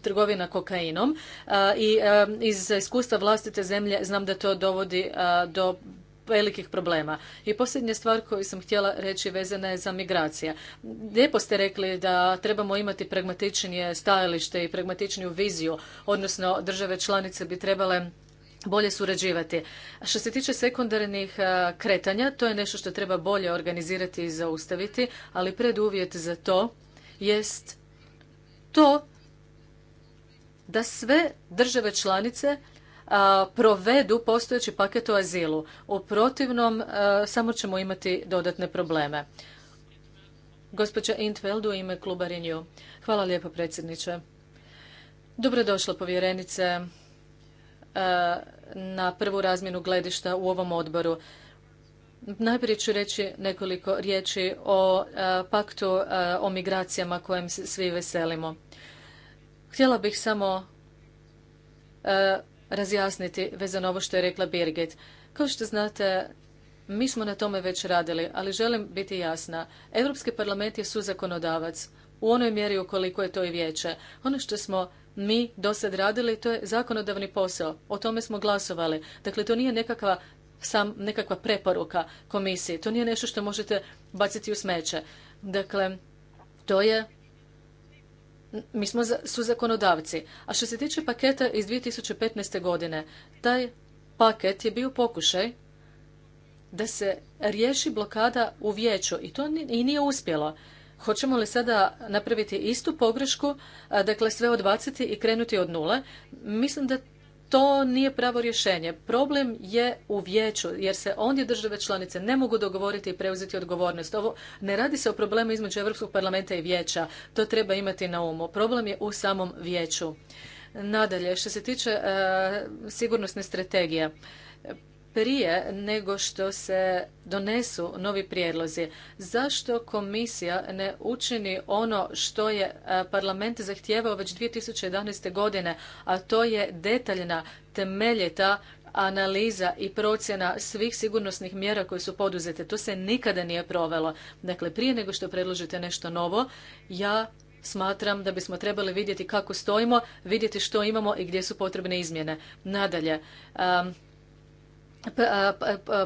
trgovina kokainom i iz iskustva vlastite zemlje znam da to dovodi do velikih problema. I posljednja stvar koju sam htjela reći vezana je za migracija. Lijepo ste rekli da trebamo imati pragmatičnije stajalište i pragmatičniju viziju, odnosno države članice bi trebale bolje surađivati. što se tiče sekundarnih e, kretanja, to je nešto što treba bolje organizirati i zaustaviti, ali preduvjet za to jest to da sve države članice provedu postojeći paket o azilu. U protivnom samo ćemo imati dodatne probleme. Gospođa Intveld u ime kluba Renew. Hvala lijepo predsjedniče. Dobrodošla povjerenice na prvu razmjenu gledišta u ovom odboru. Najprije ću reći nekoliko riječi o paktu o migracijama kojem svi veselimo. Htjela bih samo razjasniti vezano ovo što je rekla Birgit. Kao što znate, mi smo na tome već radili, ali želim biti jasna. Europski parlament je suzakonodavac u onoj mjeri ukoliko je to i vijeće. Ono što smo mi do sad radili, to je zakonodavni posao. O tome smo glasovali. Dakle, to nije nekakva sam nekakva preporuka komisiji. To nije nešto što možete baciti u smeće. Dakle, to je mi smo su zakonodavci. A što se tiče paketa iz 2015. godine, taj paket je bio pokušaj da se riješi blokada u vijeću i to i nije uspjelo. Hoćemo li sada napraviti istu pogrešku, dakle sve odbaciti i krenuti od nule? Mislim da to nije pravo rješenje. Problem je u vijeću jer se ondje države članice ne mogu dogovoriti i preuzeti odgovornost. Ovo ne radi se o problemu između Europskog parlamenta i vijeća. To treba imati na umu. Problem je u samom vijeću. Nadalje, što se tiče e, sigurnosne strategije, prije nego što se donesu novi prijedlozi. Zašto komisija ne učini ono što je e, parlament zahtijevao već 2011. godine, a to je detaljna, temeljita analiza i procjena svih sigurnosnih mjera koje su poduzete. To se nikada nije provelo. Dakle, prije nego što predložite nešto novo, ja smatram da bismo trebali vidjeti kako stojimo, vidjeti što imamo i gdje su potrebne izmjene. Nadalje,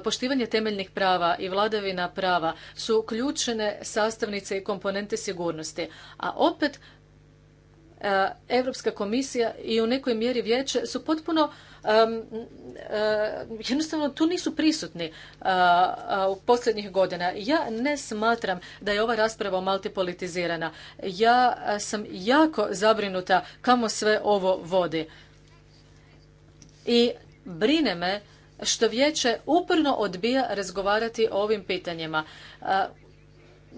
poštivanje temeljnih prava i vladavina prava su ključne sastavnice i komponente sigurnosti. A opet Europska komisija i u nekoj mjeri vijeće su potpuno jednostavno tu nisu prisutni u posljednjih godina. Ja ne smatram da je ova rasprava multipolitizirana. Ja sam jako zabrinuta kamo sve ovo vodi. I brine me što vijeće uporno odbija razgovarati o ovim pitanjima.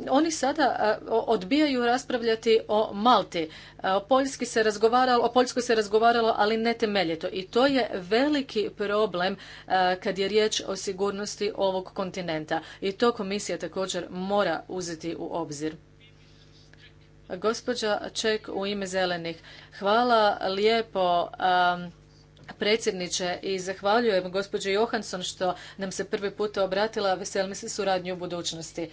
Oni sada odbijaju raspravljati o Malti. O, se razgovaralo, o Poljskoj se razgovaralo, ali ne temeljito. I to je veliki problem kad je riječ o sigurnosti ovog kontinenta. I to komisija također mora uzeti u obzir. Gospođa Ček u ime zelenih. Hvala lijepo predsjedniče i zahvaljujem gospođi Johansson što nam se prvi puta obratila. Veselim se suradnju u budućnosti.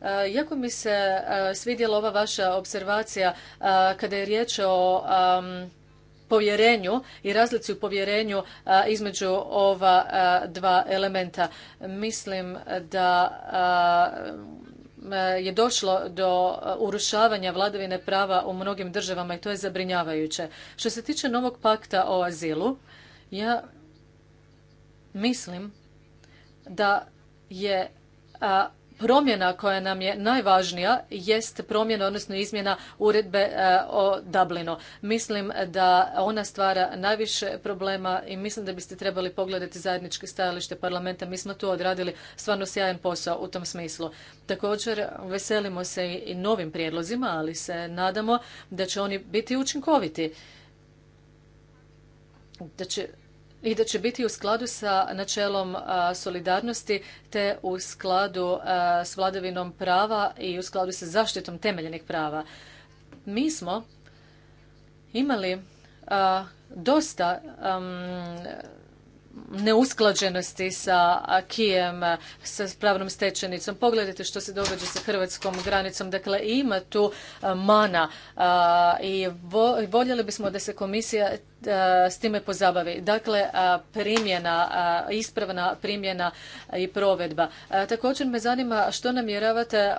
E, jako mi se e, svidjela ova vaša observacija e, kada je riječ o povjerenju i razlici u povjerenju između ova dva elementa. Mislim da je došlo do urušavanja vladavine prava u mnogim državama i to je zabrinjavajuće. Što se tiče novog pakta o azilu, ja mislim da je promjena koja nam je najvažnija jest promjena, odnosno izmjena uredbe o Dublinu. Mislim da ona stvara najviše problema i mislim da biste trebali pogledati zajedničke stajalište parlamenta. Mi smo tu odradili stvarno sjajan posao u tom smislu. Također, veselimo se i novim prijedlozima, ali se nadamo da će oni biti učinkoviti. Da će i da će biti u skladu sa načelom solidarnosti te u skladu s vladavinom prava i u skladu sa zaštitom temeljenih prava. Mi smo imali dosta neusklađenosti sa Kijem, sa pravnom stečenicom. Pogledajte što se događa sa hrvatskom granicom. Dakle, ima tu mana i voljeli bismo da se komisija E, s time pozabavi. Dakle, e, primjena, e, ispravna primjena i provedba. Također me zanima što namjeravate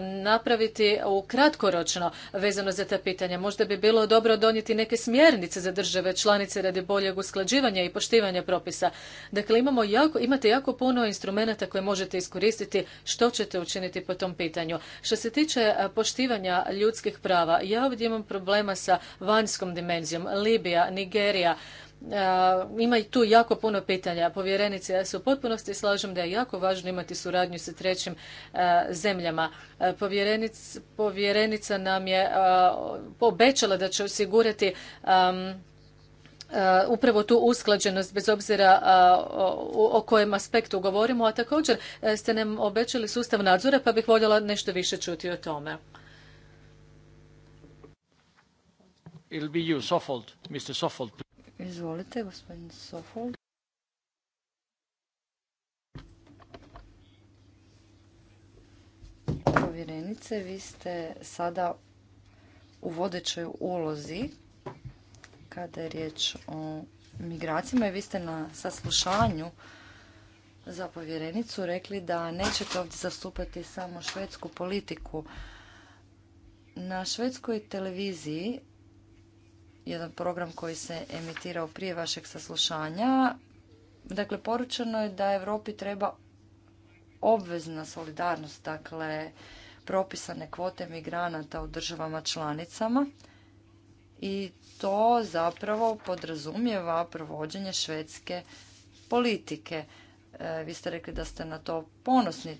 napraviti u kratkoročno vezano za ta pitanja. Možda bi bilo dobro donijeti neke smjernice za države članice radi boljeg usklađivanja i poštivanja propisa. Dakle, imamo jako, imate jako puno instrumenata koje možete iskoristiti. Što ćete učiniti po tom pitanju? Što se tiče poštivanja ljudskih prava, ja ovdje imam problema sa vanjskom dimenzijom Libija, Nigerija. E, ima i tu jako puno pitanja. Povjerenice, ja se u potpunosti slažem da je jako važno imati suradnju sa trećim e, zemljama. E, povjerenica nam je obećala da će osigurati upravo tu usklađenost bez obzira o, o kojem aspektu govorimo, a također ste nam obećali sustav nadzora pa bih voljela nešto više čuti o tome. be Izvolite, gospodin Sofold. Povjerenice, vi ste sada u vodećoj ulozi kada je riječ o migracijama i vi ste na saslušanju za povjerenicu rekli da nećete ovdje zastupati samo švedsku politiku. Na švedskoj televiziji jedan program koji se emitirao prije vašeg saslušanja. Dakle, poručeno je da Europi treba obvezna solidarnost, dakle, propisane kvote migranata u državama članicama i to zapravo podrazumijeva provođenje švedske politike. E, vi ste rekli da ste na to ponosni.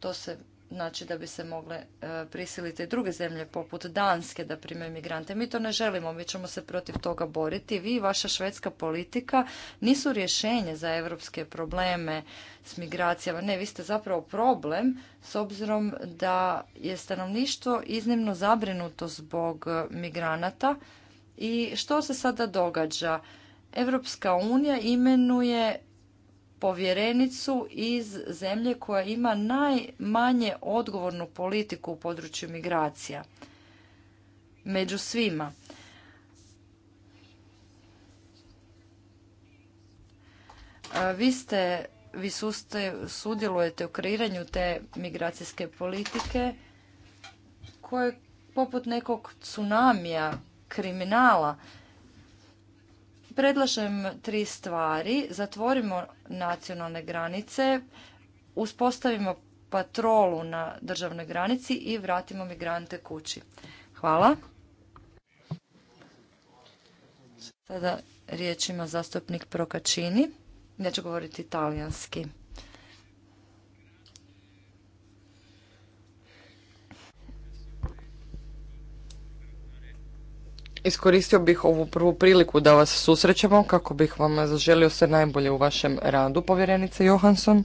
To se znači da bi se mogle e, prisiliti druge zemlje poput Danske da prime migrante. Mi to ne želimo, mi ćemo se protiv toga boriti. Vi i vaša švedska politika nisu rješenje za evropske probleme s migracijama. Ne, vi ste zapravo problem s obzirom da je stanovništvo iznimno zabrinuto zbog e, migranata. I što se sada događa? Europska unija imenuje povjerenicu iz zemlje koja ima najmanje odgovornu politiku u području migracija među svima. Vi ste, vi sudjelujete u kreiranju te migracijske politike koje poput nekog tsunamija kriminala Predlažem tri stvari. Zatvorimo nacionalne granice, uspostavimo patrolu na državnoj granici i vratimo migrante kući. Hvala. Sada riječ ima zastupnik Prokačini. Ja govoriti italijanski. Iskoristio bih ovu prvu priliku da vas susrećemo kako bih vam zaželio sve najbolje u vašem radu, povjerenice Johansson.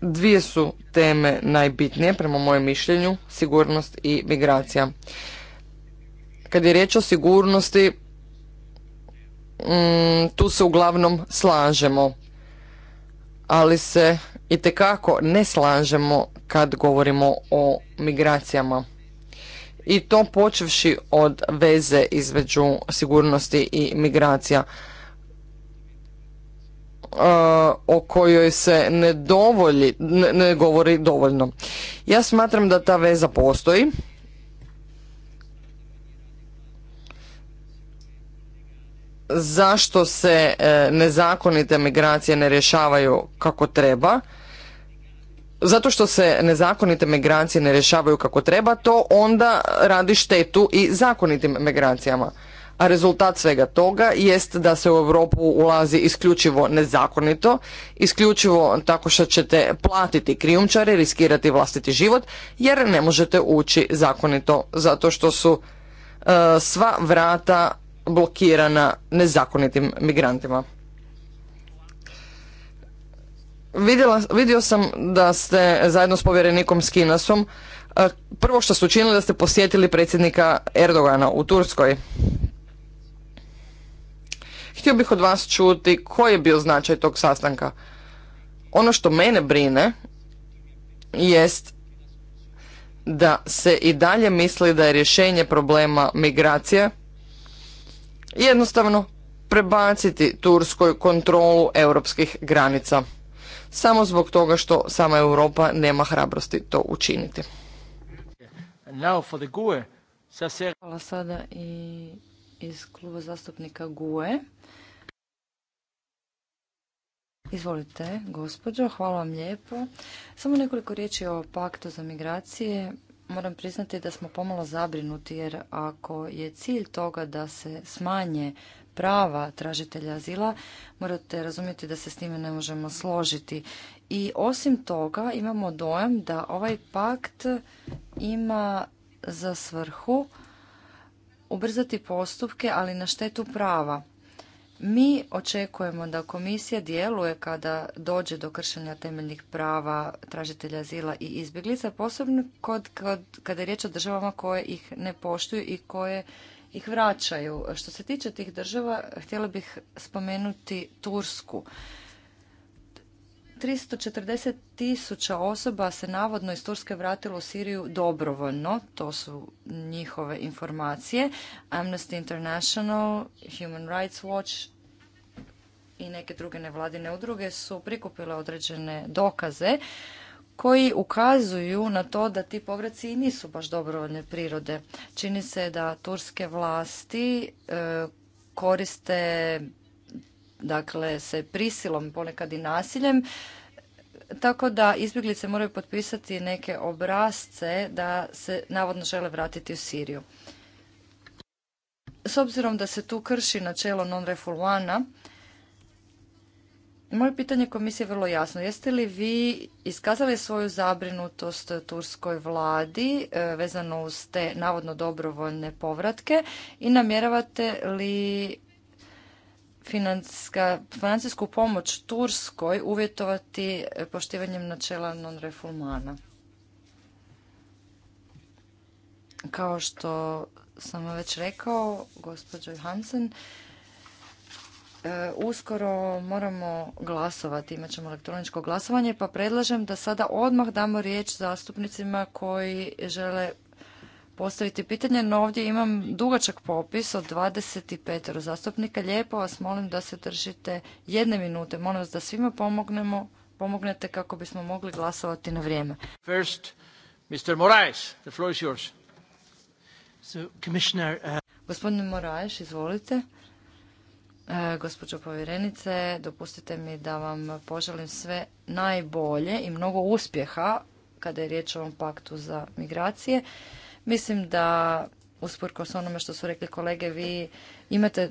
Dvije su teme najbitnije, prema mojem mišljenju, sigurnost i migracija. Kad je riječ o sigurnosti, mm, tu se uglavnom slažemo, ali se i tekako ne slažemo kad govorimo o migracijama i to počevši od veze između sigurnosti i migracija e, o kojoj se ne, ne govori dovoljno. Ja smatram da ta veza postoji. Zašto se e, nezakonite migracije ne rješavaju kako treba? zato što se nezakonite migracije ne rješavaju kako treba, to onda radi štetu i zakonitim migracijama. A rezultat svega toga jest da se u Europu ulazi isključivo nezakonito, isključivo tako što ćete platiti krijumčare, riskirati vlastiti život, jer ne možete ući zakonito, zato što su e, sva vrata blokirana nezakonitim migrantima vidio sam da ste zajedno s povjerenikom Skinasom e, prvo što su učinili da ste posjetili predsjednika Erdogana u Turskoj. Htio bih od vas čuti koji je bio značaj tog sastanka. Ono što mene brine jest da se i dalje misli da je rješenje problema migracije jednostavno prebaciti Turskoj kontrolu europskih granica samo zbog toga što sama Europa nema hrabrosti to učiniti. E. Hvala sada i iz kluba zastupnika GUE. Izvolite, gospođo, hvala vam lijepo. Samo nekoliko riječi o paktu za migracije. Moram priznati da smo pomalo zabrinuti jer ako je cilj toga da se smanje prava tražitelja azila, morate razumjeti da se s time ne možemo složiti. I osim toga imamo dojam da ovaj pakt ima za svrhu ubrzati postupke, ali na štetu prava. Mi očekujemo da komisija djeluje kada dođe do kršenja temeljnih prava tražitelja azila i izbjeglica, posebno kod, kod, kada je riječ o državama koje ih ne poštuju i koje ih vraćaju. Što se tiče tih država, htjela bih spomenuti Tursku. 340 tisuća osoba se navodno iz Turske vratilo u Siriju dobrovoljno, to su njihove informacije. Amnesty International, Human Rights Watch i neke druge nevladine udruge su prikupile određene dokaze koji ukazuju na to da ti povraci i nisu baš dobrovoljne prirode. Čini se da turske vlasti e, koriste dakle se prisilom ponekad i nasiljem tako da izbjeglice moraju potpisati neke obrazce da se navodno žele vratiti u Siriju. S obzirom da se tu krši načelo non refulvana, moje pitanje komisije je vrlo jasno. Jeste li vi iskazali svoju zabrinutost turskoj vladi e, vezano uz te navodno dobrovoljne povratke i namjeravate li financijsku pomoć Turskoj uvjetovati e, poštivanjem načela non-refulmana? Kao što sam već rekao, gospođo Hansen, E, uskoro moramo glasovati, imat ćemo elektroničko glasovanje, pa predlažem da sada odmah damo riječ zastupnicima koji žele postaviti pitanje, no ovdje imam dugačak popis od 25 zastupnika. Lijepo vas molim da se držite jedne minute. Molim vas da svima pomognemo, pomognete kako bismo mogli glasovati na vrijeme. First, Mr. Uh, Gospodine Moraes, izvolite. E, gospođo povjerenice, dopustite mi da vam poželim sve najbolje i mnogo uspjeha kada je riječ o ovom paktu za migracije. Mislim da, usprkos onome što su rekli kolege, vi imate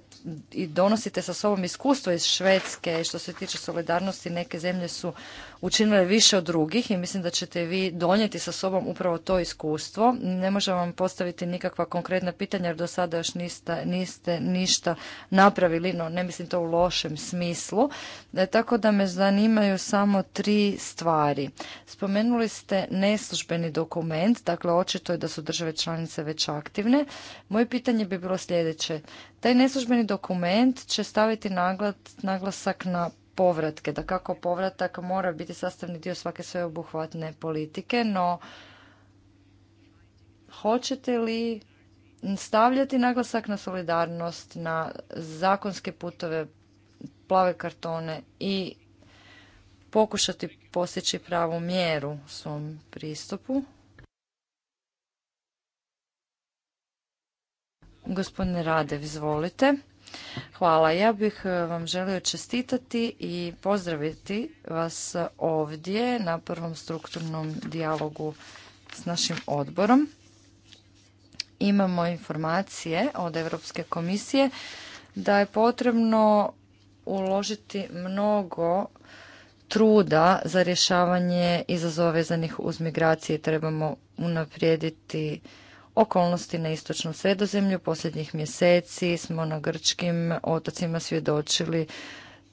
i donosite sa sobom iskustvo iz Švedske što se tiče solidarnosti. Neke zemlje su učinile više od drugih i mislim da ćete vi donijeti sa sobom upravo to iskustvo. Ne možemo vam postaviti nikakva konkretna pitanja jer do sada još niste, niste ništa napravili, no ne mislim to u lošem smislu. E, tako da me zanimaju samo tri stvari. Spomenuli ste neslužbeni dokument, dakle očito je da su države članice već aktivne. Moje pitanje bi bilo sljedeće. Taj neslužbeni dokument će staviti naglasak na povratke, da kako povratak mora biti sastavni dio svake sveobuhvatne politike, no hoćete li stavljati naglasak na solidarnost, na zakonske putove, plave kartone i pokušati postići pravu mjeru svom pristupu? Gospodine Rade, izvolite. Hvala. Ja bih e, vam želio čestitati i pozdraviti vas ovdje na prvom strukturnom dijalogu s našim odborom. Imamo informacije od Europske komisije da je potrebno uložiti mnogo truda za rješavanje izazova vezanih uz migracije. Trebamo unaprijediti okolnosti na istočnom sredozemlju. Posljednjih mjeseci smo na grčkim otocima svjedočili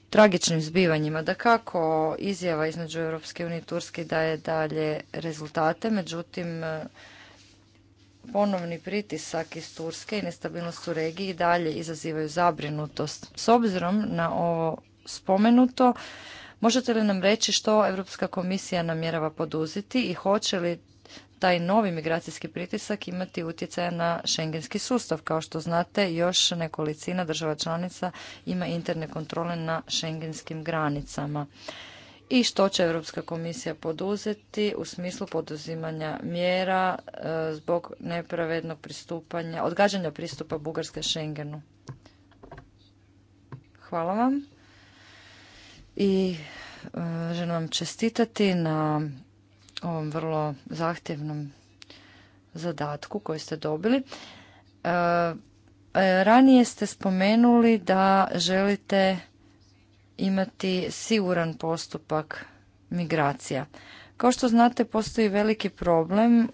tragičnim zbivanjima. Da kako izjava između Europske unije i Turske daje dalje rezultate, međutim ponovni pritisak iz Turske i nestabilnost u regiji dalje izazivaju zabrinutost. S obzirom na ovo spomenuto, možete li nam reći što Europska komisija namjerava poduzeti i hoće li taj novi migracijski pritisak imati utjecaja na šengenski sustav. Kao što znate, još nekolicina država članica ima interne kontrole na šengenskim granicama. I što će Europska komisija poduzeti u smislu poduzimanja mjera e, zbog nepravednog pristupanja, odgađanja pristupa Bugarske Schengenu? Hvala vam i e, želim vam čestitati na ovom vrlo zahtjevnom zadatku koji ste dobili. E, e, ranije ste spomenuli da želite imati siguran postupak migracija. Kao što znate, postoji veliki problem e,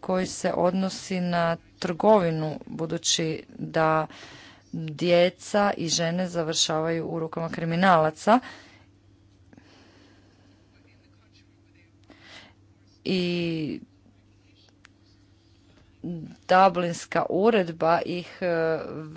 koji se odnosi na trgovinu, budući da djeca i žene završavaju u rukama kriminalaca i Dublinska uredba ih e,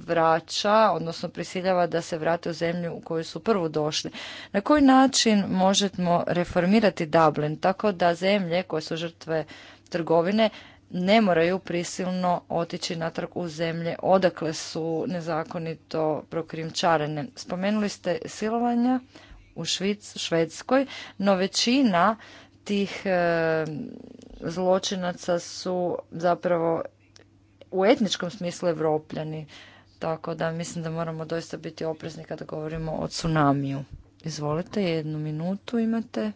vraća, odnosno prisiljava da se vrate u zemlju u koju su prvo došli. Na koji način možemo reformirati Dublin tako da zemlje koje su žrtve trgovine ne moraju prisilno otići natrag u zemlje odakle su nezakonito prokrimčarene. Spomenuli ste silovanja u Švedskoj, no većina tih e, zločinaca su zapravo u etničkom smislu evropljani. Tako da mislim da moramo doista biti oprezni kada govorimo o tsunamiju. Izvolite, jednu minutu imate.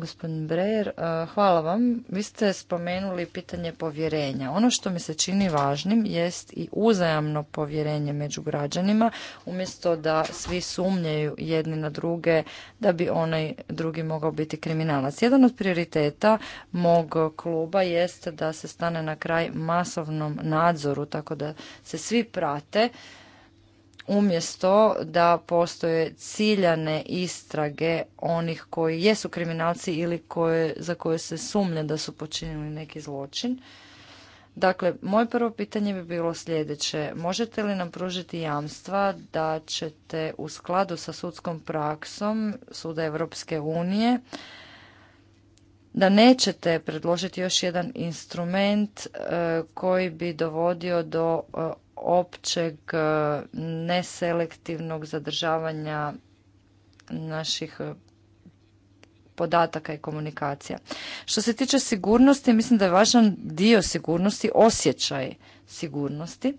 Gospodin Breyer, e, hvala vam. Vi ste spomenuli pitanje povjerenja. Ono što mi se čini važnim jest i uzajamno povjerenje među građanima, umjesto da svi sumnjaju jedni na druge da bi onaj drugi mogao biti kriminalac. Jedan od prioriteta mog kluba jest da se stane na kraj masovnom nadzoru, tako da se svi prate umjesto da postoje ciljane istrage onih koji jesu kriminalci ili koje, za koje se sumnja da su počinili neki zločin. Dakle, moje prvo pitanje bi bilo sljedeće. Možete li nam pružiti jamstva da ćete u skladu sa sudskom praksom Suda Europske unije da nećete predložiti još jedan instrument e, koji bi dovodio do e, općeg e, neselektivnog zadržavanja naših e, podataka i komunikacija. Što se tiče sigurnosti, mislim da je važan dio sigurnosti osjećaj sigurnosti. E,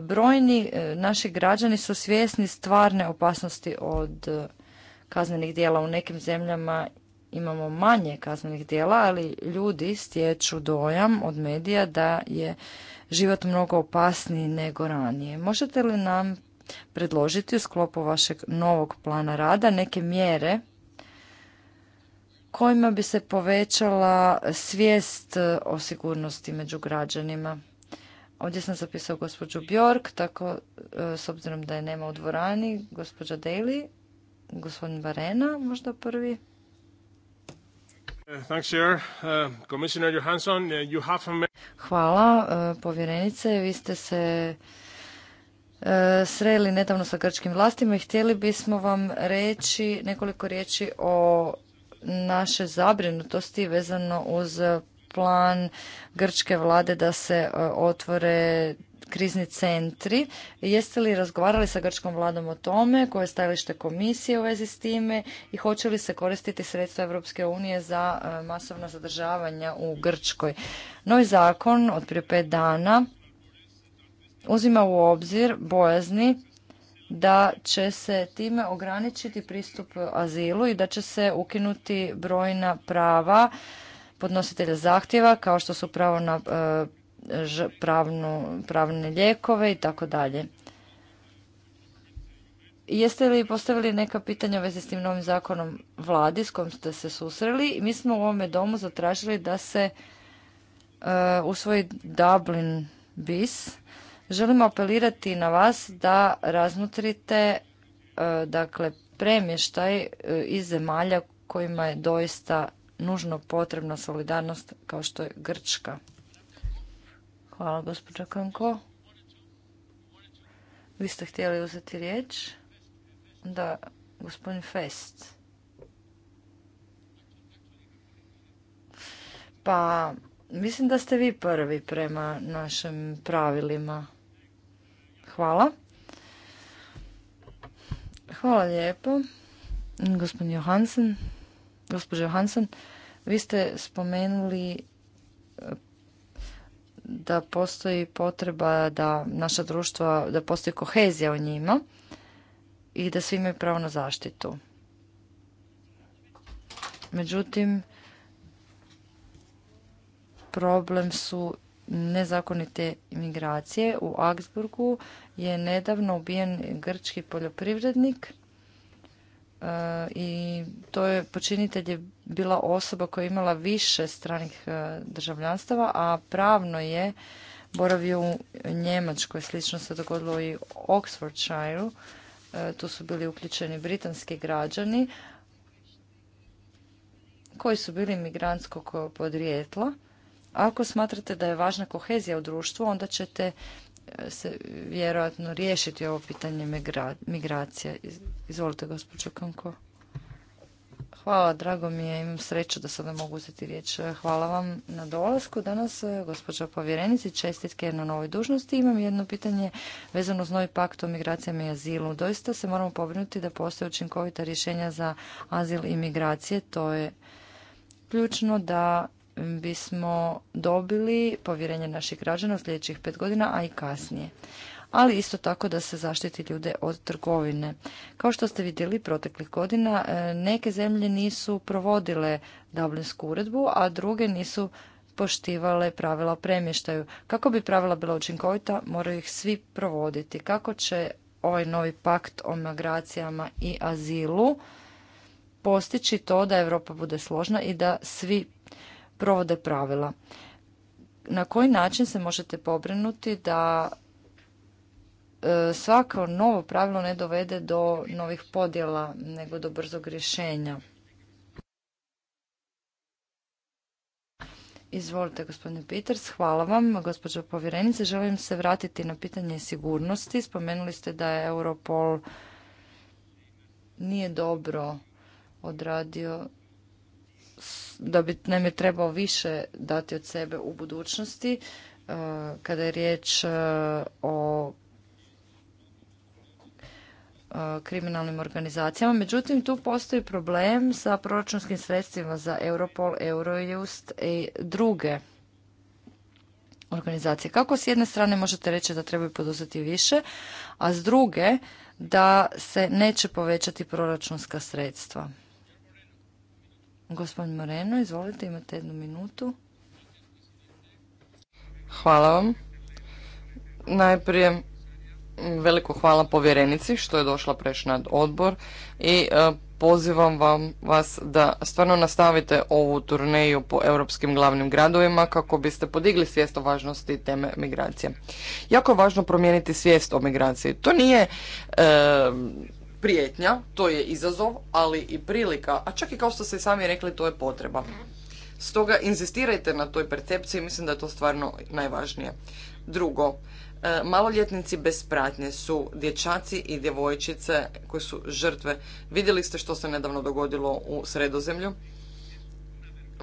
brojni naši građani su svjesni stvarne opasnosti od kaznenih djela. U nekim zemljama imamo manje kaznenih djela, ali ljudi stječu dojam od medija da je život mnogo opasniji nego ranije. Možete li nam predložiti u sklopu vašeg novog plana rada neke mjere kojima bi se povećala svijest o sigurnosti među građanima? Ovdje sam zapisao gospođu Bjork, tako e, s obzirom da je nema u dvorani, gospođa Daly, gospodin Varena možda prvi. Uh, uh, uh, Hvala, povjerenice. Vi ste se sreli nedavno sa grčkim vlastima i htjeli bismo vam reći nekoliko riječi o naše zabrinutosti vezano uz plan grčke vlade da se otvore krizni centri. Jeste li razgovarali sa grčkom vladom o tome, koje stajalište komisije u vezi s time i hoće li se koristiti sredstva Europske unije za e, masovna zadržavanja u Grčkoj? Novi zakon od prije pet dana uzima u obzir bojazni da će se time ograničiti pristup azilu i da će se ukinuti brojna prava podnositelja zahtjeva kao što su pravo na e, pravnu, pravne lijekove i tako dalje. Jeste li postavili neka pitanja u vezi s tim novim zakonom vladi s kojim ste se susreli? Mi smo u ovome domu zatražili da se e, usvoji Dublin bis. Želimo apelirati na vas da razmotrite e, dakle, premještaj e, iz zemalja kojima je doista nužno potrebna solidarnost kao što je Grčka. Hvala, gospođa Kanko. Vi ste htjeli uzeti riječ? Da, gospodin Fest. Pa, mislim da ste vi prvi prema našim pravilima. Hvala. Hvala lijepo. Gospodin Johansen, gospođo Johansen, vi ste spomenuli da postoji potreba da naša društva, da postoji kohezija o njima i da svi imaju pravo na zaštitu. Međutim, problem su nezakonite imigracije. U Augsburgu je nedavno ubijen grčki poljoprivrednik e, i to je počinitelj je bila osoba koja je imala više stranih e, državljanstava, a pravno je boravio u Njemačkoj. Slično se dogodilo i Oxfordshire, e, Tu su bili uključeni britanski građani koji su bili migrantskog podrijetla. Ako smatrate da je važna kohezija u društvu, onda ćete e, se vjerojatno riješiti ovo pitanje migracije. Izvolite, gospođo Kanko. Hvala, drago mi je, imam sreću da sada mogu uzeti riječ. Hvala vam na dolasku danas, e, gospođo povjerenici, čestitke na novoj dužnosti. Imam jedno pitanje vezano s novi pakt o migracijama i azilu. Doista se moramo pobrinuti da postoje učinkovita rješenja za azil i migracije. To je ključno da bismo dobili povjerenje naših građana u sljedećih pet godina, a i kasnije ali isto tako da se zaštiti ljude od trgovine. Kao što ste vidjeli proteklih godina, e, neke zemlje nisu provodile Dublinsku uredbu, a druge nisu poštivale pravila o premještaju. Kako bi pravila bila učinkovita, moraju ih svi provoditi. Kako će ovaj novi pakt o migracijama i azilu postići to da Europa bude složna i da svi provode pravila. Na koji način se možete pobrinuti da E, svako novo pravilo ne dovede do novih podjela, nego do brzog rješenja. Izvolite, gospodine Peters. Hvala vam, gospođo povjerenice. Želim se vratiti na pitanje sigurnosti. Spomenuli ste da je Europol nije dobro odradio, da bi nam je trebao više dati od sebe u budućnosti e, kada je riječ e, o E, kriminalnim organizacijama. Međutim, tu postoji problem sa proračunskim sredstvima za Europol, Eurojust i druge organizacije. Kako s jedne strane možete reći da trebaju poduzeti više, a s druge da se neće povećati proračunska sredstva? Gospodin Moreno, izvolite, imate jednu minutu. Hvala vam. Najprije Veliko hvala povjerenici što je došla preš nad odbor i e, pozivam vam, vas da stvarno nastavite ovu turneju po europskim glavnim gradovima kako biste podigli svijest o važnosti teme migracije. Jako je važno promijeniti svijest o migraciji. To nije e, prijetnja, to je izazov, ali i prilika, a čak i kao što ste sami rekli, to je potreba. Stoga inzistirajte na toj percepciji, mislim da je to stvarno najvažnije. Drugo, E, maloljetnici bez pratnje su dječaci i djevojčice koji su žrtve. Vidjeli ste što se nedavno dogodilo u Sredozemlju.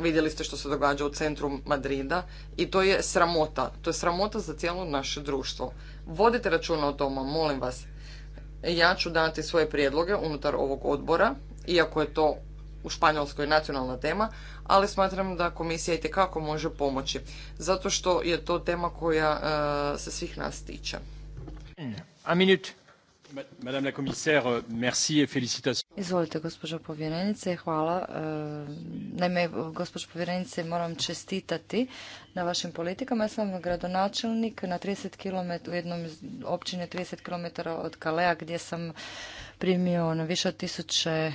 Vidjeli ste što se događa u centru Madrida i to je sramota. To je sramota za cijelo naše društvo. Vodite računa o tome, molim vas. Ja ću dati svoje prijedloge unutar ovog odbora, iako je to u Španjolskoj nacionalna tema, ali smatram da komisija itekako može pomoći zato što je to tema koja e, se svih nas tiče. Izvolite, gospođo povjerenice, hvala. E, naime, gospođo povjerenice, moram čestitati na vašim politikama. Ja sam gradonačelnik na 30 km, u jednom općini 30 km od Kalea gdje sam primio na ono, više od tisuće e,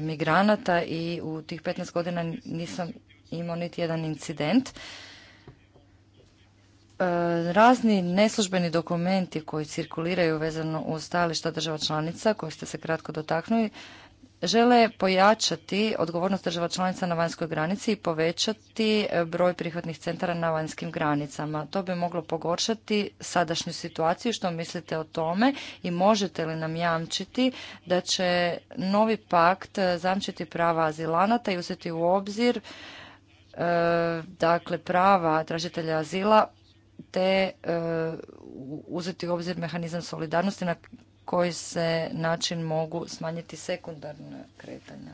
migranata i u tih 15 godina nisam imao niti jedan incident. E, razni neslužbeni dokumenti koji cirkuliraju vezano uz stajališta država članica, koji ste se kratko dotaknuli, žele pojačati odgovornost država članica na vanjskoj granici i povećati e, broj prihvatnih centara na vanjskim granicama. To bi moglo pogoršati sadašnju situaciju. Što mislite o tome i možete li nam jamčiti da će novi pakt e, zamčiti prava azilanata i uzeti u obzir e, dakle prava tražitelja azila te uzeti u obzir mehanizam solidarnosti na koji se način mogu smanjiti sekundarna kretanja.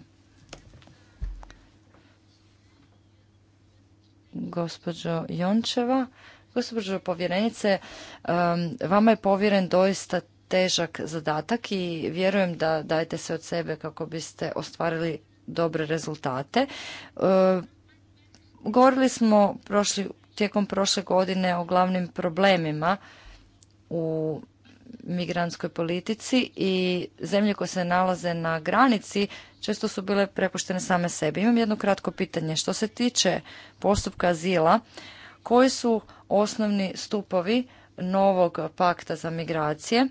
Gospođo Jončeva, gospođo povjerenice, um, vama je povjeren doista težak zadatak i vjerujem da dajete se od sebe kako biste ostvarili dobre rezultate. Um, govorili smo tijekom prošle godine o glavnim problemima u migrantskoj politici i zemlje koje se nalaze na granici često su bile prepuštene same sebi. Imam jedno kratko pitanje. Što se tiče postupka azila, koji su osnovni stupovi novog pakta za migracije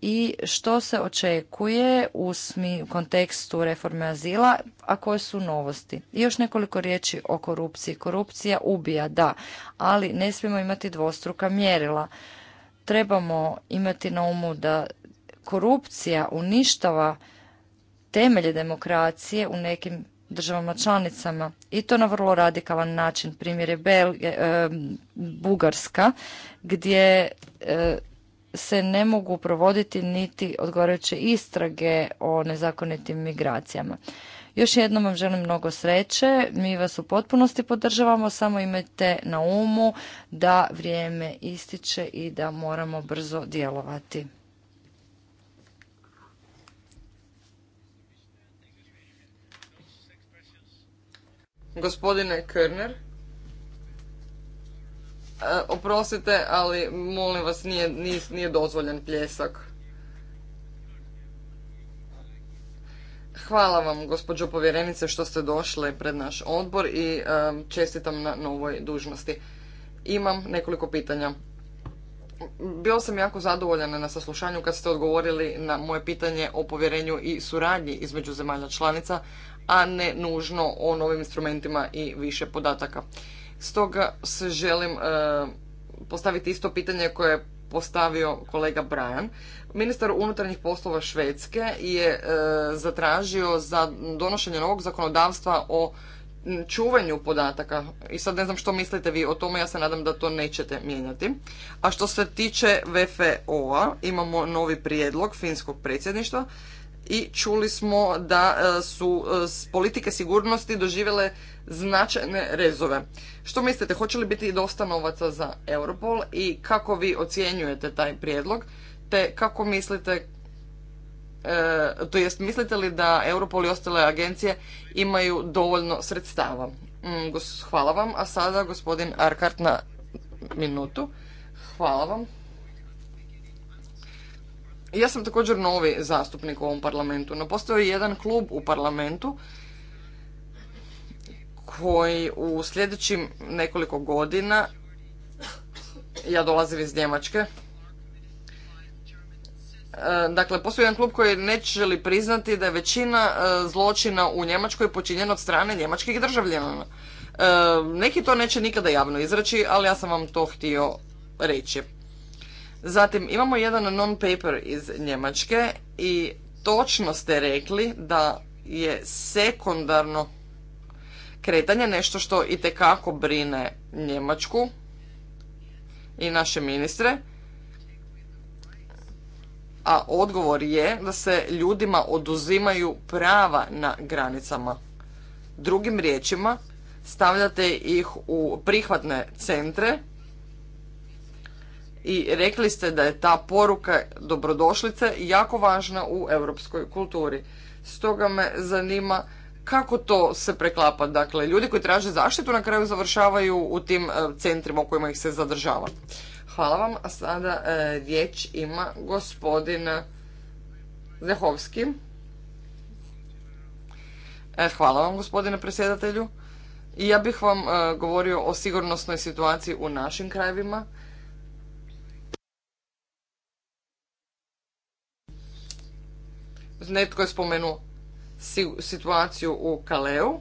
i što se očekuje u kontekstu reforme azila, a koje su novosti? I još nekoliko riječi o korupciji. Korupcija ubija, da, ali ne smijemo imati dvostruka mjerila trebamo imati na umu da korupcija uništava temelje demokracije u nekim državama članicama i to na vrlo radikalan način. Primjer je e, Bugarska gdje e, se ne mogu provoditi niti odgovarajuće istrage o nezakonitim migracijama. Još jednom vam želim mnogo sreće. Mi vas u potpunosti podržavamo, samo imajte na umu da vrijeme ističe i da moramo brzo djelovati. Gospodine Körner, e, oprostite, ali molim vas, nije, nije dozvoljen pljesak. Hvala vam, gospođo povjerenice, što ste došle pred naš odbor i čestitam na novoj dužnosti. Imam nekoliko pitanja. Bio sam jako zadovoljena na saslušanju kad ste odgovorili na moje pitanje o povjerenju i suradnji između zemalja članica, a ne nužno o novim instrumentima i više podataka. Stoga se želim postaviti isto pitanje koje je postavio kolega Brian. Ministar unutarnjih poslova Švedske je e, zatražio za donošenje novog zakonodavstva o čuvanju podataka i sad ne znam što mislite vi o tome, ja se nadam da to nećete mijenjati. A što se tiče VFO-a, imamo novi prijedlog finskog predsjedništva i čuli smo da e, su e, politike sigurnosti doživjele značajne rezove. Što mislite, hoće li biti dosta novaca za Europol i kako vi ocjenjujete taj prijedlog? te kako mislite, e, to jest mislite li da Europol i ostale agencije imaju dovoljno sredstava? Mm, hvala vam, a sada gospodin Arkart na minutu. Hvala vam. Ja sam također novi zastupnik u ovom parlamentu, no postoji jedan klub u parlamentu koji u sljedećim nekoliko godina, ja dolazim iz Njemačke, E, dakle, postoji jedan klub koji neće želi priznati da je većina e, zločina u Njemačkoj počinjena od strane njemačkih državljana. E, neki to neće nikada javno izreći, ali ja sam vam to htio reći. Zatim, imamo jedan non-paper iz Njemačke i točno ste rekli da je sekundarno kretanje nešto što i brine Njemačku i naše ministre a odgovor je da se ljudima oduzimaju prava na granicama. Drugim riječima, stavljate ih u prihvatne centre i rekli ste da je ta poruka dobrodošlice jako važna u europskoj kulturi. Stoga me zanima kako to se preklapa. Dakle, ljudi koji traže zaštitu na kraju završavaju u tim e, centrima u kojima ih se zadržava. Hvala vam. A sada e, riječ ima gospodin Zehovski. E, hvala vam gospodine predsjedatelju. I ja bih vam e, govorio o sigurnosnoj situaciji u našim krajevima. Netko je spomenuo situaciju u Kaleu.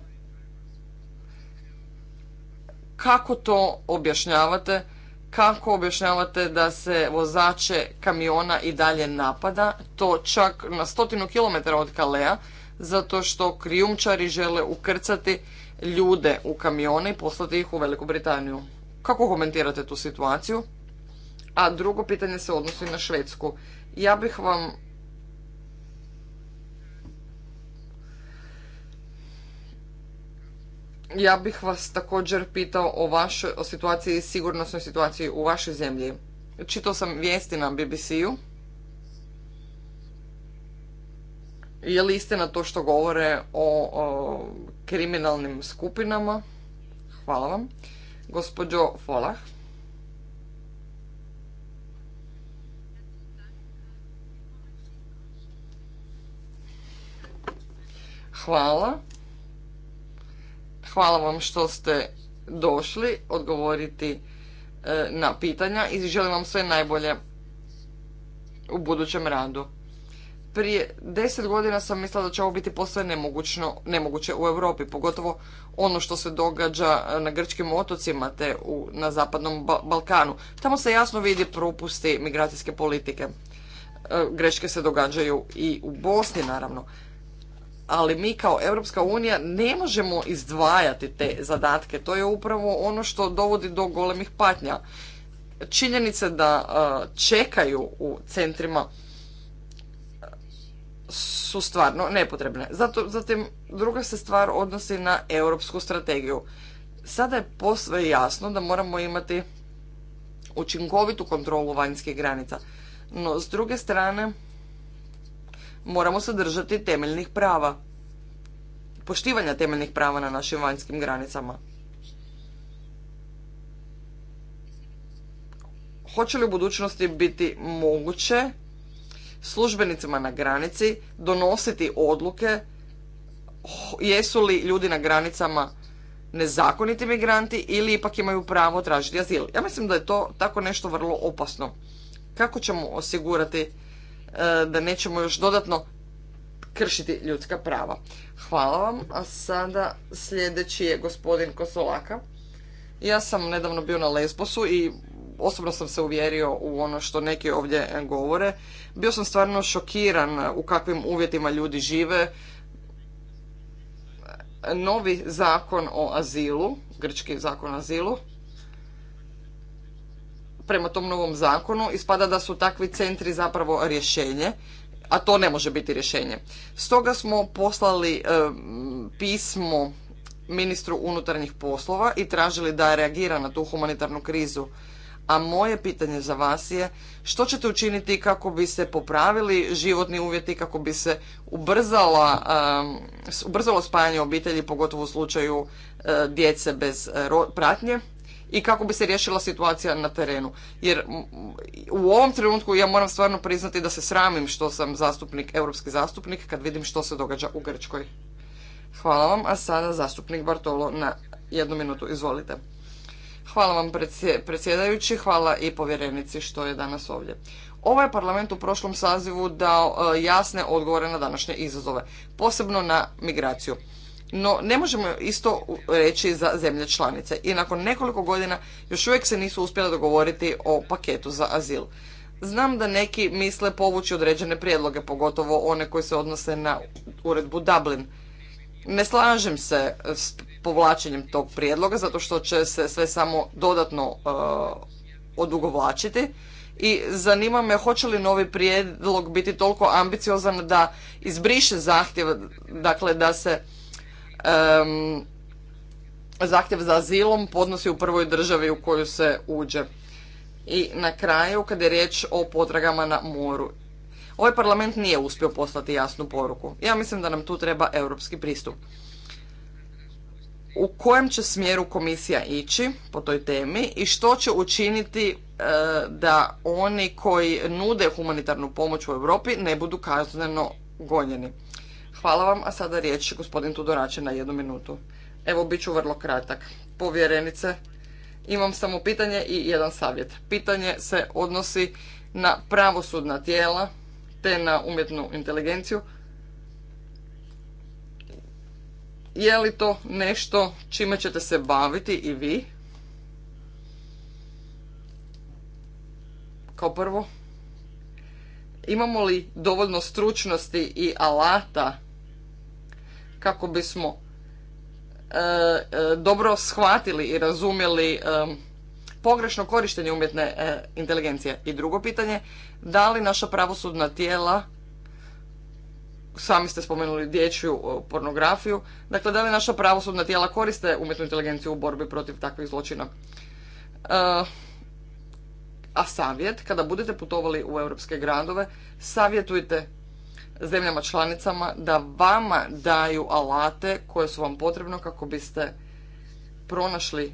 Kako to objašnjavate? kako objašnjavate da se vozače kamiona i dalje napada, to čak na stotinu kilometara od Kalea, zato što krijumčari žele ukrcati ljude u kamione i poslati ih u Veliku Britaniju. Kako komentirate tu situaciju? A drugo pitanje se odnosi na Švedsku. Ja bih vam ja bih vas također pitao o vašoj o situaciji, sigurnosnoj situaciji u vašoj zemlji. Čitao sam vijesti na BBC-u. Je li istina to što govore o, kriminalnim skupinama? Hvala vam. Gospođo Folah. Hvala. Hvala vam što ste došli odgovoriti e, na pitanja i želim vam sve najbolje u budućem radu. Prije deset godina sam mislila da će ovo biti posve nemoguće u Europi, pogotovo ono što se događa na grčkim otocima te na zapadnom Balkanu. Tamo se jasno vidi propusti migracijske politike. E, greške se događaju i u Bosni naravno ali mi kao Europska unija ne možemo izdvajati te zadatke. To je upravo ono što dovodi do golemih patnja. Činjenice da čekaju u centrima su stvarno nepotrebne. Zato, zatim, druga se stvar odnosi na europsku strategiju. Sada je posve jasno da moramo imati učinkovitu kontrolu vanjskih granica. No, s druge strane, moramo se držati temeljnih prava, poštivanja temeljnih prava na našim vanjskim granicama. Hoće li u budućnosti biti moguće službenicima na granici donositi odluke jesu li ljudi na granicama nezakoniti migranti ili ipak imaju pravo tražiti azil. Ja mislim da je to tako nešto vrlo opasno. Kako ćemo osigurati E, da nećemo još dodatno kršiti ljudska prava. Hvala vam. A sada sljedeći je gospodin Kosolaka. Ja sam nedavno bio na Lesbosu i osobno sam se uvjerio u ono što neki ovdje govore. Bio sam stvarno šokiran u kakvim uvjetima ljudi žive. Novi zakon o azilu, grčki zakon o azilu, prema tom novom zakonu ispada da su takvi centri zapravo rješenje, a to ne može biti rješenje. Stoga smo poslali pismo ministru unutarnjih poslova i tražili da reagira na tu humanitarnu krizu. A moje pitanje za vas je što ćete učiniti kako bi se popravili životni uvjeti, kako bi se ubrzala, ubrzalo spajanje obitelji, pogotovo u slučaju e, djece bez pratnje? i kako bi se riješila situacija na terenu. Jer u ovom trenutku ja moram stvarno priznati da se sramim što sam zastupnik, europski zastupnik, kad vidim što se događa u Grčkoj. Hvala vam, a sada zastupnik Bartolo na jednu minutu, izvolite. Hvala vam predsjedajući, hvala i povjerenici što je danas ovdje. Ovaj parlament u prošlom sazivu dao e, jasne odgovore na današnje izazove, posebno na migraciju no ne možemo isto reći za zemlje članice. I nakon nekoliko godina još uvijek se nisu uspjele dogovoriti o paketu za azil. Znam da neki misle povući određene prijedloge, pogotovo one koji se odnose na uredbu Dublin. Ne slažem se s povlačenjem tog prijedloga, zato što će se sve samo dodatno uh, odugovlačiti. I zanima me hoće li novi prijedlog biti toliko ambiciozan da izbriše zahtjev, dakle da se zahtjev za azilom podnosi u prvoj državi u koju se uđe. I na kraju, kada je riječ o potragama na moru. Ovaj parlament nije uspio poslati jasnu poruku. Ja mislim da nam tu treba europski pristup. U kojem će smjeru komisija ići po toj temi i što će učiniti e, da oni koji nude humanitarnu pomoć u Europi ne budu kazneno gonjeni. Hvala vam, a sada riječ gospodin Tudorače na jednu minutu. Evo, bit ću vrlo kratak. Povjerenice, imam samo pitanje i jedan savjet. Pitanje se odnosi na pravosudna tijela te na umjetnu inteligenciju. Je li to nešto čime ćete se baviti i vi? Kao prvo, imamo li dovoljno stručnosti i alata kako bismo e, e, dobro shvatili i razumjeli e, pogrešno korištenje umjetne inteligencije. I drugo pitanje, da li naša pravosudna tijela, sami ste spomenuli dječju pornografiju, dakle da li naša pravosudna tijela koriste umjetnu inteligenciju u borbi protiv takvih zločina? A savjet, kada budete putovali u europske gradove, savjetujte zemljama članicama da vama daju alate koje su vam potrebno kako biste pronašli e,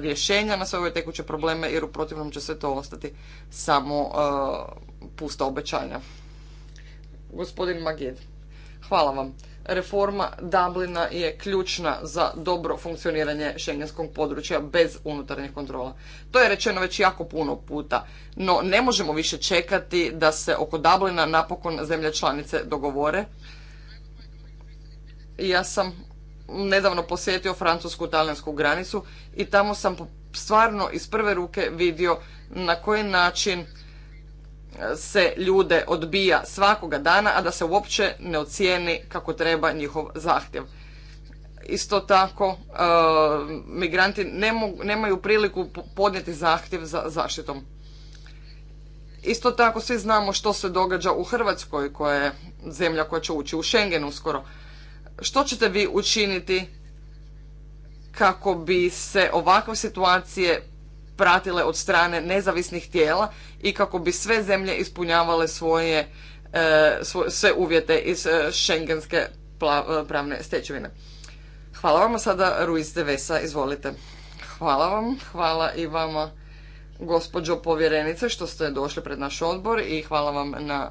rješenja na sve ove tekuće probleme jer u protivnom će sve to ostati samo e, pusta obećanja. Gospodin Magid, hvala vam. Reforma Dublina je ključna za dobro funkcioniranje šengenskog područja bez unutarnjih kontrola. To je rečeno već jako puno puta, no ne možemo više čekati da se oko Dublina napokon zemlje članice dogovore. Ja sam nedavno posjetio francusko-talijansku granicu i tamo sam stvarno iz prve ruke vidio na koji način se ljude odbija svakoga dana, a da se uopće ne ocijeni kako treba njihov zahtjev. Isto tako, e, migranti nemaju priliku podnijeti zahtjev za zaštitom. Isto tako, svi znamo što se događa u Hrvatskoj, koja je zemlja koja će ući u Schengen uskoro. Što ćete vi učiniti kako bi se ovakve situacije pratile od strane nezavisnih tijela i kako bi sve zemlje ispunjavale svoje e, sve uvjete iz šengenske e, e, pravne stečevine. Hvala vam sada Ruiz Vesa, izvolite. Hvala vam, hvala i vama gospođo povjerenice što ste došli pred naš odbor i hvala vam na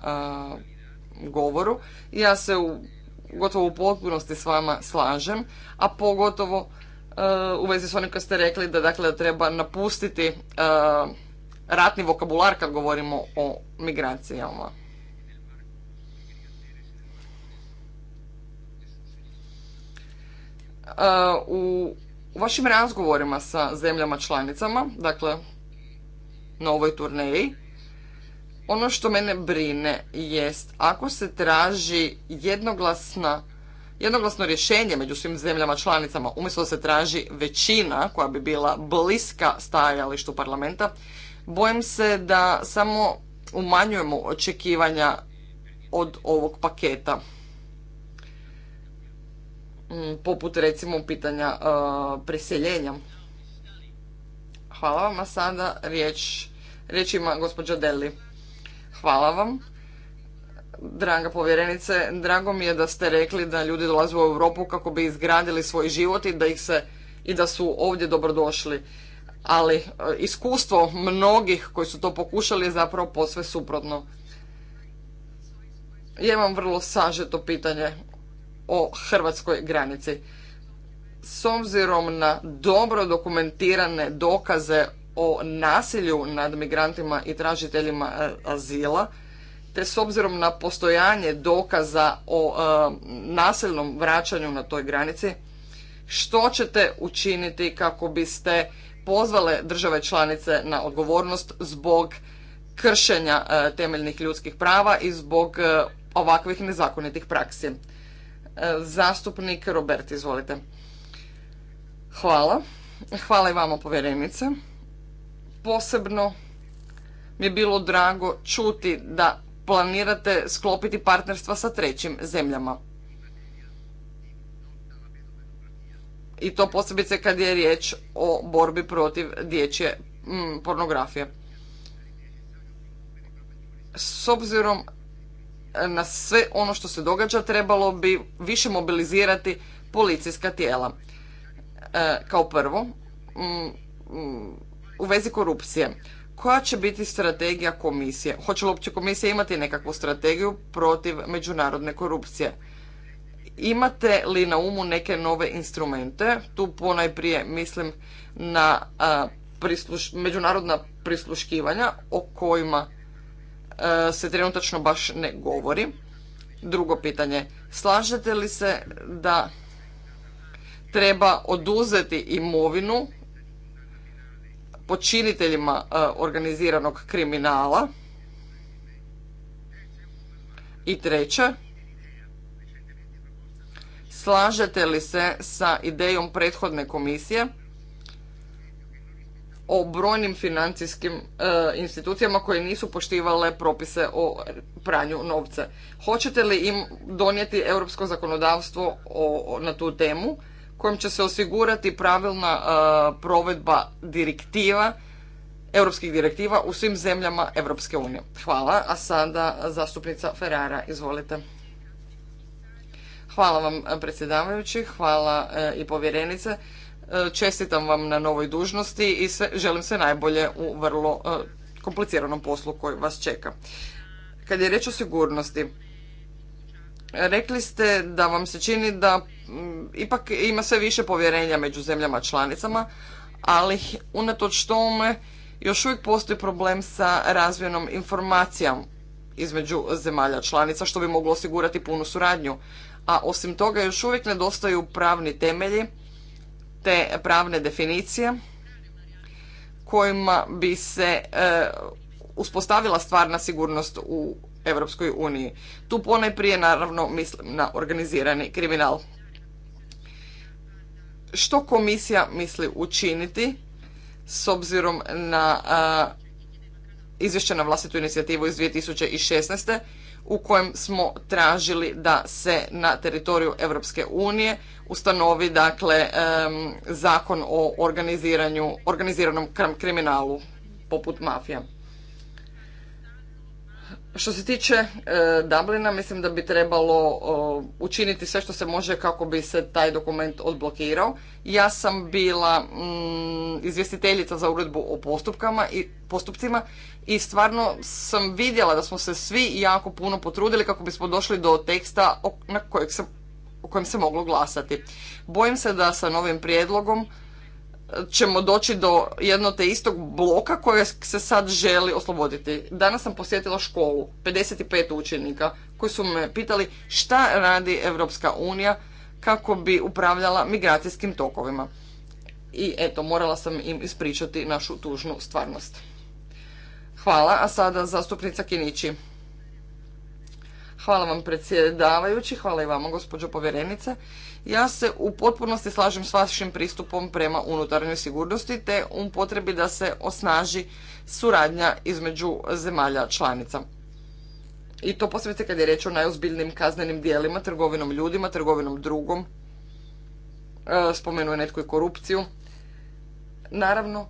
govoru. Ja se u, gotovo u potpunosti s vama slažem, a pogotovo u vezi s onim kad ste rekli da dakle treba napustiti e, ratni vokabular kad govorimo o migracijama. E, u vašim razgovorima sa zemljama članicama, dakle na ovoj turneji, ono što mene brine jest ako se traži jednoglasna jednoglasno rješenje među svim zemljama članicama, umjesto da se traži većina koja bi bila bliska stajalištu parlamenta, bojim se da samo umanjujemo očekivanja od ovog paketa. Mm, poput recimo pitanja uh, preseljenja. Hvala vam, a sada riječ, riječ ima gospođa Deli. Hvala vam. Draga povjerenice, drago mi je da ste rekli da ljudi dolaze u Europu kako bi izgradili svoj život i da ih se i da su ovdje dobrodošli. Ali e, iskustvo mnogih koji su to pokušali je zapravo posve suprotno. Ja imam vrlo sažeto pitanje o hrvatskoj granici. S obzirom na dobro dokumentirane dokaze o nasilju nad migrantima i tražiteljima e, azila, te s obzirom na postojanje dokaza o e, nasilnom vraćanju na toj granici, što ćete učiniti kako biste pozvale države članice na odgovornost zbog kršenja e, temeljnih ljudskih prava i zbog e, ovakvih nezakonitih praksi. Zastupnik Robert, izvolite. Hvala. Hvala i vama povjerenice. Posebno mi je bilo drago čuti da planirate sklopiti partnerstva sa trećim zemljama. I to posebice kad je riječ o borbi protiv dječje mm, pornografije. S obzirom na sve ono što se događa trebalo bi više mobilizirati policijska tijela. E, kao prvo, mm, mm, u vezi korupcije koja će biti strategija komisije? Hoće li uopće komisija imati nekakvu strategiju protiv međunarodne korupcije? Imate li na umu neke nove instrumente? Tu ponajprije mislim na međunarodna prisluškivanja o kojima se trenutačno baš ne govori. Drugo pitanje, slažete li se da treba oduzeti imovinu počiniteljima e, organiziranog kriminala. I treće, slažete li se sa idejom prethodne komisije o brojnim financijskim e, institucijama koje nisu poštivale propise o pranju novca. Hoćete li im donijeti europsko zakonodavstvo na tu temu kojim će se osigurati pravilna e, provedba direktiva, europskih direktiva u svim zemljama Europske unije. Hvala, a sada zastupnica Ferrara, izvolite. Hvala vam predsjedavajući, hvala e, i povjerenice. E, čestitam vam na novoj dužnosti i želim sve najbolje u vrlo kompliciranom poslu koji vas čeka. Kad je reč o sigurnosti, rekli ste da vam se čini da Mm, ipak ima sve više povjerenja među zemljama članicama, ali unatoč tome još uvijek postoji problem sa razvijenom informacijom između zemalja članica što bi moglo osigurati punu suradnju. A osim toga još uvijek nedostaju pravni temelji te pravne definicije kojima bi se e, uspostavila stvarna sigurnost u Europskoj uniji. Tu ponajprije naravno mislim na organizirani kriminal što komisija misli učiniti s obzirom na izvješće na vlastitu inicijativu iz 2016. u kojem smo tražili da se na teritoriju Europske unije ustanovi dakle zakon o organiziranju, organiziranom kriminalu poput mafija. Što se tiče e, Dublina, mislim da bi trebalo učiniti sve što se može kako bi se taj dokument odblokirao. Ja sam bila mm, izvjestiteljica za uredbu o i postupcima i stvarno sam vidjela da smo se svi jako puno potrudili kako bismo došli do teksta o kojem se moglo glasati. Bojim se da sa novim prijedlogom ćemo doći do jednog te istog bloka koje se sad želi osloboditi. Danas sam posjetila školu, 55 učenika koji su me pitali šta radi Evropska unija kako bi upravljala migracijskim tokovima. I eto, morala sam im ispričati našu tužnu stvarnost. Hvala, a sada zastupnica Kinići. Hvala vam predsjedavajući, hvala i vama gospođo povjerenice. Ja se u potpunosti slažem s vašim pristupom prema unutarnjoj sigurnosti te u potrebi da se osnaži suradnja između zemalja članica. I to posebice kad je reč o najozbiljnim kaznenim dijelima, trgovinom ljudima, trgovinom drugom. E, spomenuo je netko i korupciju. Naravno,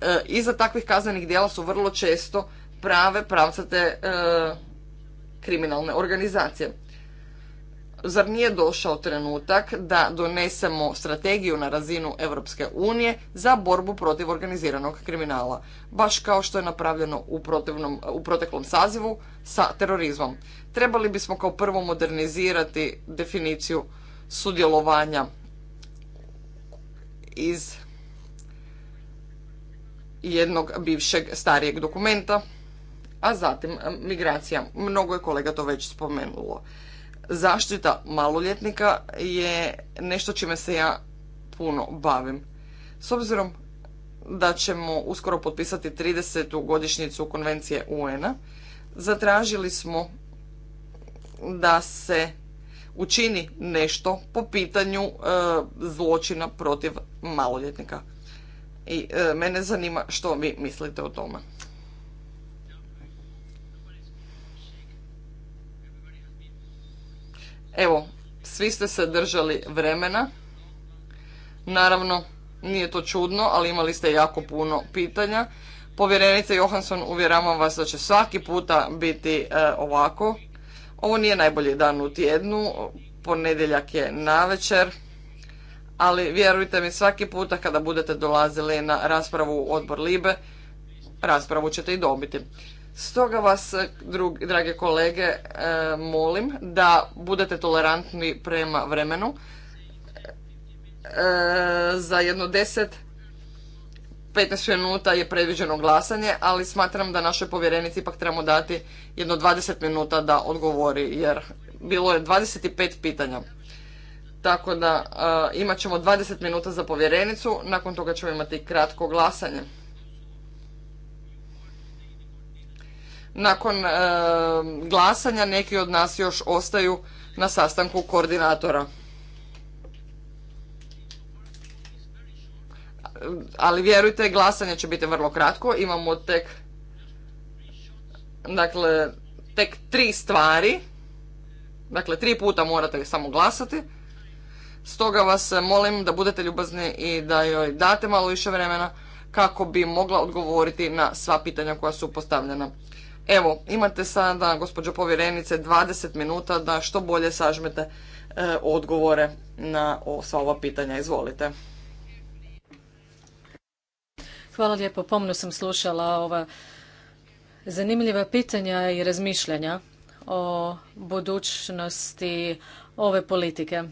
e, iza takvih kaznenih dijela su vrlo često prave pravcate e, kriminalne organizacije zar nije došao trenutak da donesemo strategiju na razinu Europske unije za borbu protiv organiziranog kriminala, baš kao što je napravljeno u, protivnom, u proteklom sazivu sa terorizmom. Trebali bismo kao prvo modernizirati definiciju sudjelovanja iz jednog bivšeg starijeg dokumenta, a zatim migracija. Mnogo je kolega to već spomenulo zaštita maloljetnika je nešto čime se ja puno bavim. S obzirom da ćemo uskoro potpisati 30. godišnjicu konvencije UN-a, zatražili smo da se učini nešto po pitanju e, zločina protiv maloljetnika. I e, mene zanima što vi mislite o tome. Evo, svi ste se držali vremena. Naravno, nije to čudno, ali imali ste jako puno pitanja. Povjerenice Johansson, uvjeravam vas da će svaki puta biti e, ovako. Ovo nije najbolji dan u tjednu, ponedjeljak je navečer, ali vjerujte mi svaki puta kada budete dolazili na raspravu u odbor Libe, raspravu ćete i dobiti. Stoga vas, e, drage kolege, e, molim da budete tolerantni prema vremenu. E, za jedno 10 15 minuta je predviđeno glasanje, ali smatram da našoj povjerenici ipak trebamo dati jedno 20 minuta da odgovori, jer bilo je 25 pitanja. Tako da e, imat ćemo 20 minuta za povjerenicu, nakon toga ćemo imati kratko glasanje. nakon e, glasanja neki od nas još ostaju na sastanku koordinatora. Ali vjerujte, glasanje će biti vrlo kratko. Imamo tek dakle, tek tri stvari. Dakle, tri puta morate samo glasati. Stoga vas molim da budete ljubazni i da joj date malo više vremena kako bi mogla odgovoriti na sva pitanja koja su postavljena. Evo, imate sada, gospođo povjerenice, 20 minuta da što bolje sažmete e, odgovore na sva ova pitanja. Izvolite. Hvala lijepo. Pomno sam slušala ova zanimljiva pitanja i razmišljanja o budućnosti ove politike.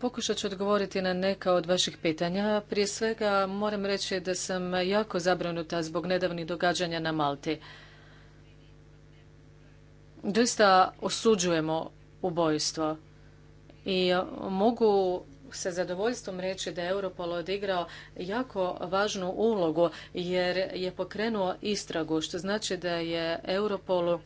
Pokušat ću odgovoriti na neka od vaših pitanja. Prije svega moram reći da sam jako zabrinuta zbog nedavnih događanja na Malti. Doista osuđujemo ubojstvo i mogu sa zadovoljstvom reći da je Europol odigrao jako važnu ulogu jer je pokrenuo istragu, što znači da je Europolu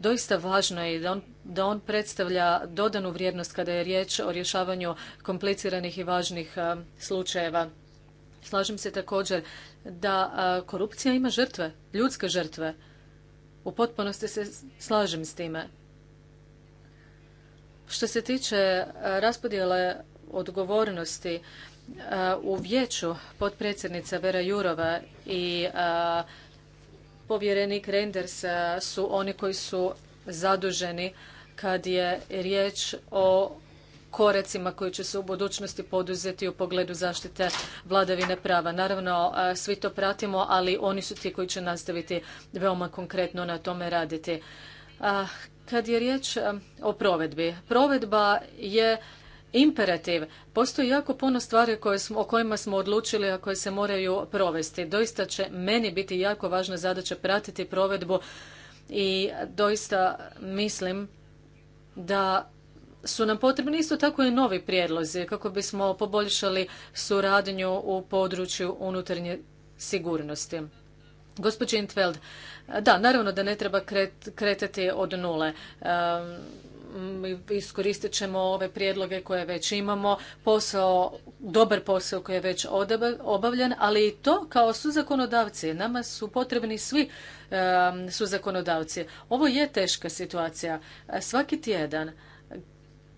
Doista važno je da on, da on predstavlja dodanu vrijednost kada je riječ o rješavanju kompliciranih i važnih slučajeva. Slažem se također da korupcija ima žrtve, ljudske žrtve. U potpunosti se slažem s time. Što se tiče raspodjele odgovornosti u vijeću potpredsjednica Vera Jurova i povjerenik Renders e, su oni koji su zaduženi kad je riječ o korecima koji će se u budućnosti poduzeti u pogledu zaštite vladavine prava. Naravno, e, svi to pratimo, ali oni su ti koji će nastaviti veoma konkretno na tome raditi. Kad je riječ e, o provedbi, provedba je imperativ. Postoji jako puno stvari koje smo, o kojima smo odlučili, a koje se moraju provesti. Doista će meni biti jako važna zadaća pratiti provedbu i doista mislim da su nam potrebni isto tako i novi prijedlozi kako bismo poboljšali suradnju u području unutarnje sigurnosti. Gospodin Intfeld, da, naravno da ne treba kretati od nule. Mm, iskoristit ćemo ove prijedloge koje već imamo, posao, dobar posao koji je već obavljen, ali i to kao su zakonodavci. Nama su potrebni svi su zakonodavci. Ovo je teška situacija. Svaki tjedan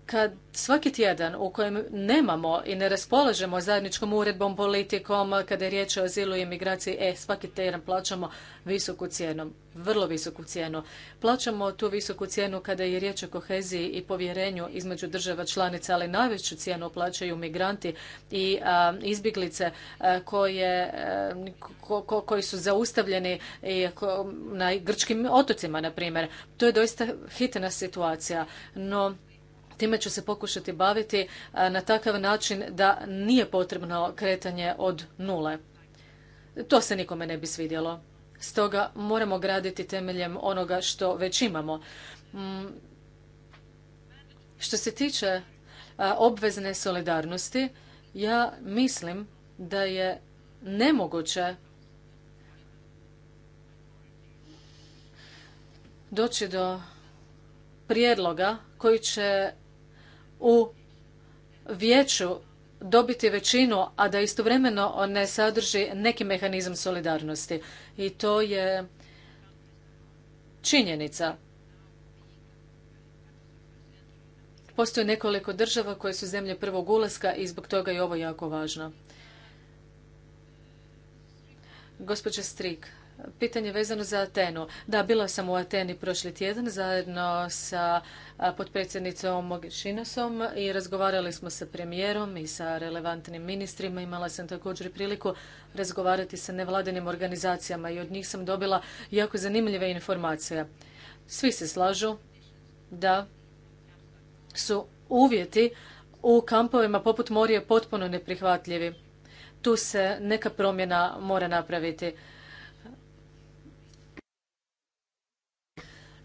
kad svaki tjedan u kojem nemamo i ne raspolažemo zajedničkom uredbom, politikom, kada je riječ o azilu i imigraciji, e, svaki tjedan plaćamo visoku cijenu, vrlo visoku cijenu. Plaćamo tu visoku cijenu kada je riječ o koheziji i povjerenju između država članica, ali najveću cijenu plaćaju migranti i izbjeglice koje, koji su zaustavljeni i, ko, na grčkim otocima, na primjer. To je doista hitna situacija, no time će se pokušati baviti e, na takav način da nije potrebno kretanje od nule. To se nikome ne bi svidjelo. Stoga moramo graditi temeljem onoga što već imamo. Mm. Što se tiče e, obvezne solidarnosti, ja mislim da je nemoguće doći do prijedloga koji će u vijeću dobiti većinu, a da istovremeno ne sadrži neki mehanizam solidarnosti. I to je činjenica. Postoji nekoliko država koje su zemlje prvog ulaska i zbog toga je ovo jako važno. Gospođa Strik pitanje vezano za Atenu. Da, bila sam u Ateni prošli tjedan zajedno sa potpredsjednicom Mogišinosom i razgovarali smo sa premijerom i sa relevantnim ministrima. Imala sam također priliku razgovarati sa nevladinim organizacijama i od njih sam dobila jako zanimljive informacije. Svi se slažu da su uvjeti u kampovima poput Morije potpuno neprihvatljivi. Tu se neka promjena mora napraviti.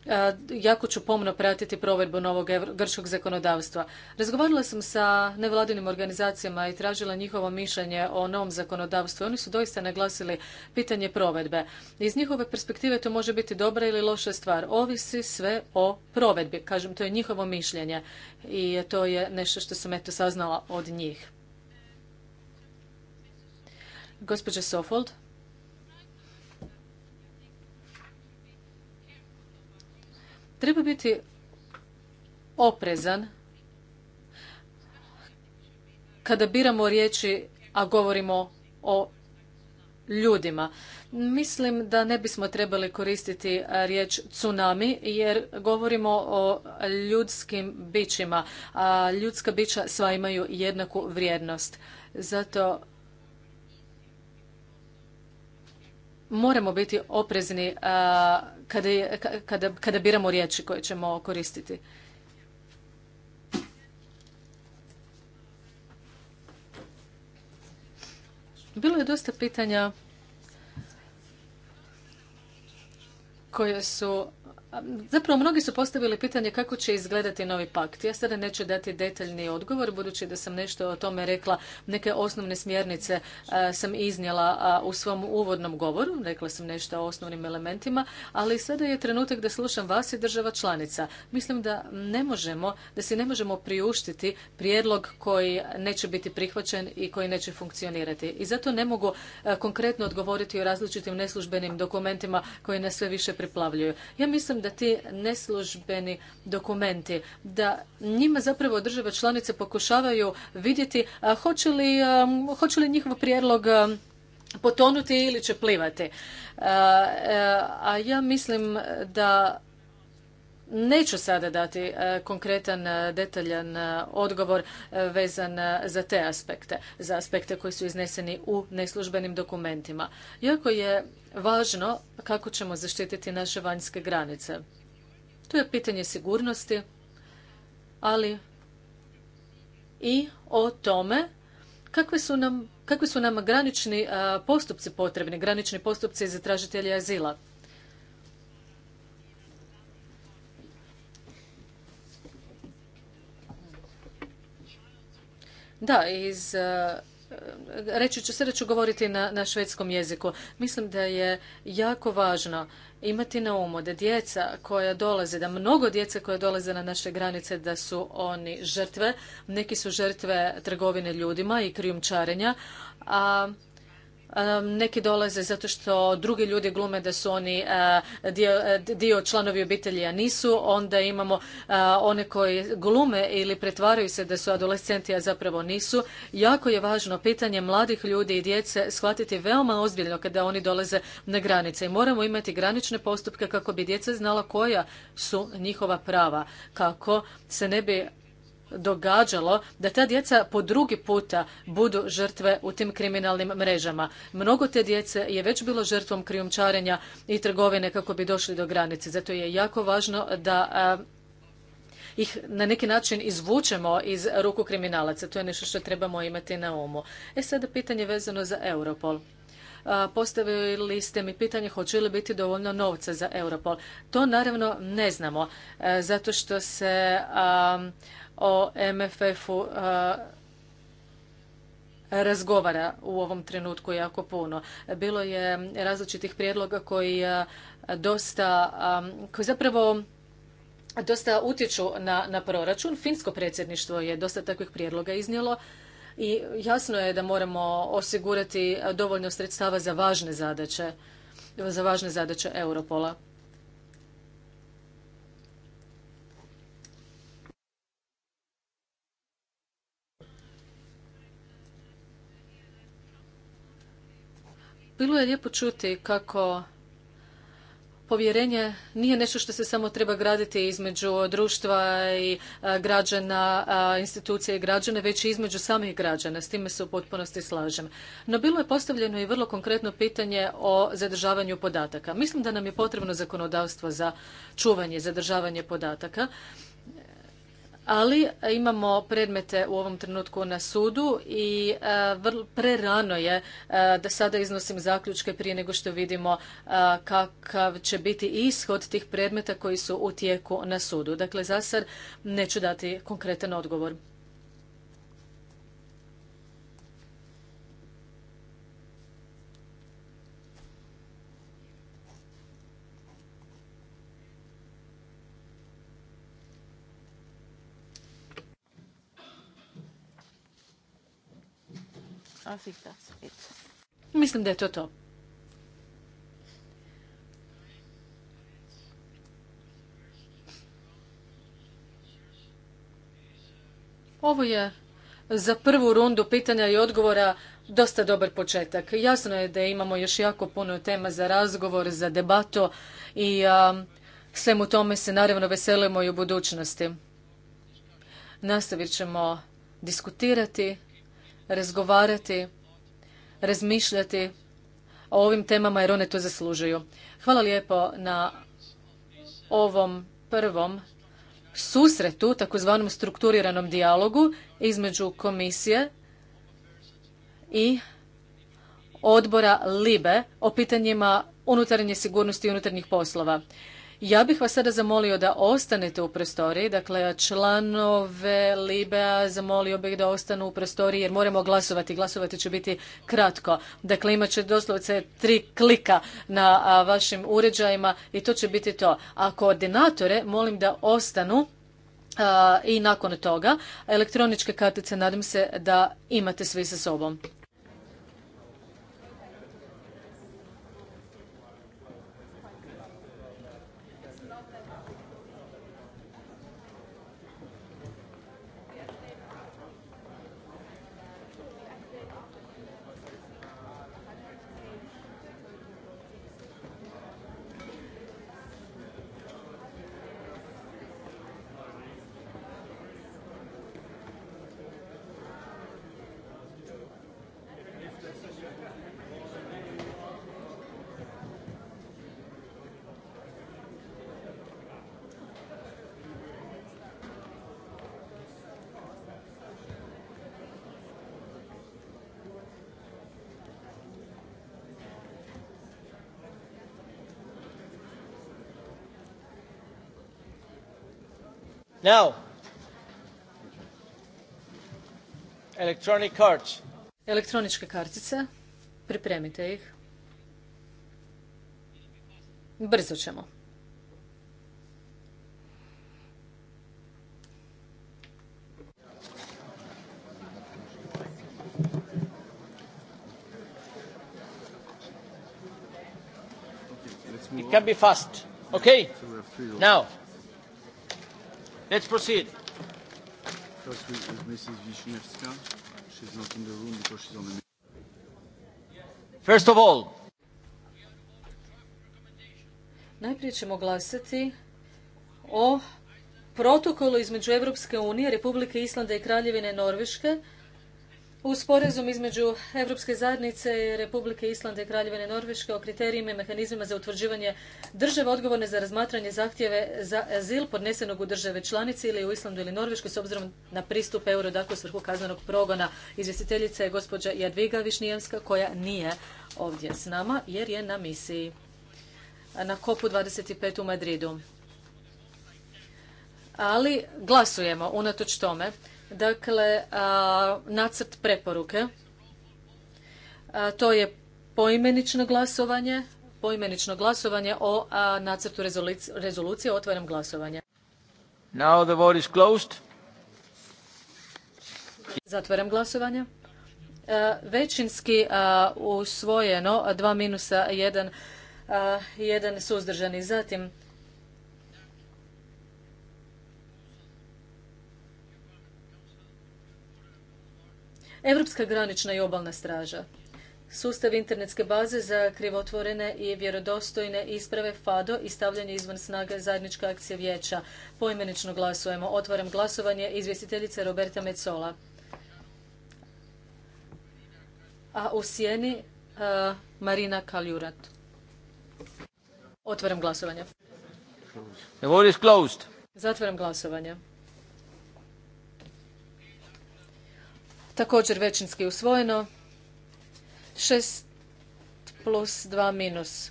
E, jako ću pomno pratiti provedbu novog grčkog zakonodavstva. Razgovarala sam sa nevladinim organizacijama i tražila njihovo mišljenje o novom zakonodavstvu. Oni su doista naglasili pitanje provedbe. Iz njihove perspektive to može biti dobra ili loša stvar. Ovisi sve o provedbi. Kažem, to je njihovo mišljenje i to je nešto što sam eto saznala od njih. Gospođa Sofold. Treba biti oprezan kada biramo riječi, a govorimo o ljudima. Mislim da ne bismo trebali koristiti riječ tsunami jer govorimo o ljudskim bićima, a ljudska bića sva imaju jednaku vrijednost. Zato moramo biti oprezni kada, kada, kada biramo riječi koje ćemo koristiti. Bilo je dosta pitanja koje su Zapravo, mnogi su postavili pitanje kako će izgledati novi pakt. Ja sada neću dati detaljni odgovor, budući da sam nešto o tome rekla, neke osnovne smjernice e, sam iznijela u svom uvodnom govoru, rekla sam nešto o osnovnim elementima, ali sada je trenutak da slušam vas i država članica. Mislim da ne možemo, da si ne možemo priuštiti prijedlog koji neće biti prihvaćen i koji neće funkcionirati. I zato ne mogu e, konkretno odgovoriti o različitim neslužbenim dokumentima koji nas sve više priplavljuju. Ja mislim da ti neslužbeni dokumenti, da njima zapravo države članice pokušavaju vidjeti hoće li njihov prijedlog potonuti ili će plivati. A e, ja mislim da Neću sada dati e, konkretan, e, detaljan e, odgovor vezan za te aspekte, za aspekte koji su izneseni u neslužbenim dokumentima. Iako je važno kako ćemo zaštititi naše vanjske granice. To je pitanje sigurnosti, ali i o tome kakvi su nam, kakvi su granični postupci potrebni, granični postupci za tražitelje azila. Da, iz e, reći ću sada ću govoriti na, na švedskom jeziku. Mislim da je jako važno imati na umu da djeca koja dolaze, da mnogo djece koja dolaze na naše granice da su oni žrtve. Neki su žrtve trgovine ljudima i krijumčarenja, a neki dolaze zato što drugi ljudi glume da su oni e, e, dio, članovi obitelji, a nisu. Onda imamo e, one koji glume ili pretvaraju se da su adolescenti, a zapravo nisu. Jako je važno pitanje mladih ljudi i djece shvatiti veoma ozbiljno kada oni dolaze na granice. I moramo imati granične postupke kako bi djeca znala koja su njihova prava, kako se ne bi događalo da ta djeca po drugi puta budu žrtve u tim kriminalnim mrežama. Mnogo te djece je već bilo žrtvom krijumčarenja i trgovine kako bi došli do granice. Zato je jako važno da ih na neki način izvučemo iz ruku kriminalaca. To je nešto što trebamo imati na umu. E sada pitanje vezano za Europol. Postavili ste mi pitanje hoće li biti dovoljno novca za Europol. To naravno ne znamo, e, zato što se o MFF-u e, razgovara u ovom trenutku jako puno. Bilo je različitih prijedloga koji e, dosta, koji zapravo dosta utječu na, na proračun. Finsko predsjedništvo je dosta takvih prijedloga iznijelo i jasno je da moramo osigurati dovoljno sredstava za važne zadaće za važne zadaće Europola. Bilo je lijepo čuti kako povjerenje nije nešto što se samo treba graditi između društva i e, građana, institucije i građana, već i između samih građana. S time se u potpunosti slažem. No bilo je postavljeno i vrlo konkretno pitanje o zadržavanju podataka. Mislim da nam je potrebno zakonodavstvo za čuvanje, zadržavanje podataka ali e, imamo predmete u ovom trenutku na sudu i e, prerano je e, da sada iznosim zaključke prije nego što vidimo kakav će biti ishod tih predmeta koji su u tijeku na sudu. Dakle, za sad neću dati konkretan odgovor. Mislim da je to to. Ovo je za prvu rundu pitanja i odgovora dosta dobar početak. Jasno je da imamo još jako puno tema za razgovor, za debato i svemu tome se naravno veselimo i u budućnosti. Nastavit ćemo diskutirati razgovarati, razmišljati o ovim temama jer one to zaslužuju. Hvala lijepo na ovom prvom susretu, takozvanom strukturiranom dijalogu između komisije i odbora LIBE o pitanjima unutarnje sigurnosti i unutarnjih poslova. Ja bih vas sada zamolio da ostanete u prostoriji, dakle članove Libea zamolio bih da ostanu u prostoriji jer moramo glasovati. Glasovati će biti kratko. Dakle imat će doslovce tri klika na vašim uređajima i to će biti to. A koordinatore molim da ostanu i nakon toga. Elektroničke kartice nadam se da imate svi sa sobom. Now. Electronic cards. Elektroničke kartice. Pripremite ih. Brzo ćemo. It can fast. Okay. Now. Let's proceed. First of all. Najprije ćemo glasati o protokolu između Europske unije, Republike Islanda i Kraljevine Norveške u sporazum između Europske zajednice i Republike Islanda i Kraljevine Norveške o kriterijima i mehanizmima za utvrđivanje države odgovorne za razmatranje zahtjeve za azil podnesenog u države članice ili u Islandu ili Norveškoj s obzirom na pristup euro dakle u svrhu kaznenog progona. Izvjestiteljica je gospođa Jadviga Višnijevska koja nije ovdje s nama jer je na misiji na kopu 25 u Madridu. Ali glasujemo unatoč tome. Dakle, a, nacrt preporuke. to je poimenično glasovanje, poimenično glasovanje o nacrtu rezolucije. Otvaram glasovanje. Now the vote is closed. Zatvaram glasovanje. Većinski usvojeno, dva minusa, jedan, jedan suzdržani. Zatim, Evropska granična i obalna straža. Sustav internetske baze za krivotvorene i vjerodostojne isprave FADO i stavljanje izvan snage zajednička akcija vijeća. Poimenično glasujemo. Otvaram glasovanje izvjestiteljice Roberta Mecola. A u sjeni e, Marina Kaljurat. Otvaram glasovanje. The Zatvaram glasovanje. također većinski usvojeno. 6 plus 2 minus.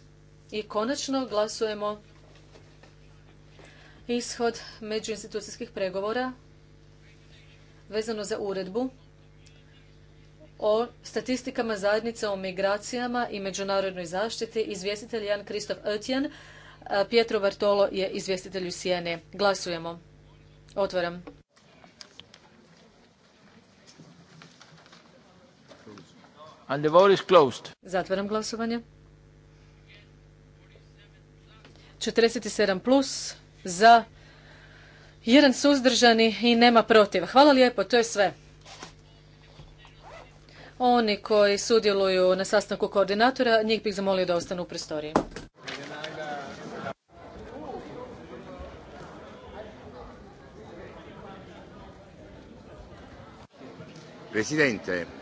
I konačno glasujemo ishod međuinstitucijskih pregovora vezano za uredbu o statistikama zajednice o migracijama i međunarodnoj zaštiti. Izvjestitelj Jan Kristof Ötjen. Pietro Bartolo je izvjestitelj u Sijene. Glasujemo. Otvaram. And the vote is closed. Zatvaram glasovanje. 47 plus za jedan suzdržani i nema protiv. Hvala lijepo, to je sve. Oni koji sudjeluju na sastanku koordinatora, njih bih zamolio da ostanu u prostoriji. Presidente,